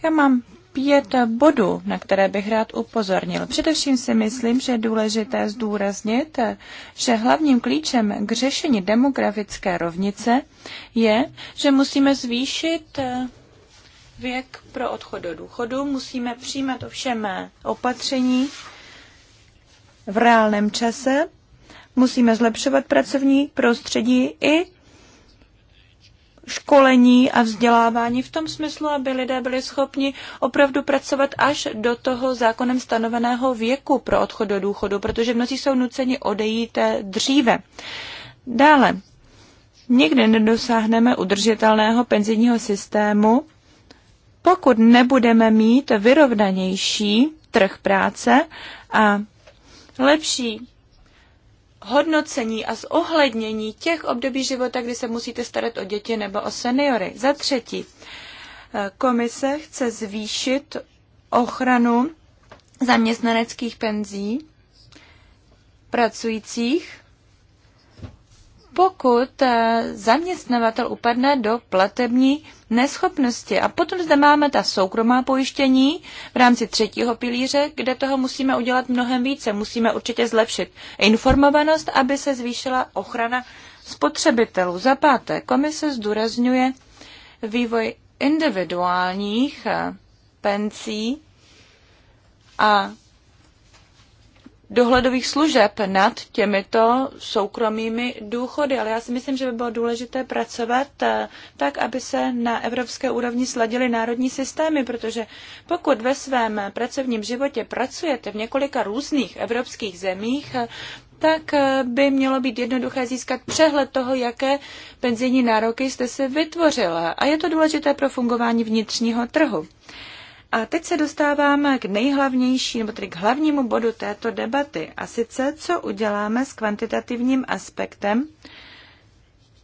Já mám pět bodů, na které bych rád upozornil. Především si myslím, že je důležité zdůraznit, že hlavním klíčem k řešení demografické rovnice je, že musíme zvýšit věk pro odchod do důchodu, musíme přijímat ovšem opatření v reálném čase, musíme zlepšovat pracovní prostředí i školení a vzdělávání v tom smyslu, aby lidé byli schopni opravdu pracovat až do toho zákonem stanoveného věku pro odchod do důchodu, protože mnozí jsou nuceni odejít dříve. Dále, nikdy nedosáhneme udržitelného penzijního systému, pokud nebudeme mít vyrovnanější trh práce a lepší hodnocení a zohlednění těch období života, kdy se musíte starat o děti nebo o seniory. Za třetí, komise chce zvýšit ochranu zaměstnaneckých penzí pracujících pokud eh, zaměstnavatel upadne do platební neschopnosti. A potom zde máme ta soukromá pojištění v rámci třetího pilíře, kde toho musíme udělat mnohem více. Musíme určitě zlepšit informovanost, aby se zvýšila ochrana spotřebitelů. Za páté, komise zdůrazňuje vývoj individuálních eh, penzí a dohledových služeb nad těmito soukromými důchody. Ale já si myslím, že by bylo důležité pracovat eh, tak, aby se na evropské úrovni sladily národní systémy, protože pokud ve svém pracovním životě pracujete v několika různých evropských zemích, eh, tak eh, by mělo být jednoduché získat přehled toho, jaké penzijní nároky jste si vytvořila. A je to důležité pro fungování vnitřního trhu. A teď se dostáváme k nejhlavnější, nebo tedy k hlavnímu bodu této debaty, a sice co uděláme s kvantitativním aspektem,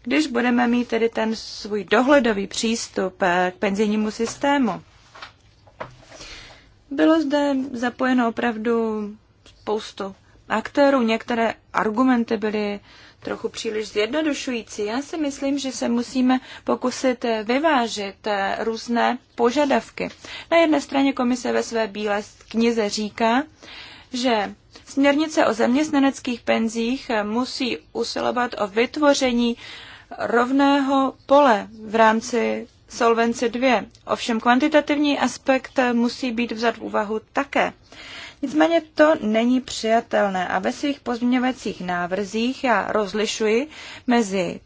když budeme mít tedy ten svůj dohledový přístup eh, k penzijnímu systému. Bylo zde zapojeno opravdu spoustu aktérů, některé argumenty byly uh, trochu příliš zjednodušující. Já si myslím, že se musíme pokusit vyvážit eh, různé požadavky. Na jedné straně komise ve své bílé knize říká, že směrnice o zaměstnaneckých penzích eh, musí usilovat o vytvoření rovného pole v rámci solvence 2. Ovšem kvantitativní aspekt eh, musí být vzat v úvahu také. Nicméně to není přijatelné a ve svých pozměňovacích návrzích já rozlišuji mezi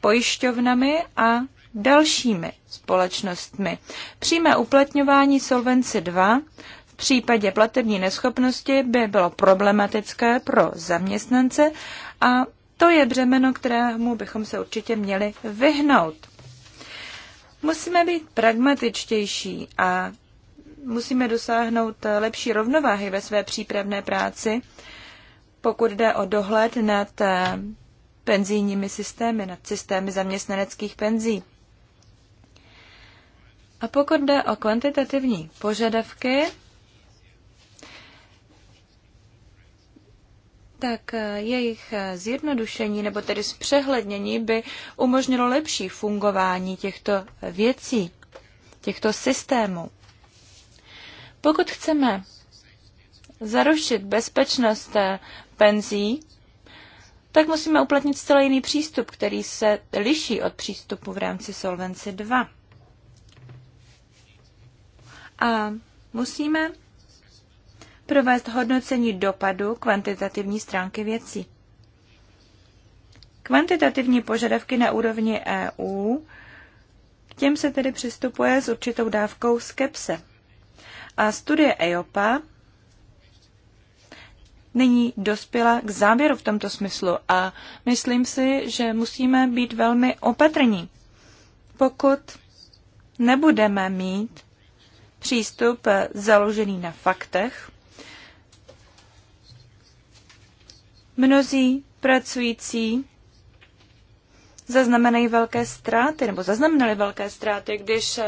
pojišťovnami a dalšími společnostmi. Přímé uplatňování Solvenci 2 v případě platební neschopnosti by bylo problematické pro zaměstnance a to je břemeno, kterému bychom se určitě měli vyhnout. Musíme být pragmatičtější a musíme dosáhnout lepší rovnováhy ve své přípravné práci, pokud jde o dohled nad eh, penzijními systémy, nad systémy zaměstnaneckých penzí. A pokud jde o kvantitativní požadavky, tak eh, jejich eh, zjednodušení nebo tedy zpřehlednění by umožnilo lepší fungování těchto věcí, těchto systémů. Pokud chceme zarušit bezpečnost eh, penzí, tak musíme uplatnit zcela jiný přístup, který se liší od přístupu v rámci Solvenci 2. A musíme provést hodnocení dopadu kvantitativní stránky věcí. Kvantitativní požadavky na úrovni EU, k těm se tedy přistupuje s určitou dávkou skepse. A studie EOPA není dospěla k závěru v tomto smyslu a myslím si, že musíme být velmi opatrní, pokud nebudeme mít přístup založený na faktech. Mnozí pracující zaznamenají velké ztráty, nebo zaznamenali velké ztráty, když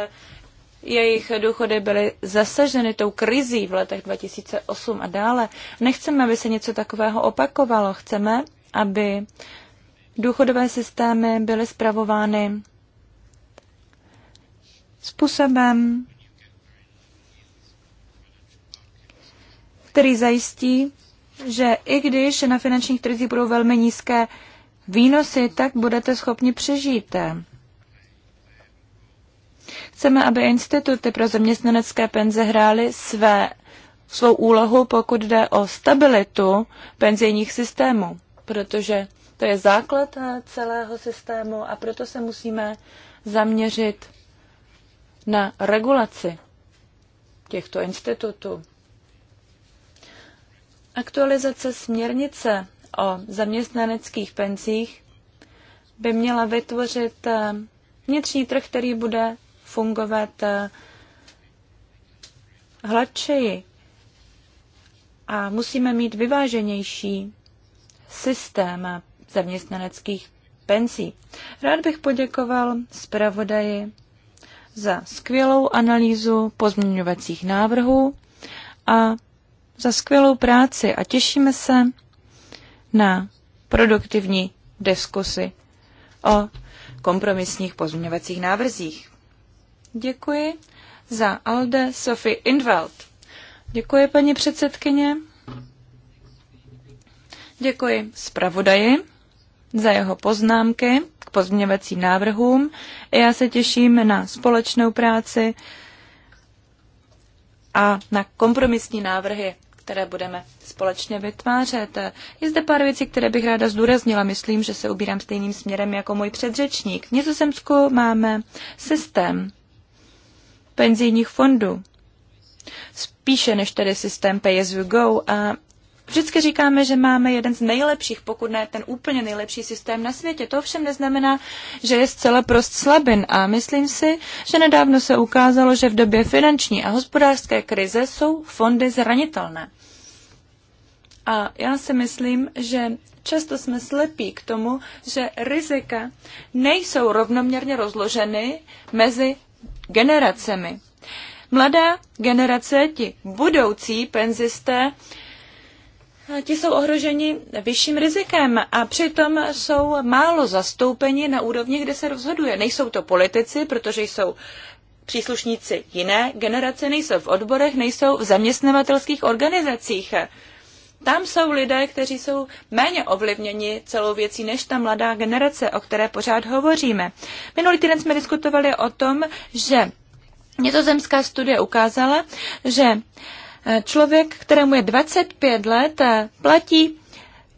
jejich důchody byly zasaženy tou krizí v letech 2008 a dále. Nechceme, aby se něco takového opakovalo. Chceme, aby důchodové systémy byly spravovány způsobem, který zajistí, že i když na finančních trzích budou velmi nízké výnosy, tak budete schopni přežít. Chceme, aby instituty pro zaměstnanecké penze hrály své, svou úlohu, pokud jde o stabilitu penzijních systémů, protože to je základ eh, celého systému a proto se musíme zaměřit na regulaci těchto institutů. Aktualizace směrnice o zaměstnaneckých penzích by měla vytvořit eh, vnitřní trh, který bude fungovat eh, hladčeji a musíme mít vyváženější systém zaměstnaneckých penzí. Rád bych poděkoval zpravodaji za skvělou analýzu pozměňovacích návrhů a za skvělou práci a těšíme se na produktivní diskusy o kompromisních pozměňovacích návrzích. Děkuji. Za Alde Sophie Inveld. Děkuji, paní předsedkyně. Děkuji zpravodaji za jeho poznámky k pozměňovacím návrhům. Já se těším na společnou práci a na kompromisní návrhy, které budeme společně vytvářet. Je zde pár věcí, které bych ráda zdůraznila. Myslím, že se ubírám stejným směrem jako můj předřečník. V Nizozemsku máme systém penzijních fondů. Spíše než tedy systém pay as you go a Vždycky říkáme, že máme jeden z nejlepších, pokud ne ten úplně nejlepší systém na světě. To ovšem neznamená, že je zcela prost slabin a myslím si, že nedávno se ukázalo, že v době finanční a hospodářské krize jsou fondy zranitelné. A já si myslím, že často jsme slepí k tomu, že rizika nejsou rovnoměrně rozloženy mezi generacemi. Mladá generace, ti budoucí penzisté, ti jsou ohroženi vyšším rizikem a přitom jsou málo zastoupeni na úrovni, kde se rozhoduje. Nejsou to politici, protože jsou příslušníci jiné generace, nejsou v odborech, nejsou v zaměstnavatelských organizacích. Tam jsou lidé, kteří jsou méně ovlivněni celou věcí než ta mladá generace, o které pořád hovoříme. Minulý týden jsme diskutovali o tom, že Nizozemská studie ukázala, že eh, člověk, kterému je 25 let, eh, platí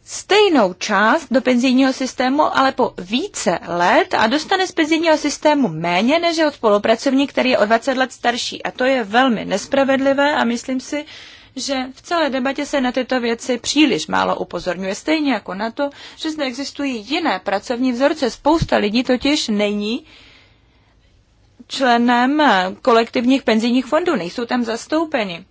stejnou část do penzijního systému, ale po více let a dostane z penzijního systému méně než od spolupracovník, který je o 20 let starší. A to je velmi nespravedlivé a myslím si, že v celé debatě se na tyto věci příliš málo upozorňuje, stejně jako na to, že zde existují jiné pracovní vzorce. Spousta lidí totiž není členem kolektivních penzijních fondů, nejsou tam zastoupeni.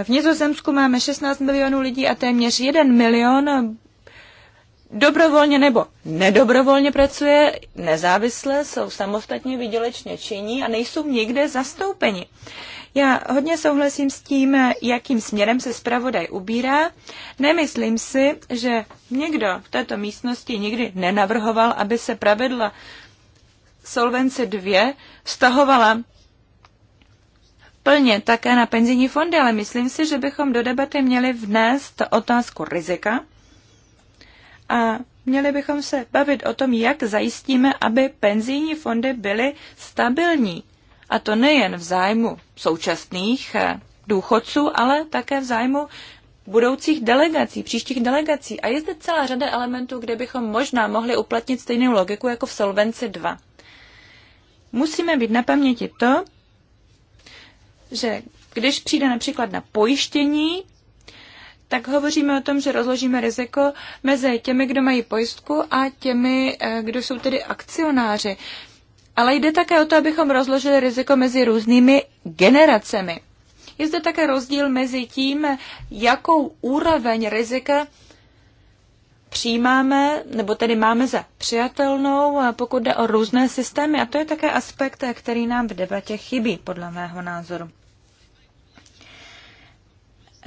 E, v Nizozemsku máme 16 milionů lidí a téměř 1 milion dobrovolně nebo nedobrovolně pracuje, nezávisle, jsou samostatně vydělečně činní a nejsou nikde zastoupeni. Já hodně souhlasím s tím, jakým směrem se zpravodaj ubírá. Nemyslím si, že někdo v této místnosti nikdy nenavrhoval, aby se pravidla Solvence 2 vztahovala plně také na penzijní fondy, ale myslím si, že bychom do debaty měli vnést otázku rizika a měli bychom se bavit o tom, jak zajistíme, aby penzijní fondy byly stabilní a to nejen v zájmu současných eh, důchodců, ale také v zájmu budoucích delegací, příštích delegací. A je zde celá řada elementů, kde bychom možná mohli uplatnit stejnou logiku jako v Solvenci 2. Musíme být na paměti to, že když přijde například na pojištění, tak hovoříme o tom, že rozložíme riziko mezi těmi, kdo mají pojistku a těmi, eh, kdo jsou tedy akcionáři. Ale jde také o to, abychom rozložili riziko mezi různými generacemi. Je zde také rozdíl mezi tím, jakou úroveň rizika přijímáme, nebo tedy máme za přijatelnou, pokud jde o různé systémy. A to je také aspekt, který nám v debatě chybí, podle mého názoru.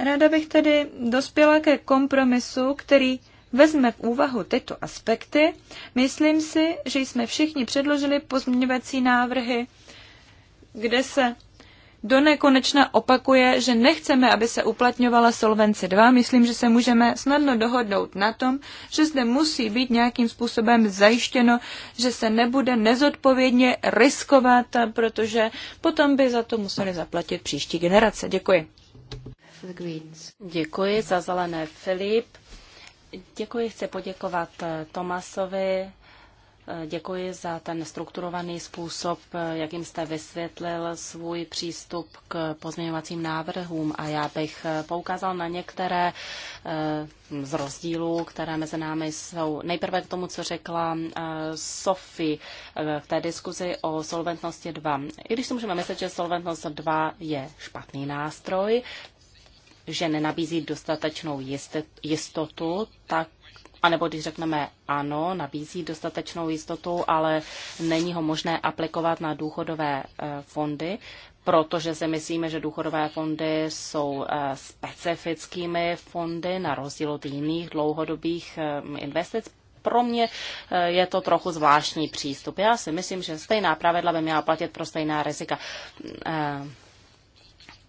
Ráda bych tedy dospěla ke kompromisu, který vezme v úvahu tyto aspekty, myslím si, že jsme všichni předložili pozměňovací návrhy, kde se do nekonečna opakuje, že nechceme, aby se uplatňovala Solvence 2. Myslím, že se můžeme snadno dohodnout na tom, že zde musí být nějakým způsobem zajištěno, že se nebude nezodpovědně riskovat, protože potom by za to museli zaplatit příští generace. Děkuji. Děkuji za zelené Filip. Děkuji, chci poděkovat eh, Tomasovi. Eh, děkuji za ten strukturovaný způsob, eh, jakým jste vysvětlil svůj přístup k pozměňovacím návrhům a já bych poukázal na některé z rozdílů, které mezi námi jsou. Nejprve k tomu, co řekla Sophie v té diskuzi o solventnosti 2. I když si můžeme myslet, že solventnost 2 je špatný nástroj, že nenabízí dostatečnou jistotu, tak anebo když řekneme ano, nabízí dostatečnou jistotu, ale není ho možné aplikovat na důchodové eh, fondy, protože si myslíme, že důchodové fondy jsou eh, specifickými fondy na rozdíl od jiných dlouhodobých eh, investic. Pro mě je to trochu zvláštní přístup. Já si myslím, že stejná pravidla by měla platit pro stejná rizika.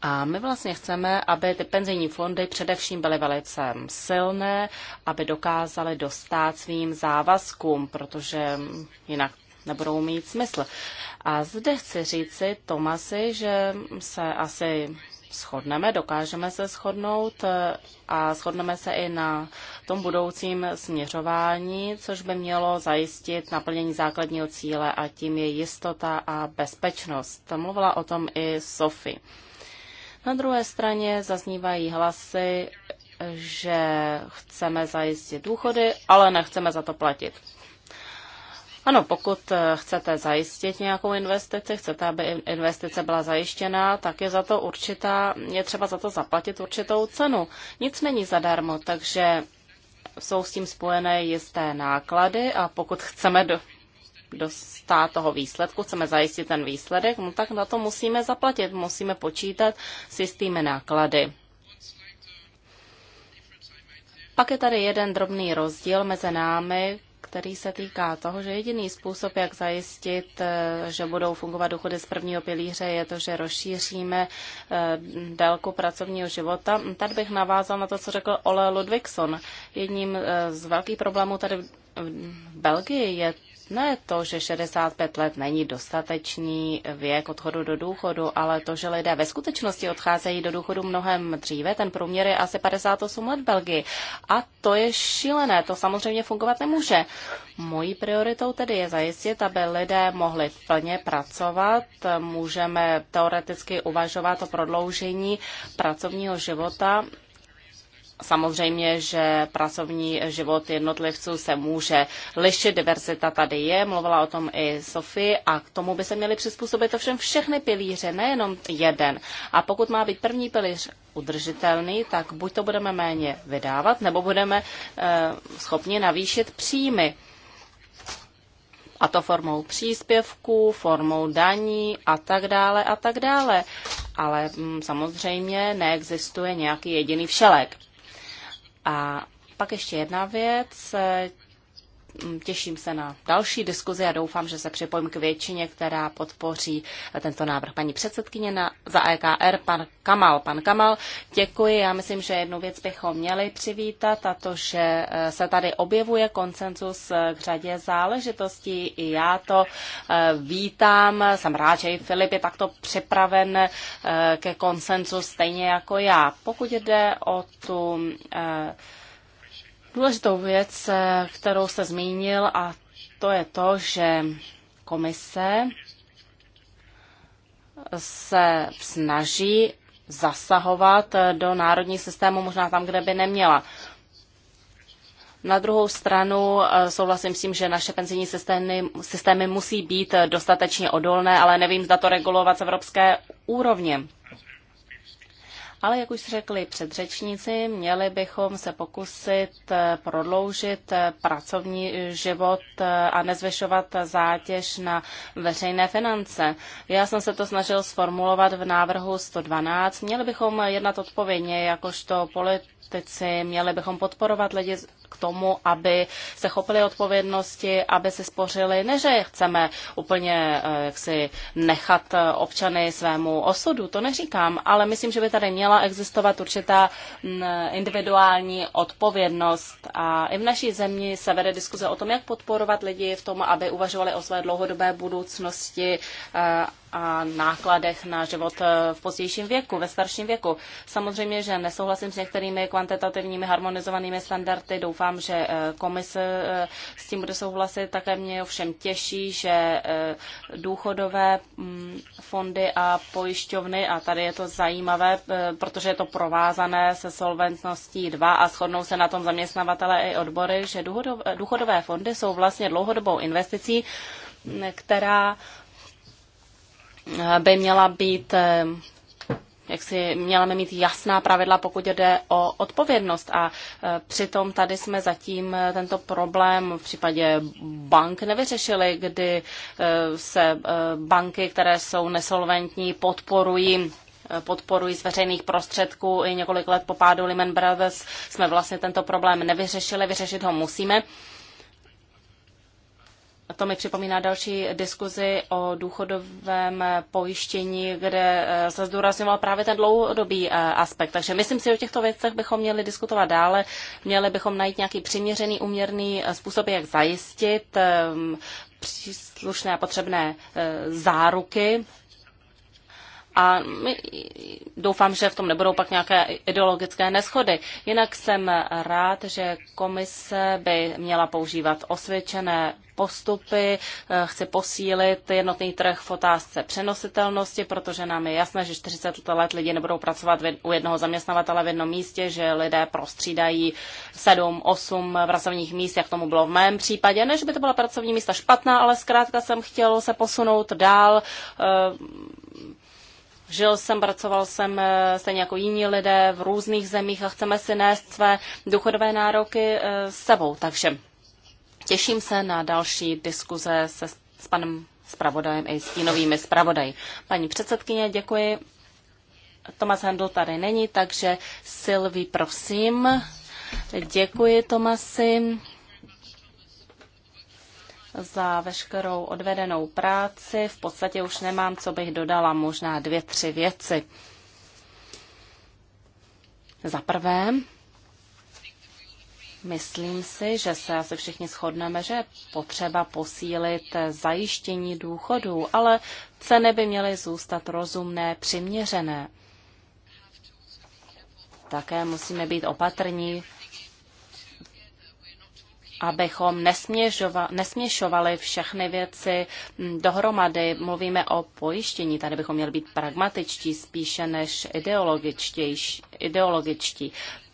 A my vlastně chceme, aby ty penzijní fondy především byly velice silné, aby dokázaly dostat svým závazkům, protože jinak nebudou mít smysl. A zde chci říci Tomasi, že se asi shodneme, dokážeme se shodnout eh, a shodneme se i na tom budoucím směřování, což by mělo zajistit naplnění základního cíle a tím je jistota a bezpečnost. Mluvila o tom i Sophie. Na druhé straně zaznívají hlasy, že chceme zajistit důchody, ale nechceme za to platit. Ano, pokud chcete zajistit nějakou investici, chcete, aby investice byla zajištěná, tak je za to určitá, je třeba za to zaplatit určitou cenu. Nic není zadarmo, takže jsou s tím spojené jisté náklady a pokud chceme do, dostat toho výsledku, chceme zajistit ten výsledek, no tak na to musíme zaplatit, musíme počítat s jistými náklady. Pak je tady jeden drobný rozdíl mezi námi, který se týká toho, že jediný způsob, jak zajistit, eh, že budou fungovat důchody z prvního pilíře, je to, že rozšíříme eh, délku pracovního života. Tady bych navázal na to, co řekl Ole Ludvigson. Jedním eh, z velkých problémů tady v Belgii je ne to, že 65 let není dostatečný věk odchodu do důchodu, ale to, že lidé ve skutečnosti odcházejí do důchodu mnohem dříve, ten průměr je asi 58 let v Belgii. A to je šílené, to samozřejmě fungovat nemůže. Mojí prioritou tedy je zajistit, aby lidé mohli plně pracovat. Můžeme teoreticky uvažovat o prodloužení pracovního života Samozřejmě, že pracovní život jednotlivců se může lišit, diverzita tady je, mluvila o tom i Sofie a k tomu by se měly přizpůsobit ovšem všechny pilíře, nejenom jeden. A pokud má být první pilíř udržitelný, tak buď to budeme méně vydávat, nebo budeme eh, schopni navýšit příjmy. A to formou příspěvků, formou daní a tak dále a tak dále. Ale hm, samozřejmě neexistuje nějaký jediný všelek. A pak ještě jedna věc. Mm, těším se na další diskuzi a doufám, že se připojím k většině, která podpoří tento návrh. Paní předsedkyně na, za EKR, pan Kamal. Pan Kamal, děkuji. Já myslím, že jednu věc bychom měli přivítat a to, že eh, se tady objevuje konsenzus eh, k řadě záležitostí. I já to eh, vítám. Jsem rád, že i Filip je takto připraven ke konsenzu stejně jako já. Pokud jde o tu důležitou věc, kterou jste zmínil, a to je to, že komise se snaží zasahovat do národní systému, možná tam, kde by neměla. Na druhou stranu eh, souhlasím s tím, že naše penzijní systémy, systémy musí být dostatečně odolné, ale nevím, zda to regulovat z evropské úrovně. Ale jak už řekli předřečníci, měli bychom se pokusit eh, prodloužit eh, pracovní život eh, a nezvyšovat zátěž na veřejné finance. Já jsem se to snažil sformulovat v návrhu 112. Měli bychom jednat odpovědně, jakožto politici, měli bychom podporovat lidi k tomu, aby se chopili odpovědnosti, aby se spořili, ne že chceme úplně eh, jaksi nechat eh, občany svému osudu, to neříkám, ale myslím, že by tady měla existovat určitá mm, individuální odpovědnost a i v naší zemi se vede diskuze o tom, jak podporovat lidi v tom, aby uvažovali o své dlouhodobé budoucnosti eh, a nákladech na život v pozdějším věku, ve starším věku. Samozřejmě, že nesouhlasím s některými kvantitativními harmonizovanými standardy, doufám, doufám, že eh, komise eh, s tím bude souhlasit. Také mě ovšem těší, že eh, důchodové mm, fondy a pojišťovny, a tady je to zajímavé, protože je to provázané se solventností 2 a shodnou se na tom zaměstnavatele i odbory, že důchodové fondy jsou vlastně dlouhodobou investicí, která by měla být jak si měla mít jasná pravidla, pokud jde o odpovědnost. A e, přitom tady jsme zatím e, tento problém v případě bank nevyřešili, kdy e, se banky, které jsou nesolventní, podporují podporují z veřejných prostředků. I několik let po pádu Lehman Brothers jsme vlastně tento problém nevyřešili, vyřešit ho musíme to mi připomíná další diskuzi o důchodovém pojištění, kde eh, se zdůrazňoval právě ten dlouhodobý eh, aspekt. Takže myslím si, že o těchto věcech bychom měli diskutovat dále. Měli bychom najít nějaký přiměřený, uměrný eh, způsob, jak zajistit ehm, příslušné a potřebné záruky a doufám, že v tom nebudou pak nějaké ideologické neschody. Jinak jsem rád, že komise by měla používat osvědčené postupy, eh, chci posílit jednotný trh v otázce přenositelnosti, protože nám je jasné, že 40 let lidi nebudou pracovat u jednoho zaměstnavatele v jednom místě, že lidé prostřídají 7, 8 pracovních míst, jak tomu bylo v mém případě. Ne, že by to byla pracovní místa špatná, ale zkrátka jsem chtěl se posunout dál. Eh, žil jsem, pracoval jsem eh, stejně jako jiní lidé v různých zemích a chceme si nést své důchodové nároky s sebou. Takže Těším se na další diskuze se, s panem zpravodajem i tínovými zpravodaji. Paní předsedkyně, děkuji. Tomas Handl tady není, takže Silvi, prosím. Děkuji, Tomasi, za veškerou odvedenou práci. V podstatě už nemám, co bych dodala, možná dvě, tři věci. Za prvé, Myslím si, že se asi všichni shodneme, že je potřeba posílit zajištění důchodů, ale ceny by měly zůstat rozumné, přiměřené. Také musíme být opatrní, abychom nesměšovali všechny věci mm, dohromady. Mluvíme o pojištění, tady bychom měli být pragmatičtí spíše než ideologičtí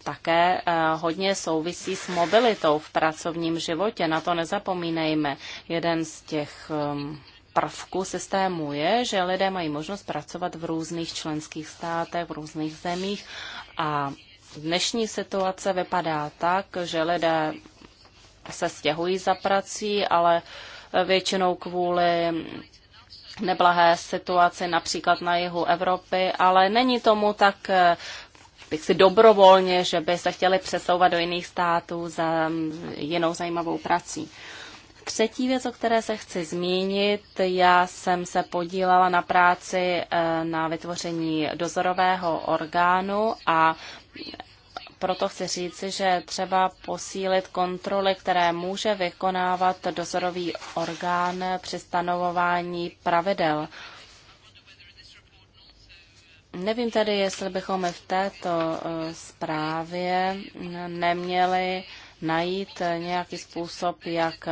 také eh, hodně souvisí s mobilitou v pracovním životě. Na to nezapomínejme. Jeden z těch ehm, prvků systému je, že lidé mají možnost pracovat v různých členských státech, v různých zemích a dnešní situace vypadá tak, že lidé se stěhují za prací, ale většinou kvůli neblahé situaci například na jihu Evropy, ale není tomu tak eh, bych si dobrovolně, že by se chtěli přesouvat do jiných států za jinou zajímavou prací. Třetí věc, o které se chci zmínit, já jsem se podílela na práci eh, na vytvoření dozorového orgánu a proto chci říci, že třeba posílit kontroly, které může vykonávat dozorový orgán při stanovování pravidel. Nevím tedy, jestli bychom v této eh, zprávě eh, neměli najít eh, nějaký způsob, jak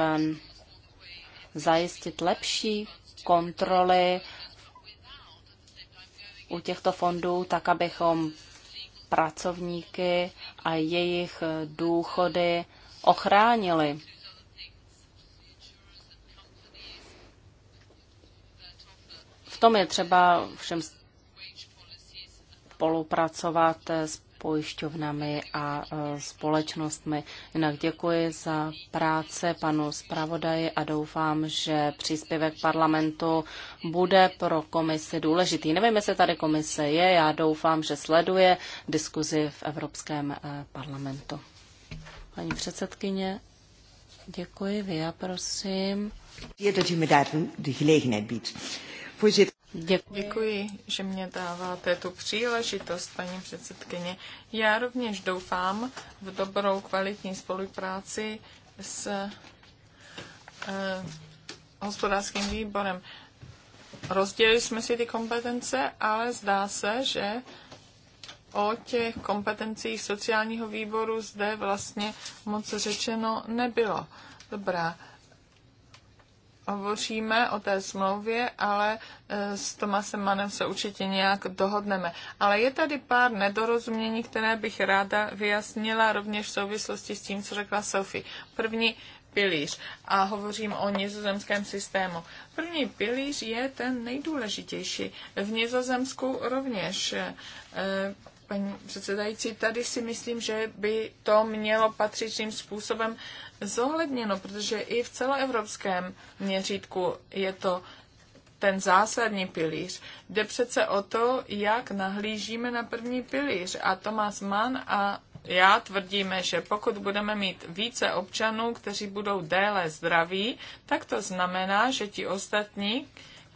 zajistit lepší kontroly u těchto fondů, tak abychom pracovníky a jejich důchody ochránili. V tom je třeba všem spolupracovat s pojišťovnami a e, společnostmi. Jinak děkuji za práce panu zpravodaji a doufám, že příspěvek parlamentu bude pro komisi důležitý. Nevím, jestli tady komise je, já doufám, že sleduje diskuzi v Evropském e, parlamentu. Paní předsedkyně, děkuji, vy já prosím. Je dat že mi dáte de gelegenheid Děkuji. Děkuji, že mě dáváte tu příležitost, paní předsedkyně. Já rovněž doufám v dobrou kvalitní spolupráci s eh, hospodářským výborem. Rozdělili jsme si ty kompetence, ale zdá se, že o těch kompetencích sociálního výboru zde vlastně moc řečeno nebylo. Dobrá. Eh, hovoříme o té smlouvě, ale e, s Tomasem Manem se určitě nějak dohodneme. Ale je tady pár nedorozumění, které bych ráda vyjasnila rovněž v souvislosti s tím, co řekla Sophie. První pilíř a hovořím o nizozemském systému. První pilíř je ten nejdůležitější. V Nizozemsku rovněž e, paní předsedající, tady si myslím, že by to mělo patřičným způsobem zohledněno, protože i v celoevropském měřítku je to ten zásadní pilíř. Jde přece o to, jak nahlížíme na první pilíř. A Tomás Mann a já tvrdíme, že pokud budeme mít více občanů, kteří budou déle zdraví, tak to znamená, že ti ostatní,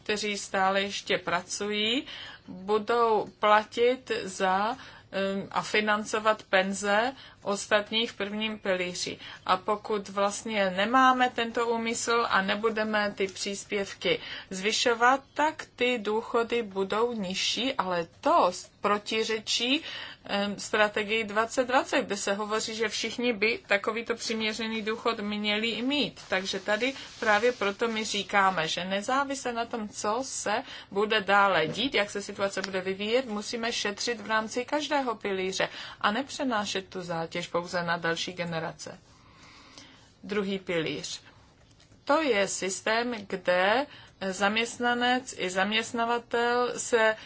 kteří stále ještě pracují, budou platit za uh, Um, a financovat penze ostatních v prvním pilíři. A pokud vlastně nemáme tento úmysl a nebudeme ty příspěvky zvyšovat, tak ty důchody budou nižší, ale to protiřečí strategii 2020, kde se hovoří, že všichni by takovýto přiměřený důchod měli i mít. Takže tady právě proto my říkáme, že nezávisle na tom, co se bude dále dít, jak se situace bude vyvíjet, musíme šetřit v rámci každého pilíře a nepřenášet tu zátěž pouze na další generace. Druhý pilíř. To je systém, kde zaměstnanec i zaměstnavatel se eh,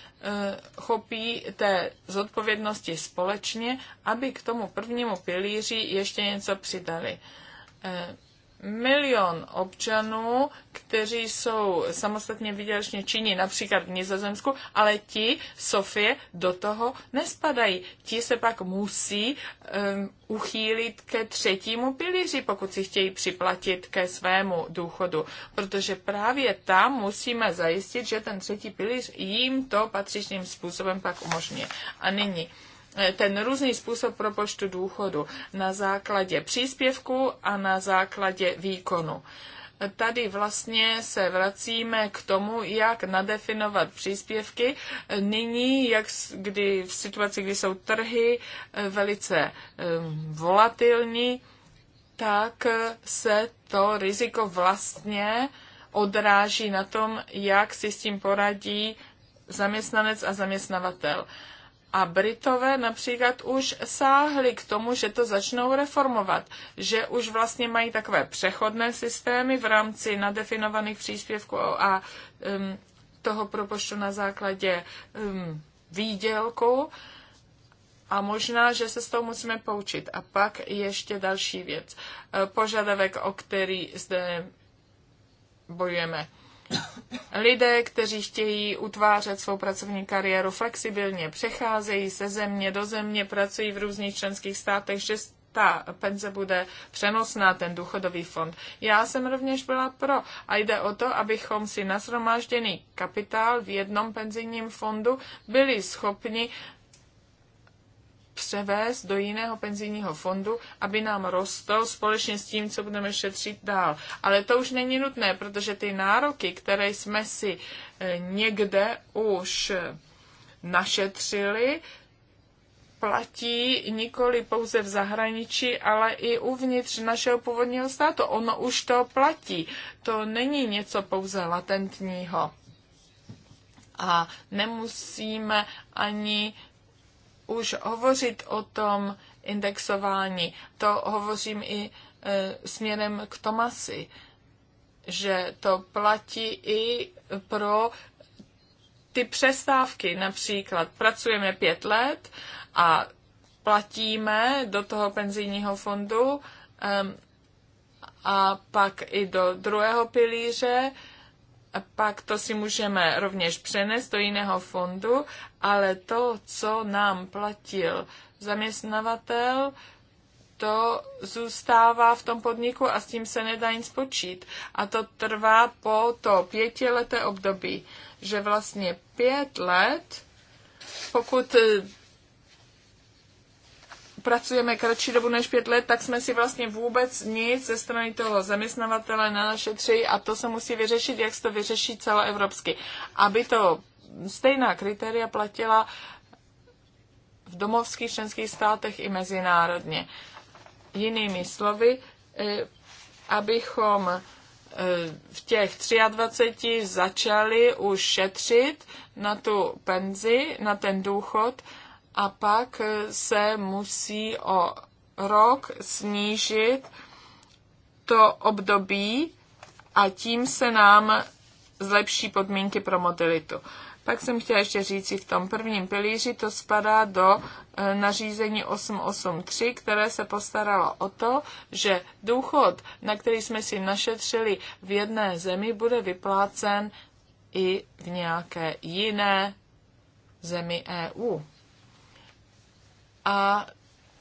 chopí té zodpovědnosti společně, aby k tomu prvnímu pilíři ještě něco přidali. Eh, milion občanů, kteří jsou samostatně výdělečně činní, například v Nizozemsku, ale ti, Sofie, do toho nespadají. Ti se pak musí um, uchýlit ke třetímu pilíři, pokud si chtějí připlatit ke svému důchodu. Protože právě tam musíme zajistit, že ten třetí pilíř jim to patřičným způsobem pak umožňuje. A nyní ten různý způsob propočtu důchodu na základě příspěvku a na základě výkonu. Tady vlastně se vracíme k tomu, jak nadefinovat příspěvky. Nyní, jak kdy v situaci, kdy jsou trhy eh, velice eh, volatilní, tak eh, se to riziko vlastně odráží na tom, jak si s tím poradí zaměstnanec a zaměstnavatel. A Britové například už sáhli k tomu, že to začnou reformovat, že už vlastně mají takové přechodné systémy v rámci nadefinovaných příspěvků a um, toho propoštu na základě um, výdělku. A možná, že se s tou musíme poučit. A pak ještě další věc. Požadavek, o který zde bojujeme Lidé, kteří chtějí utvářet svou pracovní kariéru flexibilně, přecházejí se země do země, pracují v různých členských státech, že ta penze bude přenosná, ten důchodový fond. Já jsem rovněž byla pro a jde o to, abychom si nasromážděný kapitál v jednom penzijním fondu byli schopni převést do jiného penzijního fondu, aby nám rostl společně s tím, co budeme šetřit dál. Ale to už není nutné, protože ty nároky, které jsme si e, někde už našetřili, platí nikoli pouze v zahraničí, ale i uvnitř našeho původního státu. Ono už to platí. To není něco pouze latentního. A nemusíme ani už hovořit o tom indexování. To hovořím i e, směrem k Tomasi, že to platí i pro ty přestávky. Například pracujeme pět let a platíme do toho penzijního fondu e, a pak i do druhého pilíře pak to si můžeme rovněž přenést do jiného fondu, ale to, co nám platil zaměstnavatel, to zůstává v tom podniku a s tím se nedá nic počít. A to trvá po to pětileté období, že vlastně pět let, pokud pracujeme kratší dobu než pět let, tak jsme si vlastně vůbec nic ze strany toho zaměstnavatele tři a to se musí vyřešit, jak se to vyřeší celoevropsky. Aby to stejná kritéria platila v domovských členských státech i mezinárodně. Jinými slovy, eh, abychom eh, v těch 23 začali už šetřit na tu penzi, na ten důchod, a pak se musí o rok snížit to období a tím se nám zlepší podmínky pro modelitu. Pak jsem chtěla ještě říct, v tom prvním pilíři to spadá do e, nařízení 883, které se postaralo o to, že důchod, na který jsme si našetřili v jedné zemi, bude vyplácen i v nějaké jiné zemi EU a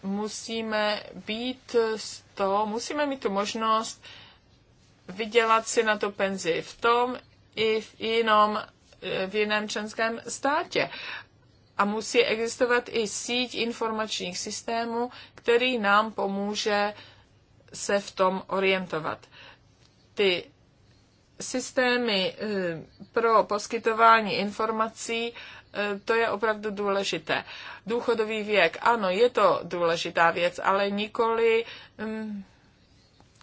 musíme být z toho, musíme mít tu možnost vydělat si na to penzi v tom i v jinom, eh, v jiném členském státě. A musí existovat i síť informačních systémů, který nám pomůže se v tom orientovat. Ty systémy eh, pro poskytování informací Eh, to je opravdu důležité. Důchodový věk, ano, je to důležitá věc, ale nikoli mm,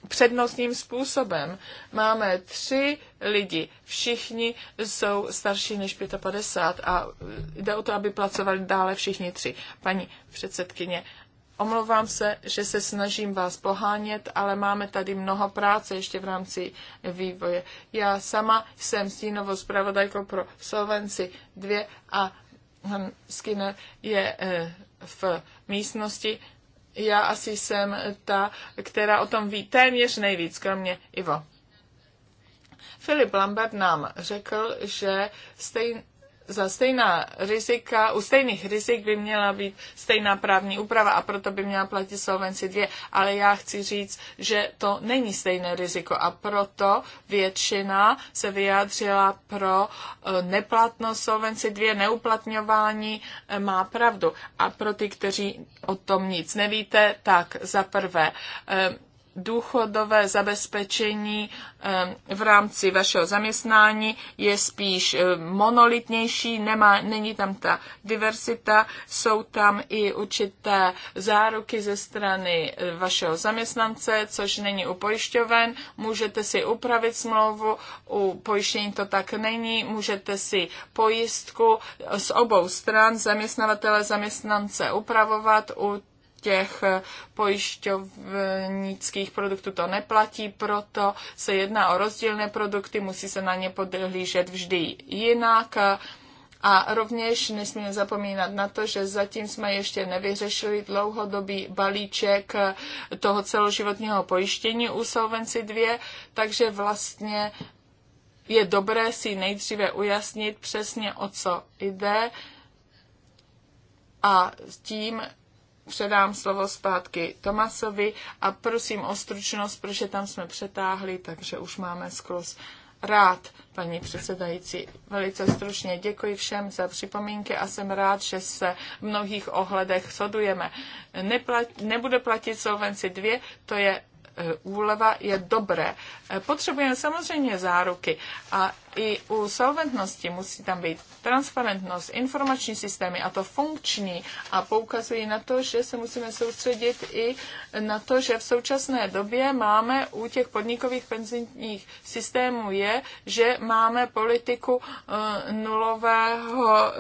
přednostním způsobem. Máme tři lidi, všichni jsou starší než 55 a eh, jde o to, aby placovali dále všichni tři. Paní předsedkyně, Omlouvám se, že se snažím vás pohánět, ale máme tady mnoho práce ještě v rámci vývoje. Já sama jsem stínovou zpravodajkou pro Solvenci 2 a hm, Skinner je eh, v místnosti. Já asi jsem ta, která o tom ví téměř nejvíc, kromě Ivo. Filip Lambert nám řekl, že stejn, za stejná rizika, u stejných rizik by měla být stejná právní úprava a proto by měla platit Solvency 2, ale já chci říct, že to není stejné riziko a proto většina se vyjádřila pro eh, neplatnost Solvency 2, neuplatňování eh, má pravdu. A pro ty, kteří o tom nic nevíte, tak za prvé, eh, důchodové zabezpečení eh, v rámci vašeho zaměstnání je spíš eh, monolitnější, nemá, není tam ta diversita, jsou tam i určité záruky ze strany eh, vašeho zaměstnance, což není u pojišťoven, můžete si upravit smlouvu, u pojištění to tak není, můžete si pojistku z obou stran zaměstnavatele zaměstnance upravovat, u těch pojišťovnických produktů to neplatí, proto se jedná o rozdílné produkty, musí se na ně podhlížet vždy jinak. A rovněž nesmíme zapomínat na to, že zatím jsme ještě nevyřešili dlouhodobý balíček toho celoživotního pojištění u Solvency 2, takže vlastně je dobré si nejdříve ujasnit přesně, o co jde a tím předám slovo zpátky Tomasovi a prosím o stručnost, protože tam jsme přetáhli, takže už máme sklus rád, paní předsedající. Velice stručně děkuji všem za připomínky a jsem rád, že se v mnohých ohledech shodujeme. Neplat, nebude platit Solvenci 2, to je Eh, úleva je dobré. Eh, potřebujeme samozřejmě záruky a i u solventnosti musí tam být transparentnost, informační systémy a to funkční a poukazují na to, že se musíme soustředit i na to, že v současné době máme u těch podnikových penzijních systémů je, že máme politiku eh, nulového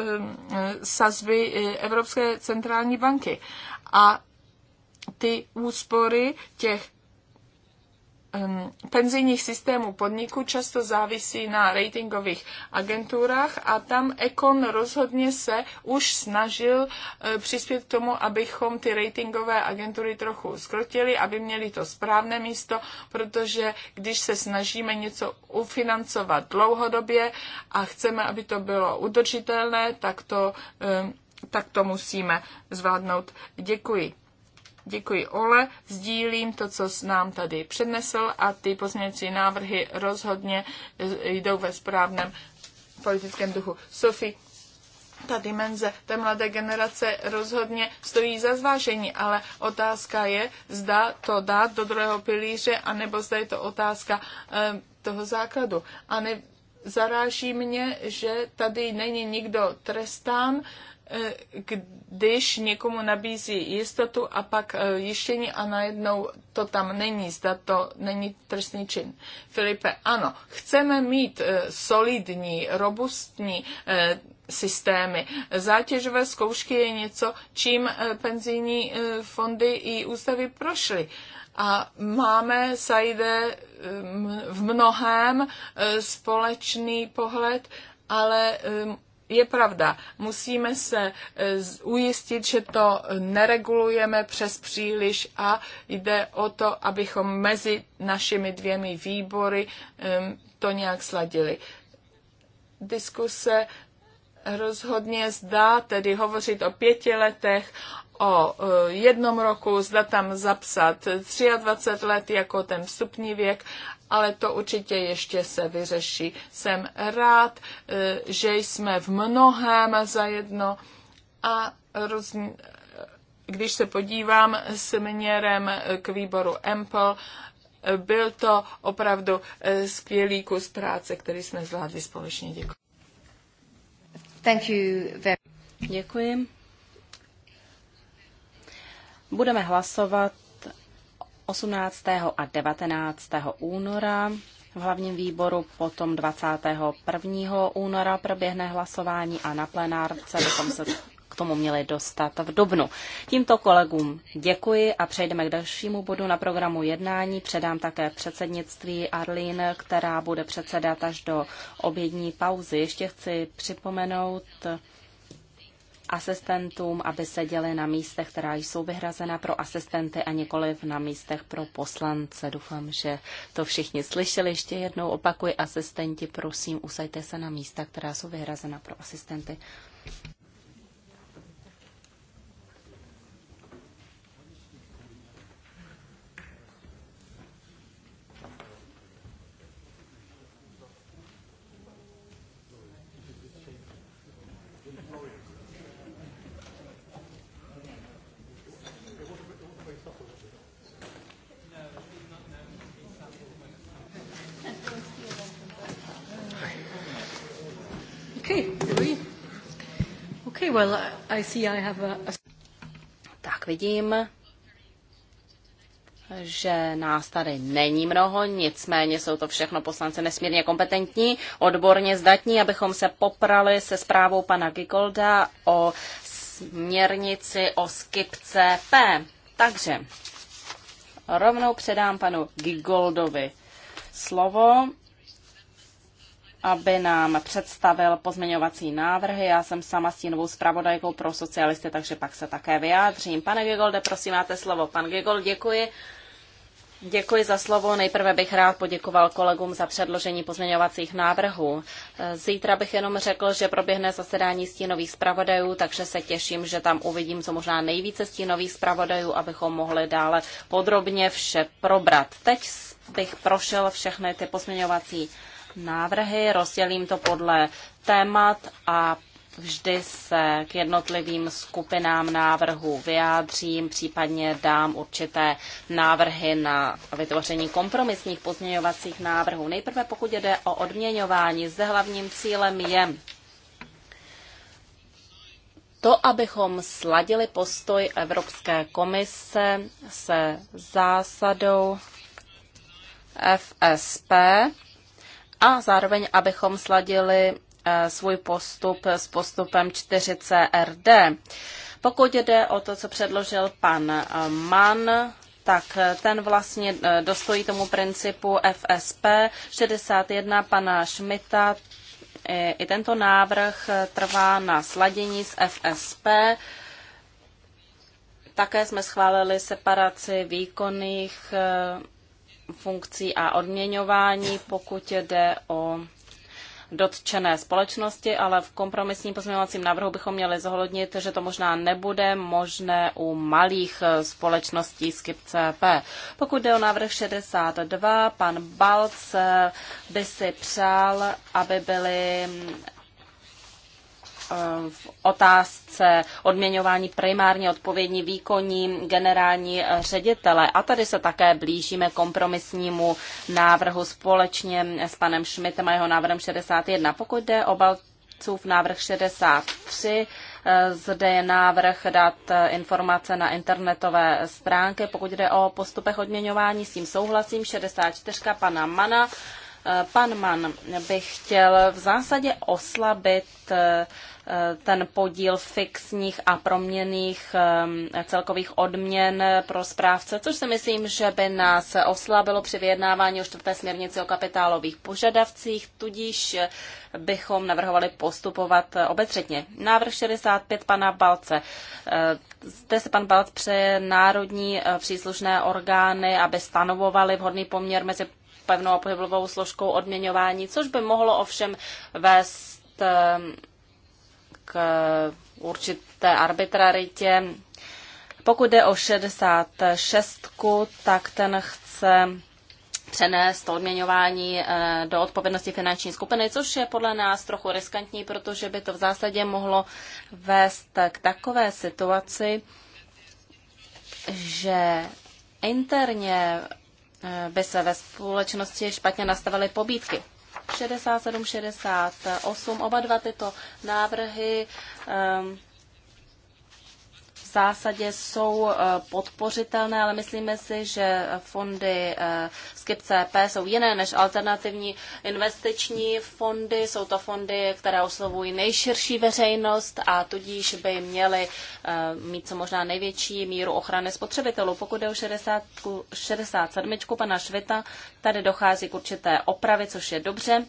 sazby Evropské centrální banky. A ty úspory těch penzijních systémů podniku často závisí na ratingových agenturách a tam Econ rozhodně se už snažil eh, přispět k tomu, abychom ty ratingové agentury trochu skrotili, aby měli to správné místo, protože když se snažíme něco ufinancovat dlouhodobě a chceme, aby to bylo udržitelné, tak to, tak to musíme zvládnout. Děkuji. Děkuji Ole, sdílím to, co nám tady přednesl a ty pozměňující návrhy rozhodně eh, jdou ve správném politickém duchu. Sophie, ta dimenze té mladé generace rozhodně stojí za zvážení, ale otázka je, zda to dát do druhého pilíře, anebo zda je to otázka e, toho základu. A ne, zaráží mě, že tady není nikdo trestán, e, když někomu nabízí jistotu a pak eh, jištění a najednou to tam není, zda to není trestný čin. Filipe, ano, chceme mít eh, solidní, robustní eh, systémy. Zátěžové zkoušky je něco, čím penzijní fondy i ústavy prošly. A máme, Saide, v mnohem společný pohled, ale je pravda, musíme se e, ujistit, že to neregulujeme přes příliš a jde o to, abychom mezi našimi dvěmi výbory to nějak sladili. Diskuse rozhodně zdá tedy hovořit o pěti letech, o e, jednom roku, zda tam zapsat 23 let jako ten vstupní věk ale to určitě ještě se vyřeší. Jsem rád, eh, že jsme v mnohem zajedno a roz... Eh, když se podívám směrem eh, k výboru EMPL, byl to opravdu skvělý kus práce, který jsme zvládli společně. Děkuji. Thank you very... Děkuji. Budeme hlasovat 18. a 19. února v hlavním výboru, potom 21. února proběhne hlasování a na plenárce bychom se k tomu měli dostat v dubnu. Tímto kolegům děkuji a přejdeme k dalšímu bodu na programu jednání. Předám také předsednictví Arlín, která bude předsedat až do obědní pauzy. Ještě chci připomenout, asistentům, aby seděli na místech, která jsou vyhrazena pro asistenty a nikoliv na místech pro poslance. Doufám, že to všichni slyšeli. Ještě jednou opakuji, asistenti, prosím, usaďte se na místa, která jsou vyhrazena pro asistenty. well, I see I have a... Tak vidím, že nás tady není mnoho, nicméně jsou to všechno poslance nesmírně kompetentní, odborně zdatní, abychom se poprali se zprávou pana Gigolda o směrnici o skipce P. Takže rovnou předám panu Gigoldovi slovo aby nám představil pozměňovací návrhy. Já jsem sama stínovou zpravodajkou pro socialisty, takže pak se také vyjádřím. Pane Gigolde, prosím, máte slovo. Pan Gigol, děkuji. Děkuji za slovo. Nejprve bych rád poděkoval kolegům za předložení pozměňovacích návrhů. Zítra bych jenom řekl, že proběhne zasedání stínových zpravodajů, takže se těším, že tam uvidím co možná nejvíce stínových zpravodajů, abychom mohli dále podrobně vše probrat. Teď bych prošel všechny ty pozměňovací návrhy, rozdělím to podle témat a vždy se k jednotlivým skupinám návrhu vyjádřím, případně dám určité návrhy na vytvoření kompromisních pozměňovacích návrhů. Nejprve pokud jde o odměňování, zde hlavním cílem je to, abychom sladili postoj Evropské komise se zásadou FSP, a zároveň, abychom sladili eh, svůj postup s postupem 4CRD. Pokud jde o to, co předložil pan eh, Mann, tak eh, ten vlastně dostojí tomu principu FSP 61 pana Šmita. I tento návrh trvá na sladění s FSP. Také jsme schválili separaci výkonných funkcí a odměňování, pokud jde o dotčené společnosti, ale v kompromisním pozměňovacím návrhu bychom měli zohlednit, že to možná nebude možné u malých eh, společností SKIP CP. Pokud jde o návrh 62, pan Balc eh, by si přál, aby byly mm, v otázce odměňování primárně odpovědní výkonní generální ředitele. A tady se také blížíme kompromisnímu návrhu společně s panem Schmidtem a jeho návrhem 61. Pokud jde o Balcův návrh 63, zde je návrh dát informace na internetové stránky. Pokud jde o postupech odměňování, s tím souhlasím. 64. pana Mana. Pan Man by chtěl v zásadě oslabit Eh, ten podíl fixních a proměných eh, celkových odměn pro správce, což si myslím, že by nás oslabilo při vyjednávání o čtvrté směrnici o kapitálových požadavcích, tudíž bychom navrhovali postupovat obezřetně. Návrh 65 pana Balce. Eh, zde se pan Balc přeje národní příslušné orgány, aby stanovovaly vhodný poměr mezi pevnou a pohyblovou složkou odměňování, což by mohlo ovšem vést k eh, určité arbitraritě. Pokud jde o 66, tak ten chce přenést to odměňování eh, do odpovědnosti finanční skupiny, což je podle nás trochu riskantní, protože by to v zásadě mohlo vést k takové situaci, že interně eh, by se ve společnosti špatně nastavily pobídky. 67, 68. Oba dva tyto návrhy um, zásadě jsou eh, podpořitelné, ale myslíme si, že fondy eh, SKIP CP jsou jiné než alternativní investiční fondy. Jsou to fondy, které oslovují nejširší veřejnost a tudíž by měly eh, mít co možná největší míru ochrany spotřebitelů. Pokud je o 60, 67. pana Švita, tady dochází k určité opravě, což je dobře.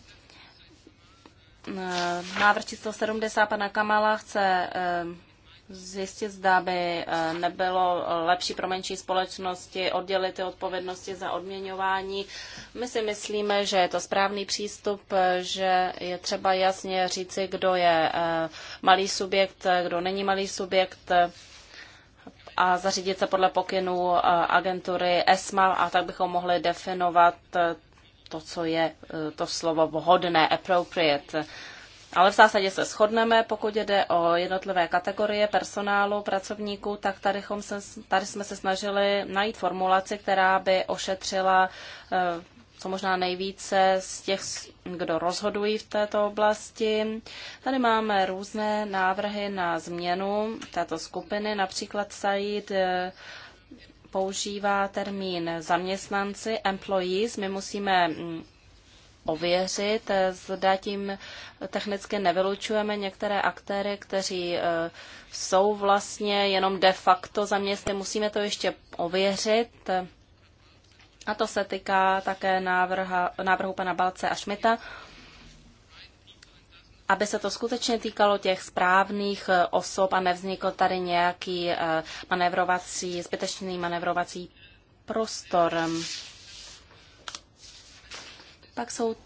Návrh číslo 70 pana Kamala chce zjistit, zda by eh, nebylo lepší pro menší společnosti oddělit ty odpovědnosti za odměňování. My si myslíme, že je to správný přístup, eh, že je třeba jasně říci, kdo je eh, malý subjekt, kdo není malý subjekt a zařídit se podle pokynů agentury ESMA a tak bychom mohli definovat to, co je to slovo vhodné, appropriate. Ale v zásadě se shodneme, pokud jde o jednotlivé kategorie personálu, pracovníků, tak tady, se, tady jsme se snažili najít formulaci, která by ošetřila eh, co možná nejvíce z těch, kdo rozhodují v této oblasti. Tady máme různé návrhy na změnu této skupiny. Například Said eh, používá termín zaměstnanci, employees. My musíme mm, ověřit, zda tím technicky nevylučujeme některé aktéry, kteří e, jsou vlastně jenom de facto zaměstny. Musíme to ještě ověřit. A to se týká také návrha, návrhu pana Balce a Šmita, aby se to skutečně týkalo těch správných e, osob a nevznikl tady nějaký e, manevrovací, zbytečný manevrovací prostor. Pak jsou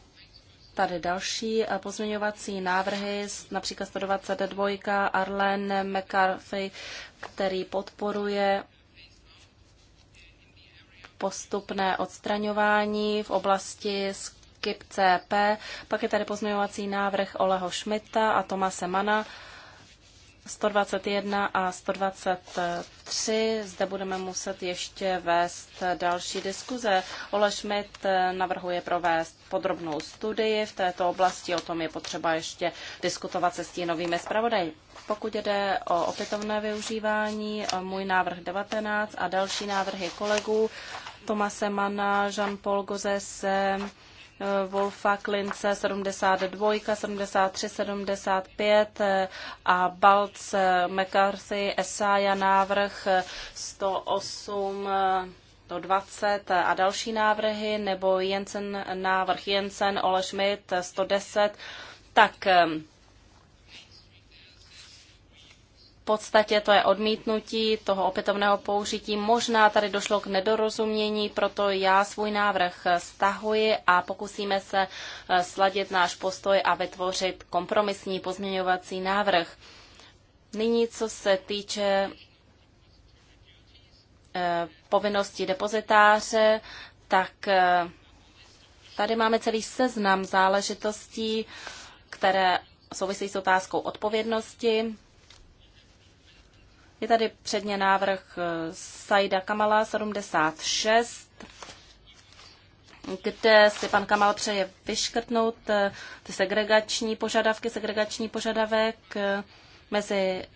tady další eh, pozměňovací návrhy, například 122 Arlen McCarthy, který podporuje postupné odstraňování v oblasti skip CP. Pak je tady pozměňovací návrh Oleho Šmita a Tomase Mana, 121 a 123. Zde budeme muset ještě vést další diskuze. Ole Schmidt navrhuje provést podrobnou studii v této oblasti. O tom je potřeba ještě diskutovat se stínovými zpravodaji. Pokud jde o opětovné využívání, můj návrh 19 a další návrhy kolegů Tomase Mana, Jean-Paul Gozese, Eh, Wolfa Klince 72, 73, 75 a Balc eh, McCarthy Esaja návrh 108 do 20 a další návrhy, nebo Jensen, návrh Jensen, Ole Schmidt 110, eh, tak podstatě to je odmítnutí toho opětovného použití. Možná tady došlo k nedorozumění, proto já svůj návrh stahuji a pokusíme se eh, sladit náš postoj a vytvořit kompromisní pozměňovací návrh. Nyní, co se týče eh, povinnosti depozitáře, tak eh, tady máme celý seznam záležitostí, které souvisí s otázkou odpovědnosti. Je tady předně návrh eh, Saida Kamala 76, kde si pan Kamal přeje vyškrtnout eh, ty segregační požadavky, segregační požadavek eh, mezi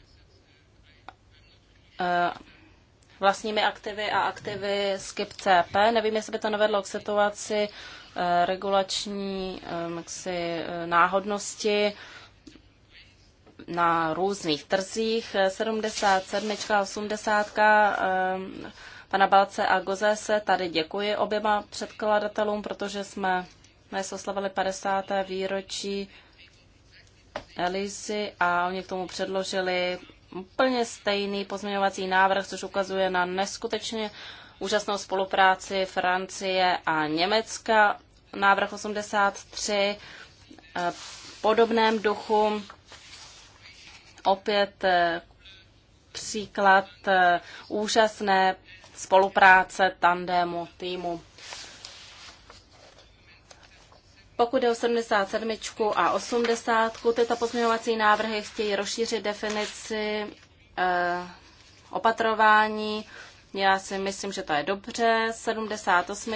vlastními aktivy a aktivy SKIP CP. Nevím, jestli by to nevedlo k situaci regulační jaksi, náhodnosti na různých trzích. 77 a 80 ehm, pana Balce a Goze se tady děkuji oběma předkladatelům, protože jsme dnes oslavili 50. výročí Elizy a oni k tomu předložili úplně stejný pozměňovací návrh, což ukazuje na neskutečně úžasnou spolupráci Francie a Německa. Návrh 83 v eh, podobném duchu opět eh, příklad eh, úžasné spolupráce tandému týmu. Pokud je o 77 a 80, tyto pozměňovací návrhy chtějí rozšířit definici eh, opatrování. Já si myslím, že to je dobře. 78.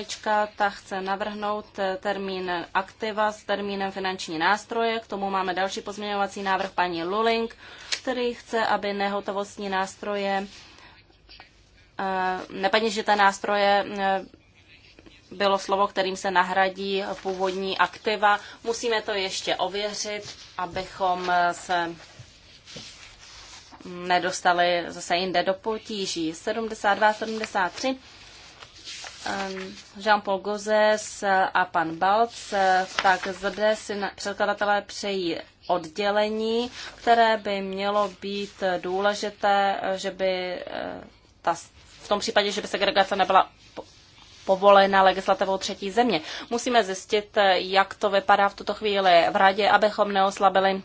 ta chce navrhnout termín aktiva s termínem finanční nástroje. K tomu máme další pozměňovací návrh paní Luling který chce, aby nehotovostní nástroje, eh, nepeněžité nástroje eh, bylo slovo, kterým se nahradí původní aktiva. Musíme to ještě ověřit, abychom se nedostali zase jinde do potíží. 72, 73. Eh, Jean-Paul Gozes a pan Balc, tak zde si předkladatelé přejí oddělení, které by mělo být důležité, že by eh, ta, v tom případě, že by segregace nebyla povolena legislativou třetí země. Musíme zjistit, eh, jak to vypadá v tuto chvíli v radě, abychom neoslabili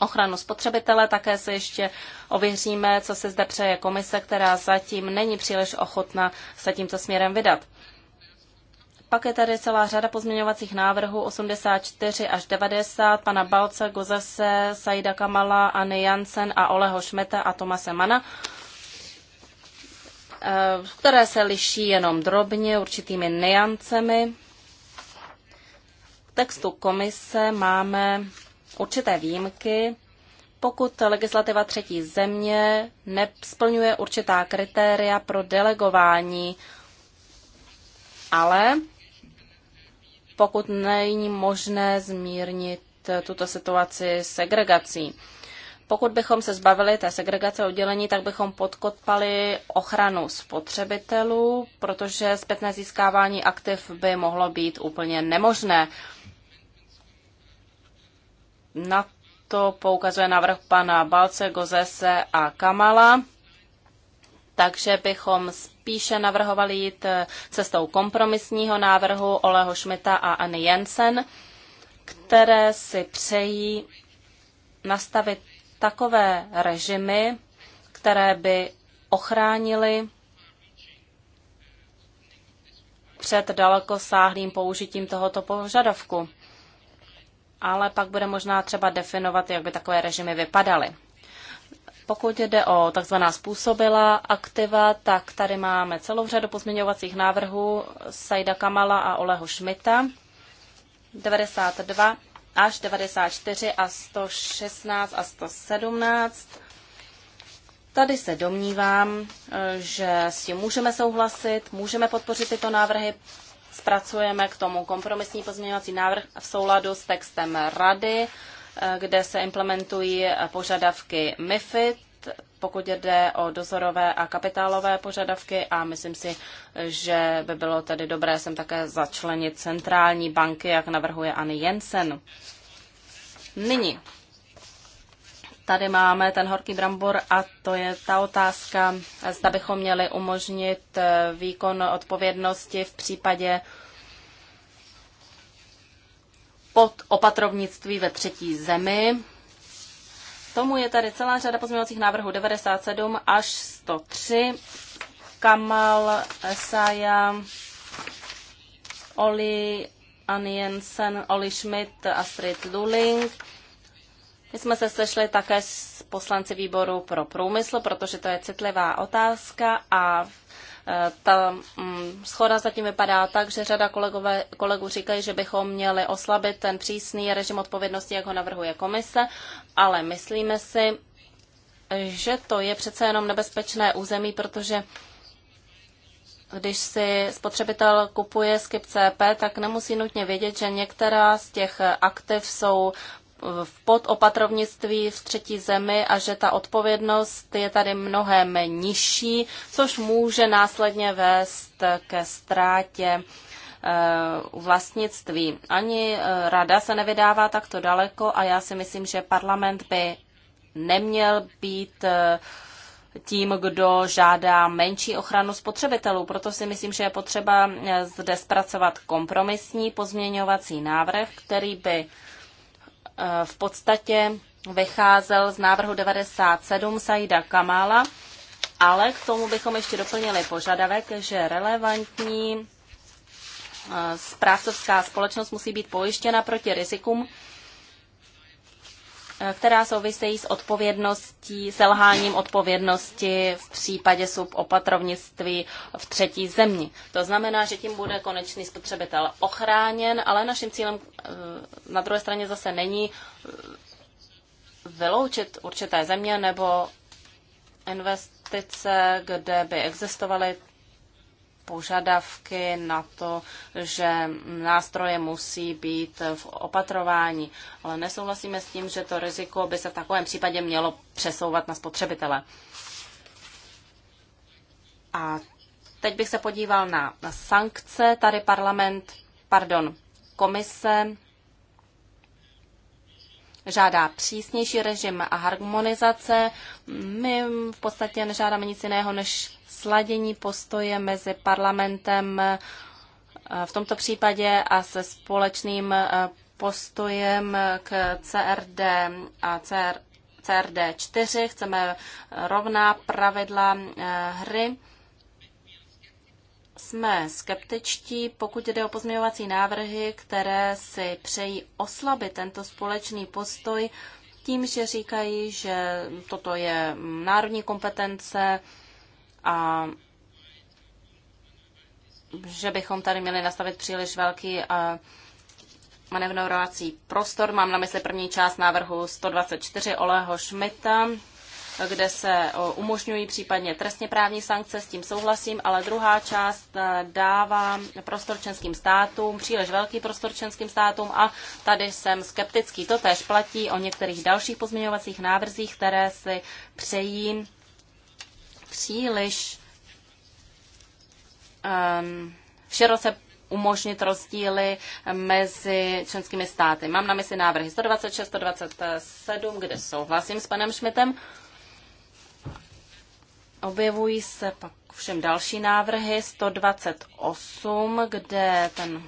ochranu spotřebitele. Také se ještě ověříme, co se zde přeje komise, která zatím není příliš ochotna se tímto směrem vydat. Pak je tady celá řada pozměňovacích návrhů 84 až 90 pana Balce, Gozase, Saida Kamala, Anny Jansen a Oleho Šmeta a Tomase Mana eh, které se liší jenom drobně určitými niancemi. V textu komise máme určité výjimky, pokud legislativa třetí země nesplňuje určitá kritéria pro delegování, ale pokud není možné zmírnit tuto situaci segregací. Pokud bychom se zbavili té segregace oddělení, tak bychom podkopali ochranu spotřebitelů, protože zpětné získávání aktiv by mohlo být úplně nemožné. Na to poukazuje návrh pana Balce, Gozese a Kamala takže bychom spíše navrhovali jít eh, cestou kompromisního návrhu Oleho Šmita a Anny Jensen, které si přejí nastavit takové režimy, které by ochránily před dalekosáhlým použitím tohoto požadavku. Ale pak bude možná třeba definovat, jak by takové režimy vypadaly. Pokud jde o tzv. způsobila aktiva, tak tady máme celou řadu pozměňovacích návrhů Saida Kamala a Oleho Šmita. 92 až 94 a 116 a 117. Tady se domnívám, že s tím můžeme souhlasit, můžeme podpořit tyto návrhy, zpracujeme k tomu kompromisní pozměňovací návrh v souladu s textem Rady kde se implementují požadavky MIFID, pokud jde o dozorové a kapitálové požadavky a myslím si, že by bylo tedy dobré sem také začlenit centrální banky, jak navrhuje Anny Jensen. Nyní. Tady máme ten horký brambor a to je ta otázka, zda bychom měli umožnit eh, výkon odpovědnosti v případě pod opatrovnictví ve třetí zemi. Tomu je tady celá řada pozměňovacích návrhů 97 až 103. Kamal, Esaja, Oli, Aniensen, Oli Schmidt, Astrid Luling. My jsme se sešli také s poslanci výboru pro průmysl, protože to je citlivá otázka a ta mm, schoda zatím vypadá tak, že řada kolegové, kolegů říkají, že bychom měli oslabit ten přísný režim odpovědnosti, jak ho navrhuje komise, ale myslíme si, že to je přece jenom nebezpečné území, protože když si spotřebitel kupuje skip CP, tak nemusí nutně vědět, že některá z těch aktiv jsou v podopatrovnictví v třetí zemi a že ta odpovědnost je tady mnohem nižší, což může následně vést ke ztrátě eh, vlastnictví. Ani eh, rada se nevydává takto daleko a já si myslím, že parlament by neměl být eh, tím, kdo žádá menší ochranu spotřebitelů. Proto si myslím, že je potřeba zde zpracovat kompromisní pozměňovací návrh, který by v podstatě vycházel z návrhu 97 Saida Kamala, ale k tomu bychom ještě doplnili požadavek, že relevantní zprávcovská eh, společnost musí být pojištěna proti rizikům, Eh, která souvisejí s odpovědností, selháním odpovědnosti v případě subopatrovnictví v třetí zemi. To znamená, že tím bude konečný spotřebitel ochráněn, ale naším cílem eh, na druhé straně zase není eh, vyloučit určité země nebo investice, kde by existovaly požadavky na to, že nástroje musí být v opatrování, ale nesouhlasíme s tím, že to riziko by se v takovém případě mělo přesouvat na spotřebitele. A teď bych se podíval na, na sankce. Tady parlament, pardon, komise žádá přísnější režim a harmonizace. My v podstatě nežádáme nic jiného než sladění postoje mezi parlamentem eh, v tomto případě a se společným eh, postojem k CRD a CR, CRD 4. Chceme rovná pravidla eh, hry jsme skeptičtí, pokud jde o pozměňovací návrhy, které si přejí oslabit tento společný postoj tím, že říkají, že toto je národní kompetence a že bychom tady měli nastavit příliš velký a manevrovací prostor. Mám na mysli první část návrhu 124 Oleho Šmita, kde se umožňují případně trestně právní sankce, s tím souhlasím, ale druhá část e, dává prostor členským státům, příliš velký prostor členským státům a tady jsem skeptický. To též platí o některých dalších pozměňovacích návrzích, které si přejí příliš um, se umožnit rozdíly mezi členskými státy. Mám na mysli návrhy 126, 127, kde souhlasím s panem Šmitem, Objevují se pak všem další návrhy 128, kde ten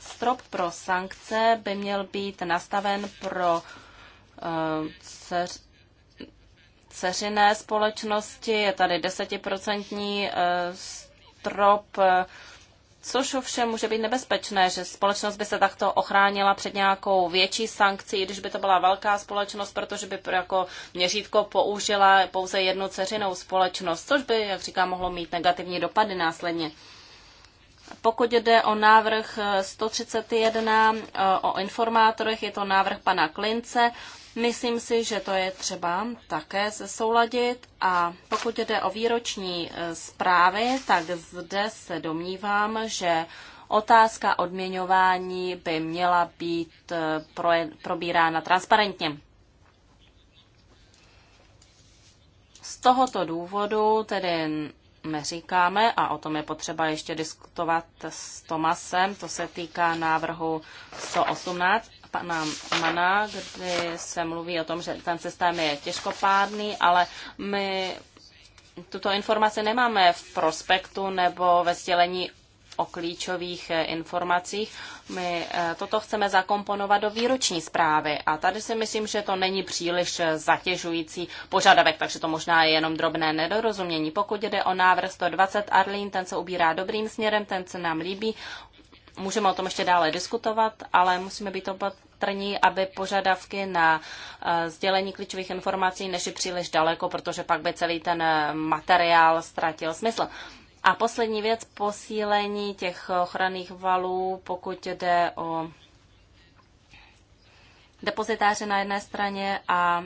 strop pro sankce by měl být nastaven pro uh, eh, ceřiné společnosti. Je tady desetiprocentní eh, strop eh, Což ovšem může být nebezpečné, že společnost by se takto ochránila před nějakou větší sankcí, když by to byla velká společnost, protože by jako měřítko použila pouze jednu ceřinou společnost, což by, jak říkám, mohlo mít negativní dopady následně. Pokud jde o návrh eh, 131 eh, o informátorech, je to návrh pana Klince. Myslím si, že to je třeba také souladit a pokud jde o výroční e, zprávy, tak zde se domnívám, že otázka odměňování by měla být e, probírána transparentně. Z tohoto důvodu tedy neříkáme, a o tom je potřeba ještě diskutovat s Tomasem, to se týká návrhu 118, pana Mana, kdy se mluví o tom, že ten systém je těžkopádný, ale my tuto informaci nemáme v prospektu nebo ve sdělení o klíčových eh, informacích. My eh, toto chceme zakomponovat do výroční zprávy a tady si myslím, že to není příliš eh, zatěžující požadavek, takže to možná je jenom drobné nedorozumění. Pokud jde o návrh 120 Arlín, ten se ubírá dobrým směrem, ten se nám líbí. Můžeme o tom ještě dále diskutovat, ale musíme být opatrní, aby požadavky na eh, sdělení klíčových informací nešly příliš daleko, protože pak by celý ten eh, materiál ztratil smysl. A poslední věc, posílení těch ochranných valů, pokud jde o depozitáře na jedné straně a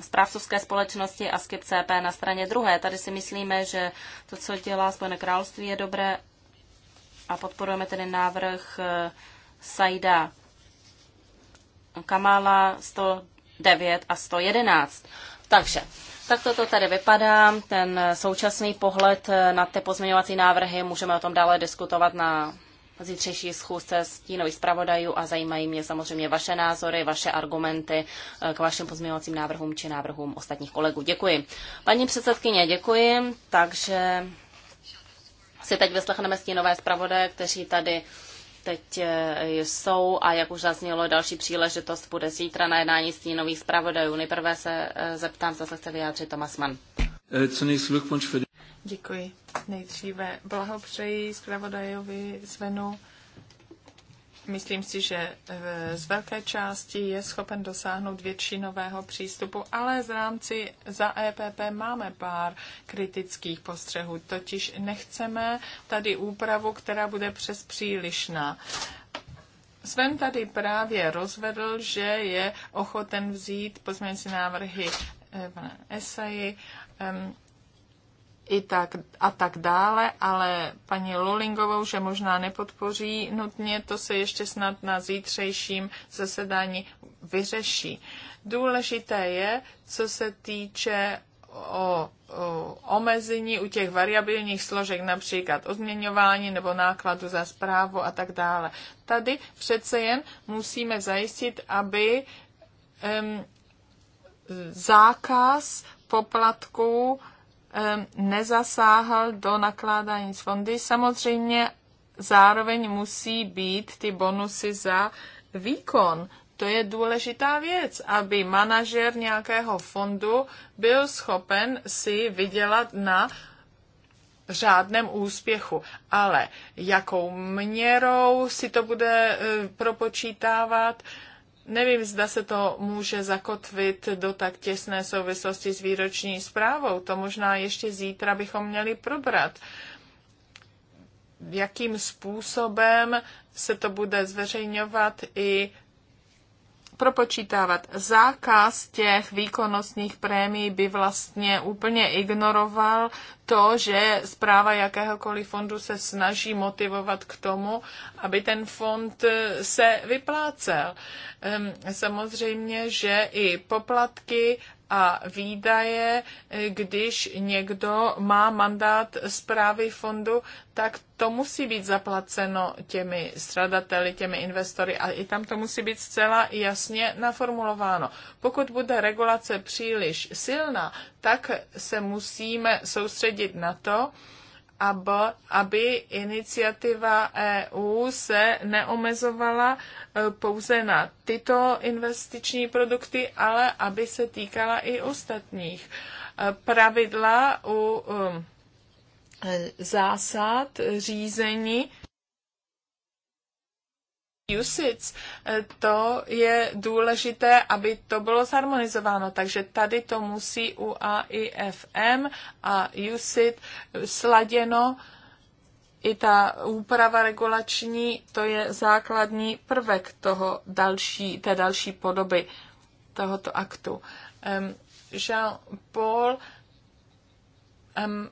zprávcovské eh, společnosti a skip CP na straně druhé. Tady si myslíme, že to, co dělá Spojené království, je dobré a podporujeme tedy návrh Saida Kamala 109 a 111. Takže tak toto tady vypadá. Ten současný pohled na ty pozměňovací návrhy můžeme o tom dále diskutovat na zítřejší schůzce stínových zpravodajů a zajímají mě samozřejmě vaše názory, vaše argumenty eh, k vašim pozměňovacím návrhům či návrhům ostatních kolegů. Děkuji. Paní předsedkyně, děkuji. Takže si teď vyslechneme stínové zpravodaje, kteří tady teď eh, jsou a jak už zaznělo, další příležitost bude zítra na jednání stínových zpravodajů. Nejprve se eh, zeptám, zase chce vyjádřit Tomas Mann. Eh, Děkuji. Nejdříve blahopřeji zpravodajovi Svenu Myslím si, že eh, z velké části je schopen dosáhnout většinového přístupu, ale z rámci za EPP máme pár kritických postřehů. Totiž nechceme tady úpravu, která bude přes přílišná. Sven tady právě rozvedl, že je ochoten vzít pozměňující návrhy v eh, Esaji, i tak a tak dále, ale paní Lulingovou, že možná nepodpoří nutně, to se ještě snad na zítřejším zasedání vyřeší. Důležité je, co se týče o, o omezení u těch variabilních složek, například odměňování nebo nákladu za zprávu a tak dále. Tady přece jen musíme zajistit, aby um, zákaz poplatků Ehm, nezasáhl do nakládání s fondy. Samozřejmě zároveň musí být ty bonusy za výkon. To je důležitá věc, aby manažer nějakého fondu byl schopen si vydělat na řádném úspěchu. Ale jakou měrou si to bude eh, propočítávat, Nevím, zda se to může zakotvit do tak těsné souvislosti s výroční zprávou. To možná ještě zítra bychom měli probrat. Jakým způsobem se to bude zveřejňovat i propočítávat. Zákaz těch výkonnostních prémií by vlastně úplně ignoroval to, že zpráva jakéhokoliv fondu se snaží motivovat k tomu, aby ten fond se vyplácel. Ehm, samozřejmě, že i poplatky a výdaje, když někdo má mandát zprávy fondu, tak to musí být zaplaceno těmi stradateli, těmi investory a i tam to musí být zcela jasně naformulováno. Pokud bude regulace příliš silná, tak se musíme soustředit soustředit na to, aby iniciativa EU se neomezovala e, pouze na tyto investiční produkty, ale aby se týkala i ostatních. E, pravidla u um, e, zásad řízení USIC, eh, to je důležité, aby to bylo zharmonizováno. Takže tady to musí u AIFM a USIT sladěno. I ta úprava regulační, to je základní prvek toho další, té další podoby tohoto aktu. Um, Jean-Paul um,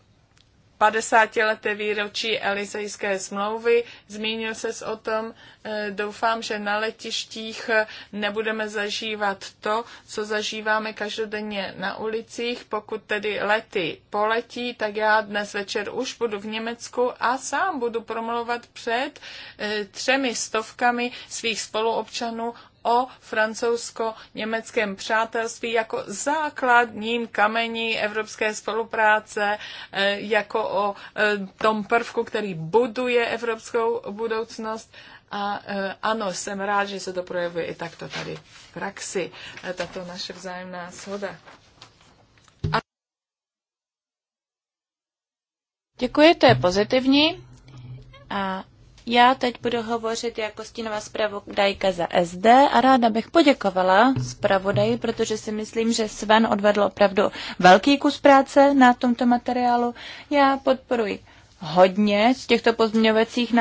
50. leté výročí Elizejské smlouvy. Zmínil se o tom. E, doufám, že na letištích nebudeme zažívat to, co zažíváme každodenně na ulicích. Pokud tedy lety poletí, tak já dnes večer už budu v Německu a sám budu promluvat před e, třemi stovkami svých spoluobčanů o francouzsko-německém přátelství jako základním kamení evropské spolupráce, e, jako o e, tom prvku, který buduje evropskou budoucnost. A e, ano, jsem rád, že se to projevuje i takto tady v praxi, tato naše vzájemná shoda. A... Děkuji, to je pozitivní. A já teď budu hovořit jako stínová zpravodajka za SD a ráda bych poděkovala zpravodaji, protože si myslím, že Sven odvedl opravdu velký kus práce na tomto materiálu. Já podporuji hodně z těchto pozměňovacích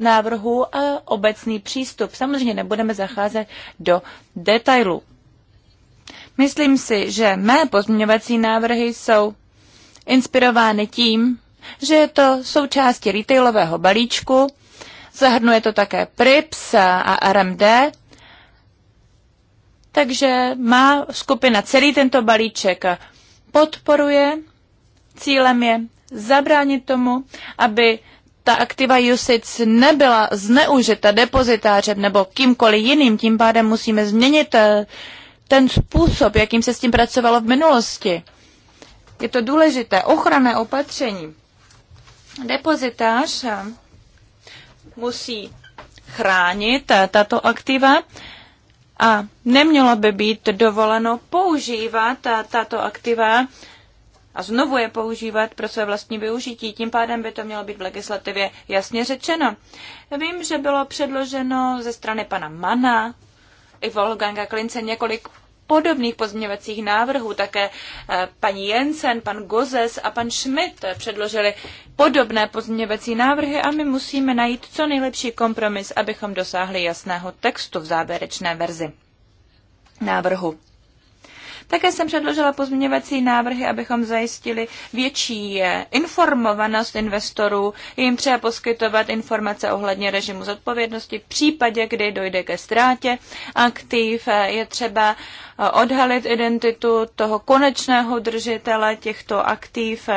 návrhů a obecný přístup. Samozřejmě nebudeme zacházet do detailů. Myslím si, že mé pozměňovací návrhy jsou inspirovány tím, že je to součástí retailového balíčku, Zahrnuje to také PRIPS a RMD, takže má skupina celý tento balíček podporuje. Cílem je zabránit tomu, aby ta aktiva USIC nebyla zneužita depozitářem nebo kýmkoliv jiným. Tím pádem musíme změnit eh, ten způsob, jakým se s tím pracovalo v minulosti. Je to důležité ochranné opatření. Depozitář eh, musí chránit eh, tato aktiva a nemělo by být dovoleno používat eh, tato aktiva a znovu je používat pro své vlastní využití. Tím pádem by to mělo být v legislativě jasně řečeno. Vím, že bylo předloženo ze strany pana Mana i Volganga Klince několik podobných pozměňovacích návrhů. Také eh, paní Jensen, pan Gozes a pan Schmidt předložili podobné pozměňovací návrhy a my musíme najít co nejlepší kompromis, abychom dosáhli jasného textu v závěrečné verzi návrhu. Také jsem předložila pozměňovací návrhy, abychom zajistili větší eh, informovanost investorů, jim třeba poskytovat informace ohledně režimu zodpovědnosti v případě, kdy dojde ke ztrátě aktiv, eh, je třeba eh, odhalit identitu toho konečného držitele těchto aktiv,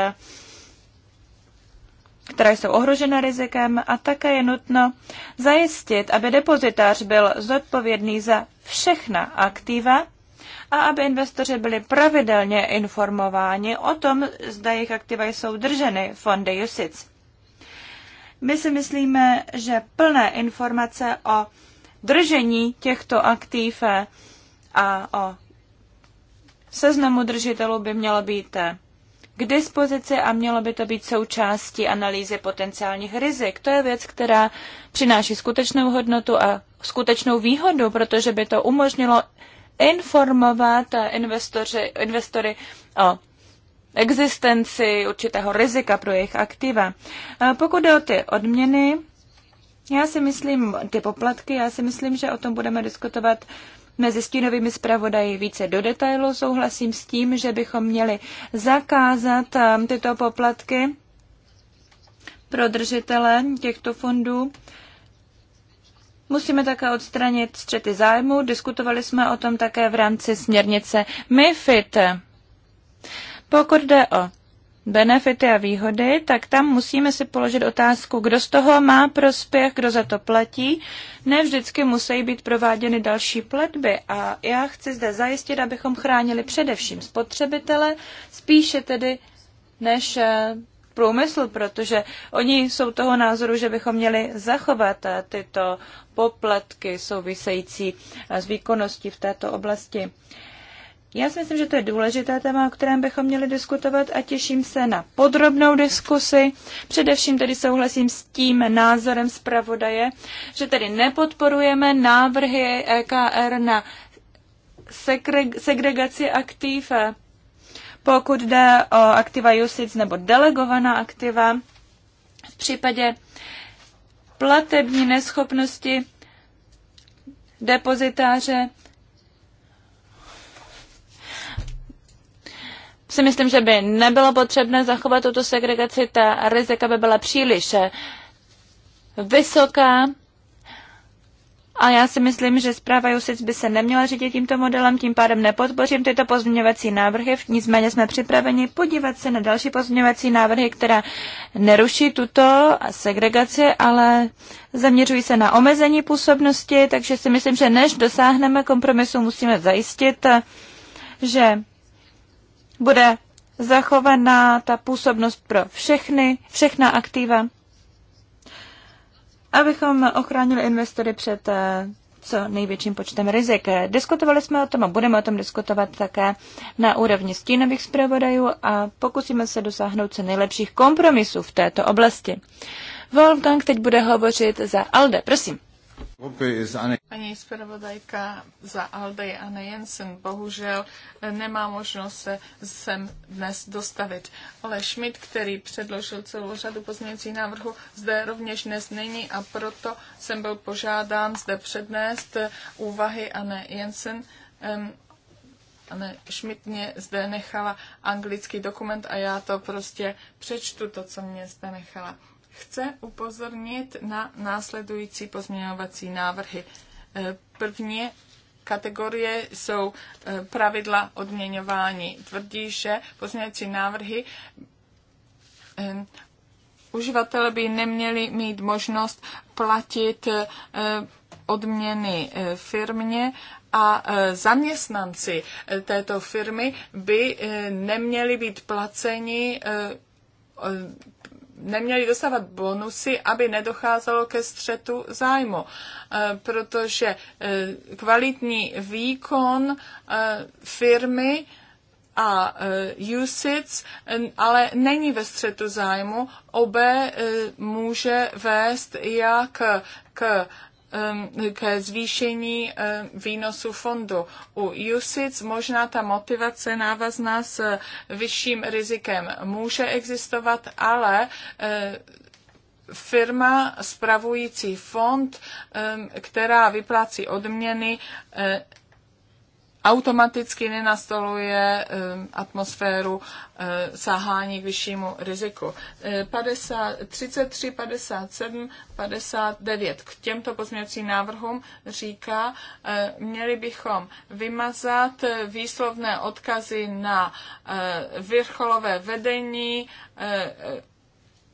které jsou ohrožena rizikem a také je nutno zajistit, aby depozitář byl zodpovědný za všechna aktiva, a aby investoři byli pravidelně informováni o tom, zda jejich aktiva jsou drženy fondy USIC. My si myslíme, že plné informace o držení těchto aktiv a o seznamu držitelů by mělo být k dispozici a mělo by to být součástí analýzy potenciálních rizik. To je věc, která přináší skutečnou hodnotu a skutečnou výhodu, protože by to umožnilo informovat investory o existenci určitého rizika pro jejich aktiva. Pokud jde o ty odměny, já si myslím, ty poplatky, já si myslím, že o tom budeme diskutovat mezi stínovými zpravodaji více do detailu. Souhlasím s tím, že bychom měli zakázat um, tyto poplatky pro držitele těchto fondů. Musíme také odstranit střety zájmu. Diskutovali jsme o tom také v rámci směrnice MIFID. Pokud jde o benefity a výhody, tak tam musíme si položit otázku, kdo z toho má prospěch, kdo za to platí. Ne vždycky musí být prováděny další platby a já chci zde zajistit, abychom chránili především spotřebitele, spíše tedy než eh, průmysl, protože oni jsou toho názoru, že bychom měli zachovat eh, tyto poplatky související eh, s výkonností v této oblasti. Já si myslím, že to je důležité téma, o kterém bychom měli diskutovat a těším se na podrobnou diskusi. Především tedy souhlasím s tím názorem zpravodaje, že tedy nepodporujeme návrhy EKR na segregaci aktiv eh, pokud jde o aktiva usage nebo delegovaná aktiva, v případě platební neschopnosti depozitáře si myslím, že by nebylo potřebné zachovat tuto segregaci, ta rizika by byla příliš vysoká a já si myslím, že zpráva Jusic by se neměla řídit tímto modelem, tím pádem nepodpořím tyto pozměňovací návrhy, nicméně jsme připraveni podívat se na další pozměňovací návrhy, která neruší tuto segregaci, ale zaměřují se na omezení působnosti, takže si myslím, že než dosáhneme kompromisu, musíme zajistit, že bude zachovaná ta působnost pro všechny, všechna aktiva abychom ochránili investory před eh, co největším počtem rizik. Diskutovali jsme o tom a budeme o tom diskutovat také na úrovni stínových zpravodajů a pokusíme se dosáhnout co nejlepších kompromisů v této oblasti. Wolfgang teď bude hovořit za ALDE. Prosím. Paní zpravodajka za Alde Anne Jensen bohužel nemá možnost se sem dnes dostavit. Ale Schmidt, který předložil celou řadu pozměňujících návrhů, zde rovněž dnes není a proto jsem byl požádán zde přednést úvahy Anne Jensen. Um, Anne Schmidt mě zde nechala anglický dokument a já to prostě přečtu, to, co mě zde nechala chce upozornit na následující pozměňovací návrhy. E, první kategorie jsou e, pravidla odměňování. Tvrdí, že pozměňovací návrhy e, uživatele by neměli mít možnost platit odměny firmě a zaměstnanci této firmy by neměli být placeni neměli dostávat bonusy, aby nedocházelo ke střetu zájmu, eh, protože eh, kvalitní výkon eh, firmy a USIC, ale není ve střetu zájmu. Obé může vést jak k Um, k zvýšení um, výnosu fondu. U USIC možná ta motivace návazná s vyšším rizikem může existovat, ale uh, firma spravující fond, um, která vyplácí odměny, uh, automaticky nenastoluje um, atmosféru uh, sahání k vyššímu riziku. 50, 33, 57, 59 k těmto pozměňovacím návrhům říká, uh, měli bychom vymazat výslovné odkazy na uh, vrcholové vedení,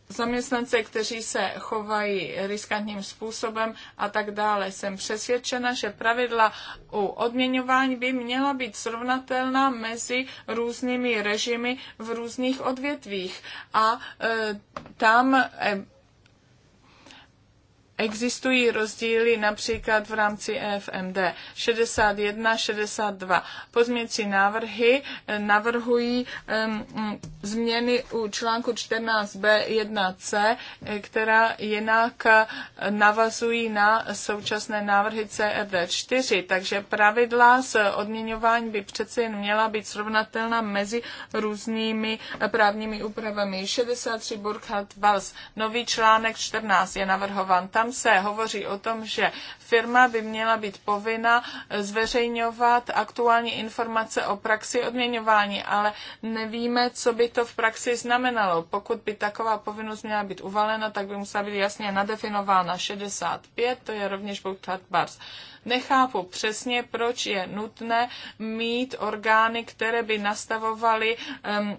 zaměstnance, kteří se chovají riskantním způsobem a tak dále. Jsem přesvědčena, že pravidla u odměňování by měla být srovnatelná mezi různými režimy v různých odvětvích a e, tam e, Existují rozdíly například v rámci EFMD 61, 62. Pozměnící návrhy eh, navrhují um, změny u článku 14b1c, eh, která jinak eh, navazují na současné návrhy CRD 4, e takže pravidla s odměňování by přece jen měla být srovnatelná mezi různými právními úpravami. 63 Burkhardt Vals, nový článek 14 je navrhován tam tam se hovoří o tom, že firma by měla být povinna zveřejňovat aktuální informace o praxi odměňování, ale nevíme, co by to v praxi znamenalo. Pokud by taková povinnost měla být uvalena, tak by musela být jasně nadefinována 65, to je rovněž Bouchard Bars. Nechápu přesně, proč je nutné mít orgány, které by nastavovaly um,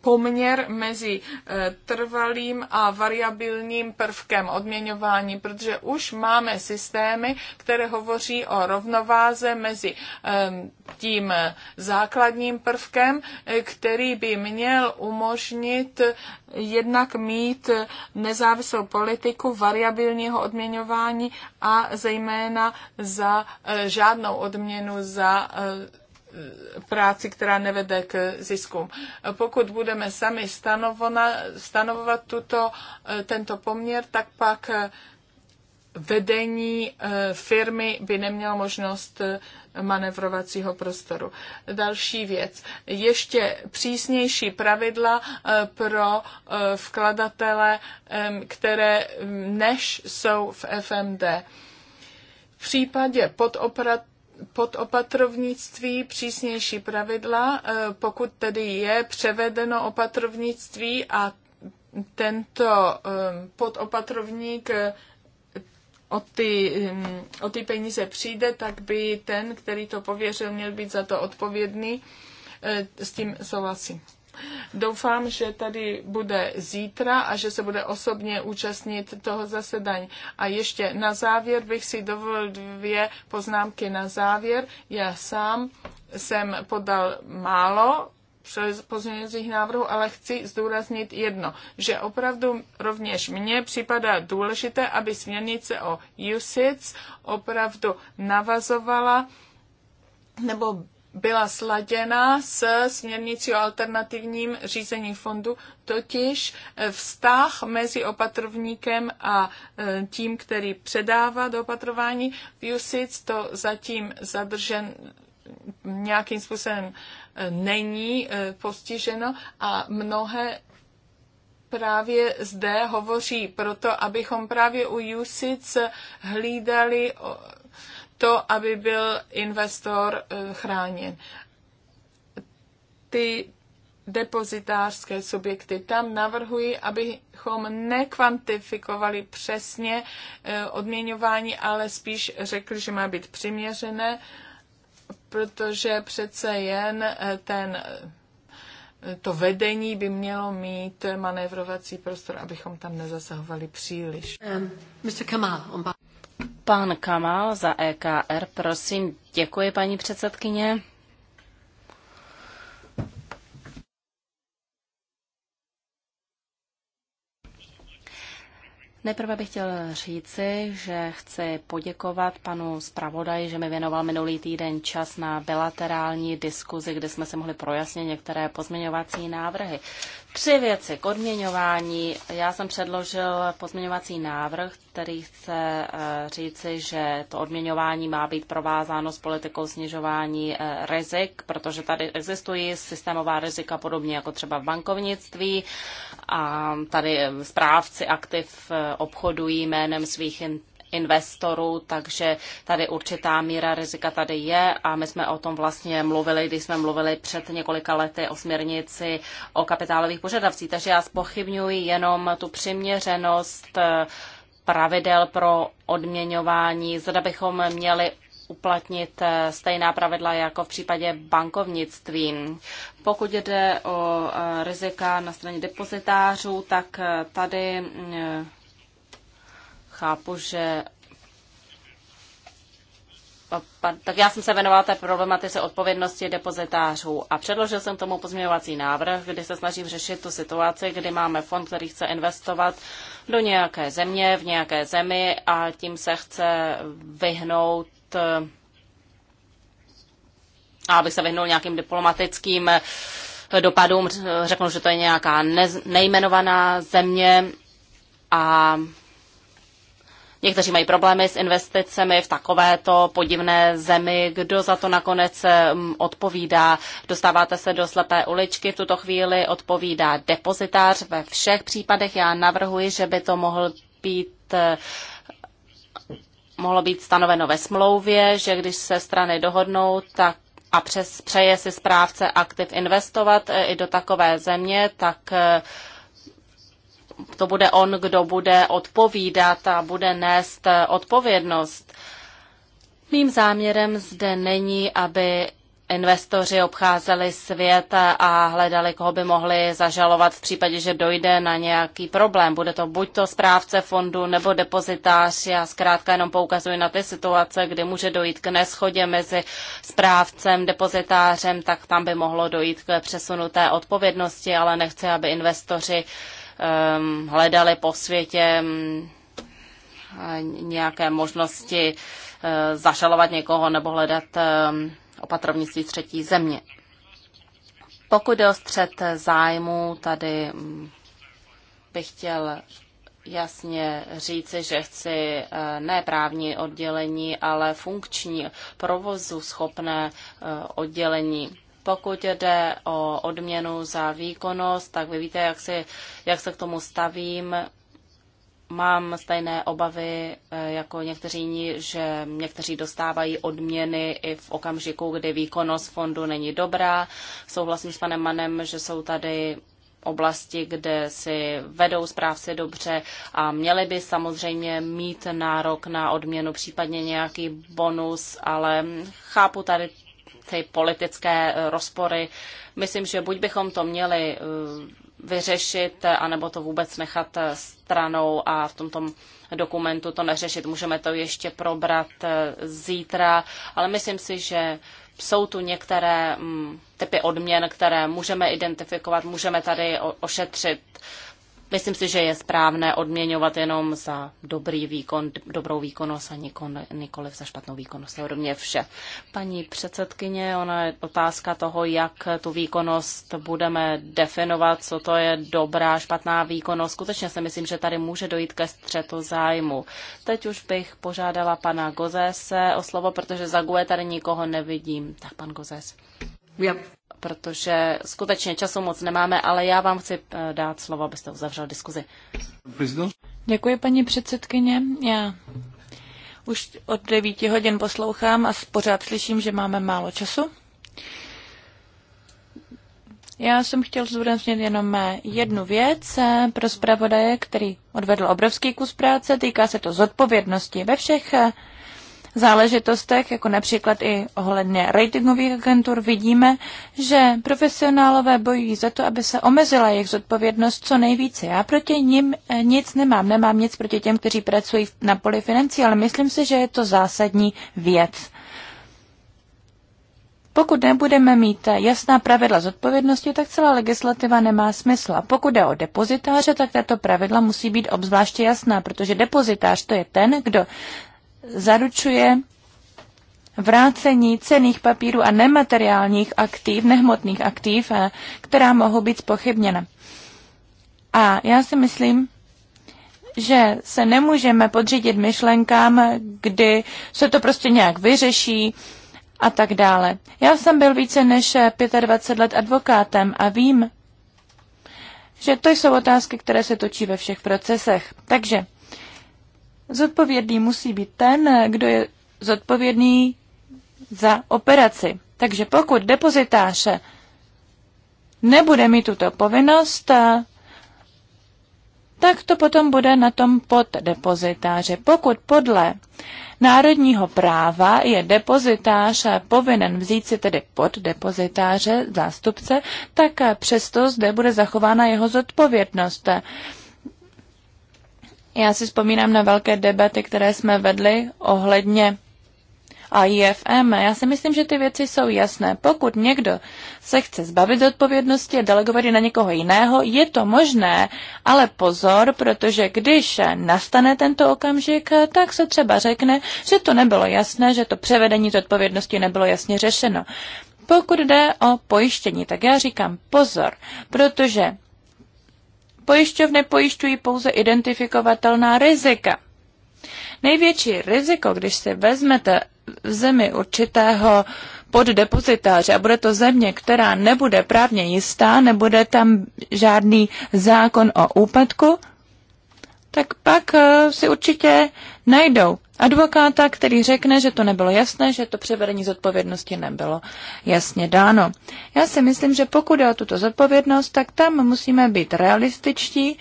poměr mezi eh, trvalým a variabilním prvkem odměňování, protože už máme systémy, které hovoří o rovnováze mezi ehm, tím eh, základním prvkem, eh, který by měl umožnit jednak mít nezávislou politiku variabilního odměňování a zejména za žádnou odměnu za práci, která nevede k ziskům. Pokud budeme sami stanovovat tuto, eh, tento poměr, tak pak eh, vedení eh, firmy by nemělo možnost manevrovacího prostoru. Další věc. Ještě přísnější pravidla pro vkladatele, které než jsou v FMD. V případě podoperat podopatrovnictví přísnější pravidla, eh, pokud tedy je převedeno opatrovnictví a tento eh, podopatrovník eh, o ty, mm, o ty peníze přijde, tak by ten, který to pověřil, měl být za to odpovědný. S tím souhlasím. Doufám, že tady bude zítra a že se bude osobně účastnit toho zasedání. A ještě na závěr bych si dovolil dvě poznámky na závěr. Já sám jsem podal málo pozměňujících návrhů, ale chci zdůraznit jedno, že opravdu rovněž mně připadá důležité, aby směrnice o USIC opravdu navazovala nebo byla sladěna s směrnicí o alternativním řízení fondu, totiž eh, vztah mezi opatrovníkem a eh, tím, který předává do opatrování. V USIC to zatím zadržen nějakým způsobem eh, není postiženo a mnohé právě zde hovoří proto, abychom právě u USIC hlídali to, aby byl investor eh, chráněn. Ty depozitářské subjekty. Tam navrhují, abychom nekvantifikovali přesně eh, odměňování, ale spíš řekli, že má být přiměřené, protože přece jen eh, ten, to vedení by mělo mít manévrovací prostor, abychom tam nezasahovali příliš. Um, Mr. Kamal, on... Pan Kamal za EKR, prosím. Děkuji, paní předsedkyně. Nejprve bych chtěl říci, že chci poděkovat panu zpravodaji, že mi věnoval minulý týden čas na bilaterální diskuzi, kde jsme si mohli projasnit některé pozměňovací návrhy. Tři věci k odměňování. Já jsem předložil pozměňovací návrh, který chce eh, říci, že to odměňování má být provázáno s politikou snižování eh, rizik, protože tady existují systémová rizika podobně jako třeba v bankovnictví a tady eh, správci aktiv obchodují jménem svých investorů, takže tady určitá míra rizika tady je a my jsme o tom vlastně mluvili, když jsme mluvili před několika lety o směrnici o kapitálových požadavcích. Takže já spochybňuji jenom tu přiměřenost eh, pravidel pro odměňování. Zda bychom měli uplatnit eh, stejná pravidla jako v případě bankovnictví. Pokud jde o eh, rizika na straně depozitářů, tak tady mm, Chápu, že tak já jsem se věnoval té problematice odpovědnosti depozitářů a předložil jsem tomu pozměňovací návrh, kdy se snažím řešit tu situaci, kdy máme fond, který chce investovat do nějaké země, v nějaké zemi a tím se chce vyhnout a eh, aby se vyhnul nějakým diplomatickým eh, dopadům, řeknu, že to je nějaká nejmenovaná země a Někteří mají problémy s investicemi v takovéto podivné zemi. Kdo za to nakonec mm, odpovídá? Dostáváte se do slepé uličky. V tuto chvíli odpovídá depozitář ve všech případech. Já navrhuji, že by to mohl být eh, mohlo být stanoveno ve smlouvě, že když se strany dohodnou, tak a přes přeje si správce aktiv investovat eh, i do takové země, tak eh, to bude on, kdo bude odpovídat a bude nést eh, odpovědnost. Mým záměrem zde není, aby investoři obcházeli svět a hledali, koho by mohli zažalovat v případě, že dojde na nějaký problém. Bude to buď to správce fondu nebo depozitář. Já zkrátka jenom poukazuji na ty situace, kdy může dojít k neschodě mezi správcem, depozitářem, tak tam by mohlo dojít k přesunuté odpovědnosti, ale nechci, aby investoři uh, Um, hledali po světě um, nějaké možnosti uh, zašalovat někoho nebo hledat um, opatrovnictví třetí země. Pokud jde o střed zájmu, tady bych chtěl jasně říci, že chci uh, ne právní oddělení, ale funkční, provozu schopné uh, oddělení. Pokud jde o odměnu za výkonnost, tak vy víte, jak, si, jak se k tomu stavím. Mám stejné obavy eh, jako někteří jiní, že někteří dostávají odměny i v okamžiku, kdy výkonnost fondu není dobrá. Souhlasím s panem Manem, že jsou tady oblasti, kde si vedou zprávce dobře a měli by samozřejmě mít nárok na odměnu, případně nějaký bonus, ale chápu tady ty politické eh, rozpory. Myslím, že buď bychom to měli eh, vyřešit, anebo to vůbec nechat eh, stranou a v tomto dokumentu to neřešit. Můžeme to ještě probrat zítra, ale myslím si, že jsou tu některé mm, typy odměn, které můžeme identifikovat, můžeme tady ošetřit Myslím si, že je správné odměňovat jenom za dobrý výkon, dobrou výkonnost a nikoli nikoliv za špatnou výkonnost. To je vše. Paní předsedkyně, ona je otázka toho, jak tu výkonnost budeme definovat, co to je dobrá, špatná výkonnost. Skutečně si myslím, že tady může dojít ke střetu zájmu. Teď už bych požádala pana Gozese o slovo, protože za GUE tady nikoho nevidím. Tak pan Gozes. Yep protože skutečně času moc nemáme, ale já vám chci eh, dát slovo, abyste uzavřel diskuzi. Děkuji, paní předsedkyně. Já už od 9 hodin poslouchám a pořád slyším, že máme málo času. Já jsem chtěl zdůraznit jenom eh, jednu věc eh, pro zpravodaje, který odvedl obrovský kus práce. Týká se to zodpovědnosti ve všech záležitostech, jako například i ohledně ratingových agentur, vidíme, že profesionálové bojují za to, aby se omezila jejich zodpovědnost co nejvíce. Já proti nim eh, nic nemám, nemám nic proti těm, kteří pracují na poli financí, ale myslím si, že je to zásadní věc. Pokud nebudeme mít jasná pravidla zodpovědnosti, tak celá legislativa nemá smysl. A pokud jde o depozitáře, tak tato pravidla musí být obzvláště jasná, protože depozitář to je ten, kdo zaručuje vrácení cených papírů a nemateriálních aktiv, nehmotných aktiv, eh, která mohou být spochybněna. A já si myslím, že se nemůžeme podřídit myšlenkám, kdy se to prostě nějak vyřeší a tak dále. Já jsem byl více než 25 let advokátem a vím, že to jsou otázky, které se točí ve všech procesech. Takže Zodpovědný musí být ten, kdo je zodpovědný za operaci. Takže pokud depozitář nebude mít tuto povinnost, tak to potom bude na tom poddepozitáře. Pokud podle národního práva je depozitář povinen vzít si tedy poddepozitáře zástupce, tak přesto zde bude zachována jeho zodpovědnost. Já si vzpomínám na velké debaty, které jsme vedli ohledně a IFM. E já si myslím, že ty věci jsou jasné. Pokud někdo se chce zbavit odpovědnosti a delegovat ji na někoho jiného, je to možné, ale pozor, protože když nastane tento okamžik, tak se třeba řekne, že to nebylo jasné, že to převedení z odpovědnosti nebylo jasně řešeno. Pokud jde o pojištění, tak já říkám pozor, protože Pojišťovny pojišťují pouze identifikovatelná rizika. Největší riziko, když si vezmete v zemi určitého poddepozitáře a bude to země, která nebude právně jistá, nebude tam žádný zákon o úpadku, tak pak eh, si určitě najdou advokáta, který řekne, že to nebylo jasné, že to převedení zodpovědnosti nebylo jasně dáno. Já si myslím, že pokud je o tuto zodpovědnost, tak tam musíme být realističtí,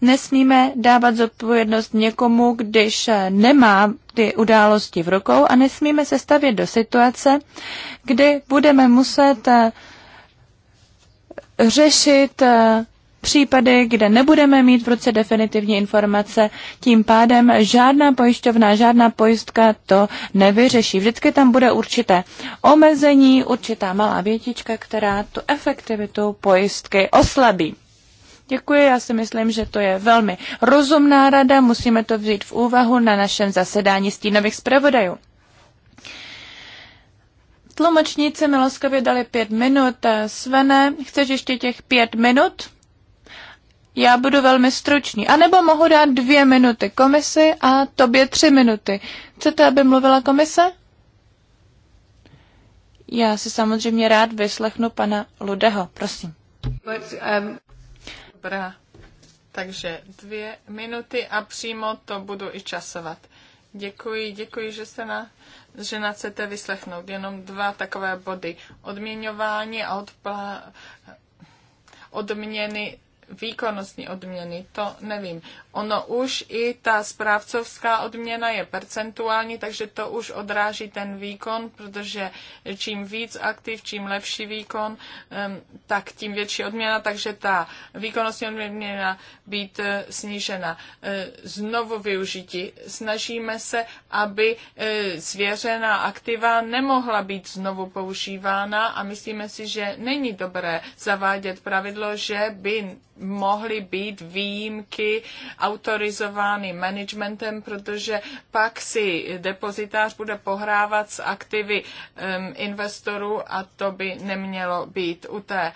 nesmíme dávat zodpovědnost někomu, když eh, nemá ty události v rukou a nesmíme se stavět do situace, kdy budeme muset eh, řešit případy, kde nebudeme mít v ruce definitivní informace, tím pádem žádná pojišťovna, žádná pojistka to nevyřeší. Vždycky tam bude určité omezení, určitá malá větička, která tu efektivitu pojistky oslabí. Děkuji, já si myslím, že to je velmi rozumná rada, musíme to vzít v úvahu na našem zasedání stínových zpravodajů. Tlumočníci mi dali pět minut. Svene, chceš ještě těch pět minut? Já budu velmi stručný. A nebo mohu dát dvě minuty komisi a tobě tři minuty. Chcete, aby mluvila komise? Já si samozřejmě rád vyslechnu pana Ludeho, prosím. But, um... Dobrá, takže dvě minuty a přímo to budu i časovat. Děkuji, děkuji, že se na, že na chcete vyslechnout. Jenom dva takové body. Odměňování a odpla, odměny výkonnostní odměny, to nevím. Ono už i ta správcovská odměna je percentuální, takže to už odráží ten výkon, protože čím víc aktiv, čím lepší výkon, tak tím větší odměna, takže ta výkonnostní odměna být eh, snížena. Eh, znovu využití. Snažíme se, aby eh, svěřená aktiva nemohla být znovu používána a myslíme si, že není dobré zavádět pravidlo, že by mohly být výjimky autorizovány managementem, protože pak si depozitář bude pohrávat s aktivy um, investorů a to by nemělo být u té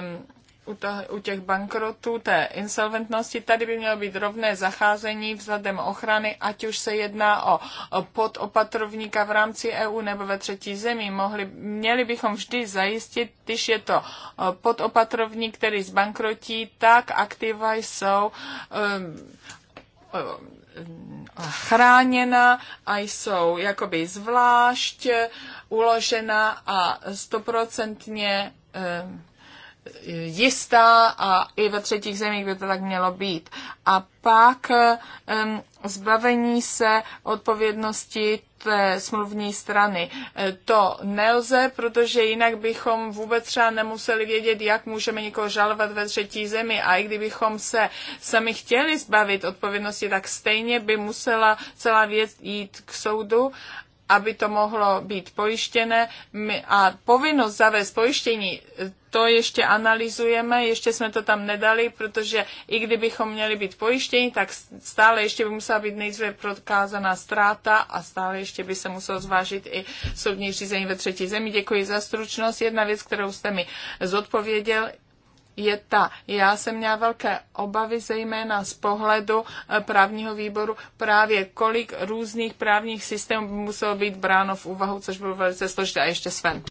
um, u, to, u těch bankrotů, té insolventnosti, tady by mělo být rovné zacházení vzhledem ochrany, ať už se jedná o, o podopatrovníka v rámci EU nebo ve třetí zemi. Mohli, měli bychom vždy zajistit, když je to podopatrovník, který zbankrotí, tak aktiva jsou um, um, chráněna a jsou jakoby zvlášť uložena a stoprocentně um, jistá a i ve třetích zemích by to tak mělo být. A pak um, zbavení se odpovědnosti té smluvní strany. E, to nelze, protože jinak bychom vůbec třeba nemuseli vědět, jak můžeme někoho žalovat ve třetí zemi. A i kdybychom se sami chtěli zbavit odpovědnosti, tak stejně by musela celá věc jít k soudu aby to mohlo být pojištěné a povinnost zavést pojištění e, to ještě analyzujeme, ještě jsme to tam nedali, protože i kdybychom měli být pojištěni, tak stále ještě by musela být nejdříve prokázaná ztráta a stále ještě by se muselo zvážit i soudní řízení ve třetí zemi. Děkuji za stručnost. Jedna věc, kterou jste mi zodpověděl, je ta. Já jsem měla velké obavy, zejména z pohledu eh, právního výboru, právě kolik různých právních systémů by muselo být bráno v úvahu, což bylo velice složité. A ještě Sven.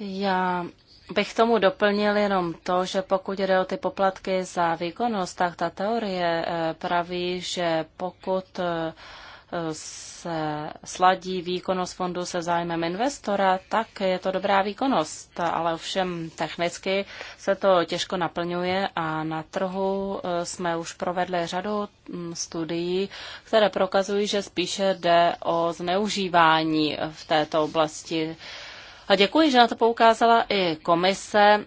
Já bych tomu doplnil jenom to, že pokud jde o ty poplatky za výkonnost, tak ta teorie eh, praví, že pokud eh, se sladí výkonnost fondu se zájmem investora, tak je to dobrá výkonnost, ale ovšem technicky se to těžko naplňuje a na trhu eh, jsme už provedli řadu mm, studií, které prokazují, že spíše jde o zneužívání v této oblasti a děkuji, že na to poukázala i komise.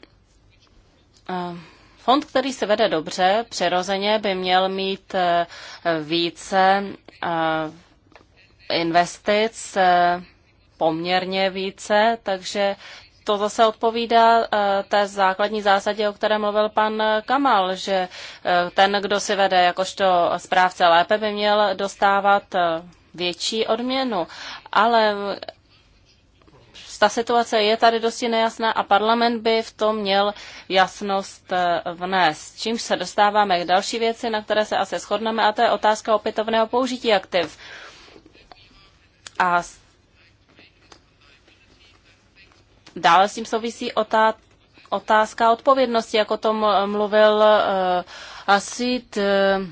Fond, který se vede dobře, přirozeně by měl mít e, více e, investic, e, poměrně více, takže to zase odpovídá té základní zásadě, o které mluvil pan Kamal, že ten, kdo si vede jakožto správce lépe, by měl dostávat větší odměnu. Ale ta situace je tady dosti nejasná a parlament by v tom měl jasnost eh, vnést. Čímž se dostáváme k další věci, na které se asi shodneme, a to je otázka opětovného použití aktiv. A dále s tím souvisí otázka odpovědnosti, jako tom mluvil uh, Asit. Uh,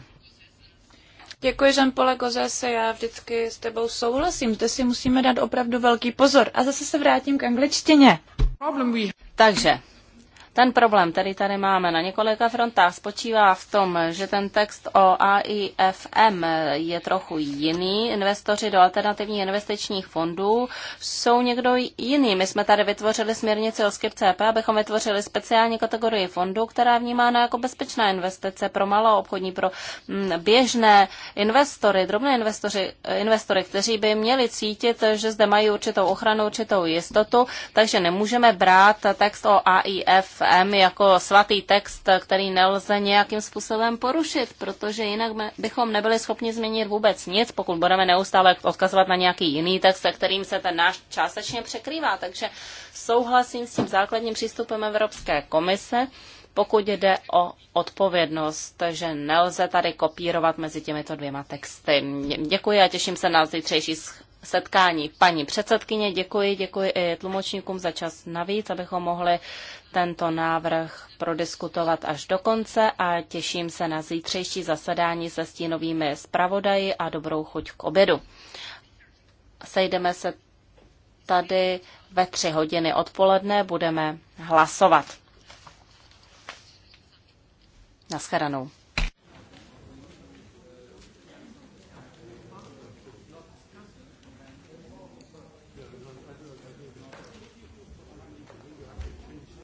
Děkuji, Jean Pole Gozese, já vždycky s tebou souhlasím. Zde si musíme dát opravdu velký pozor. A zase se vrátím k angličtině. Takže, ten problém, který tady máme na několika frontách, spočívá v tom, že ten text o AIFM je trochu jiný. Investoři do alternativních investičních fondů jsou někdo jiný. My jsme tady vytvořili směrnici o skip CP, abychom vytvořili speciální kategorii fondů, která je vnímána jako bezpečná investice pro malou obchodní, pro mm, běžné investory, drobné investory, investory, kteří by měli cítit, že zde mají určitou ochranu, určitou jistotu, takže nemůžeme brát text o AIF M jako svatý text, který nelze nějakým způsobem porušit, protože jinak bychom nebyli schopni změnit vůbec nic, pokud budeme neustále odkazovat na nějaký jiný text, se kterým se ten náš částečně překrývá. Takže souhlasím s tím základním přístupem Evropské komise, pokud jde o odpovědnost, takže nelze tady kopírovat mezi těmito dvěma texty. Děkuji a těším se na zítřejší setkání. Paní předsedkyně, děkuji, děkuji i tlumočníkům za čas navíc, abychom mohli tento návrh prodiskutovat až do konce a těším se na zítřejší zasedání se stínovými zpravodaji a dobrou chuť k obědu. Sejdeme se tady ve tři hodiny odpoledne, budeme hlasovat. Naschledanou.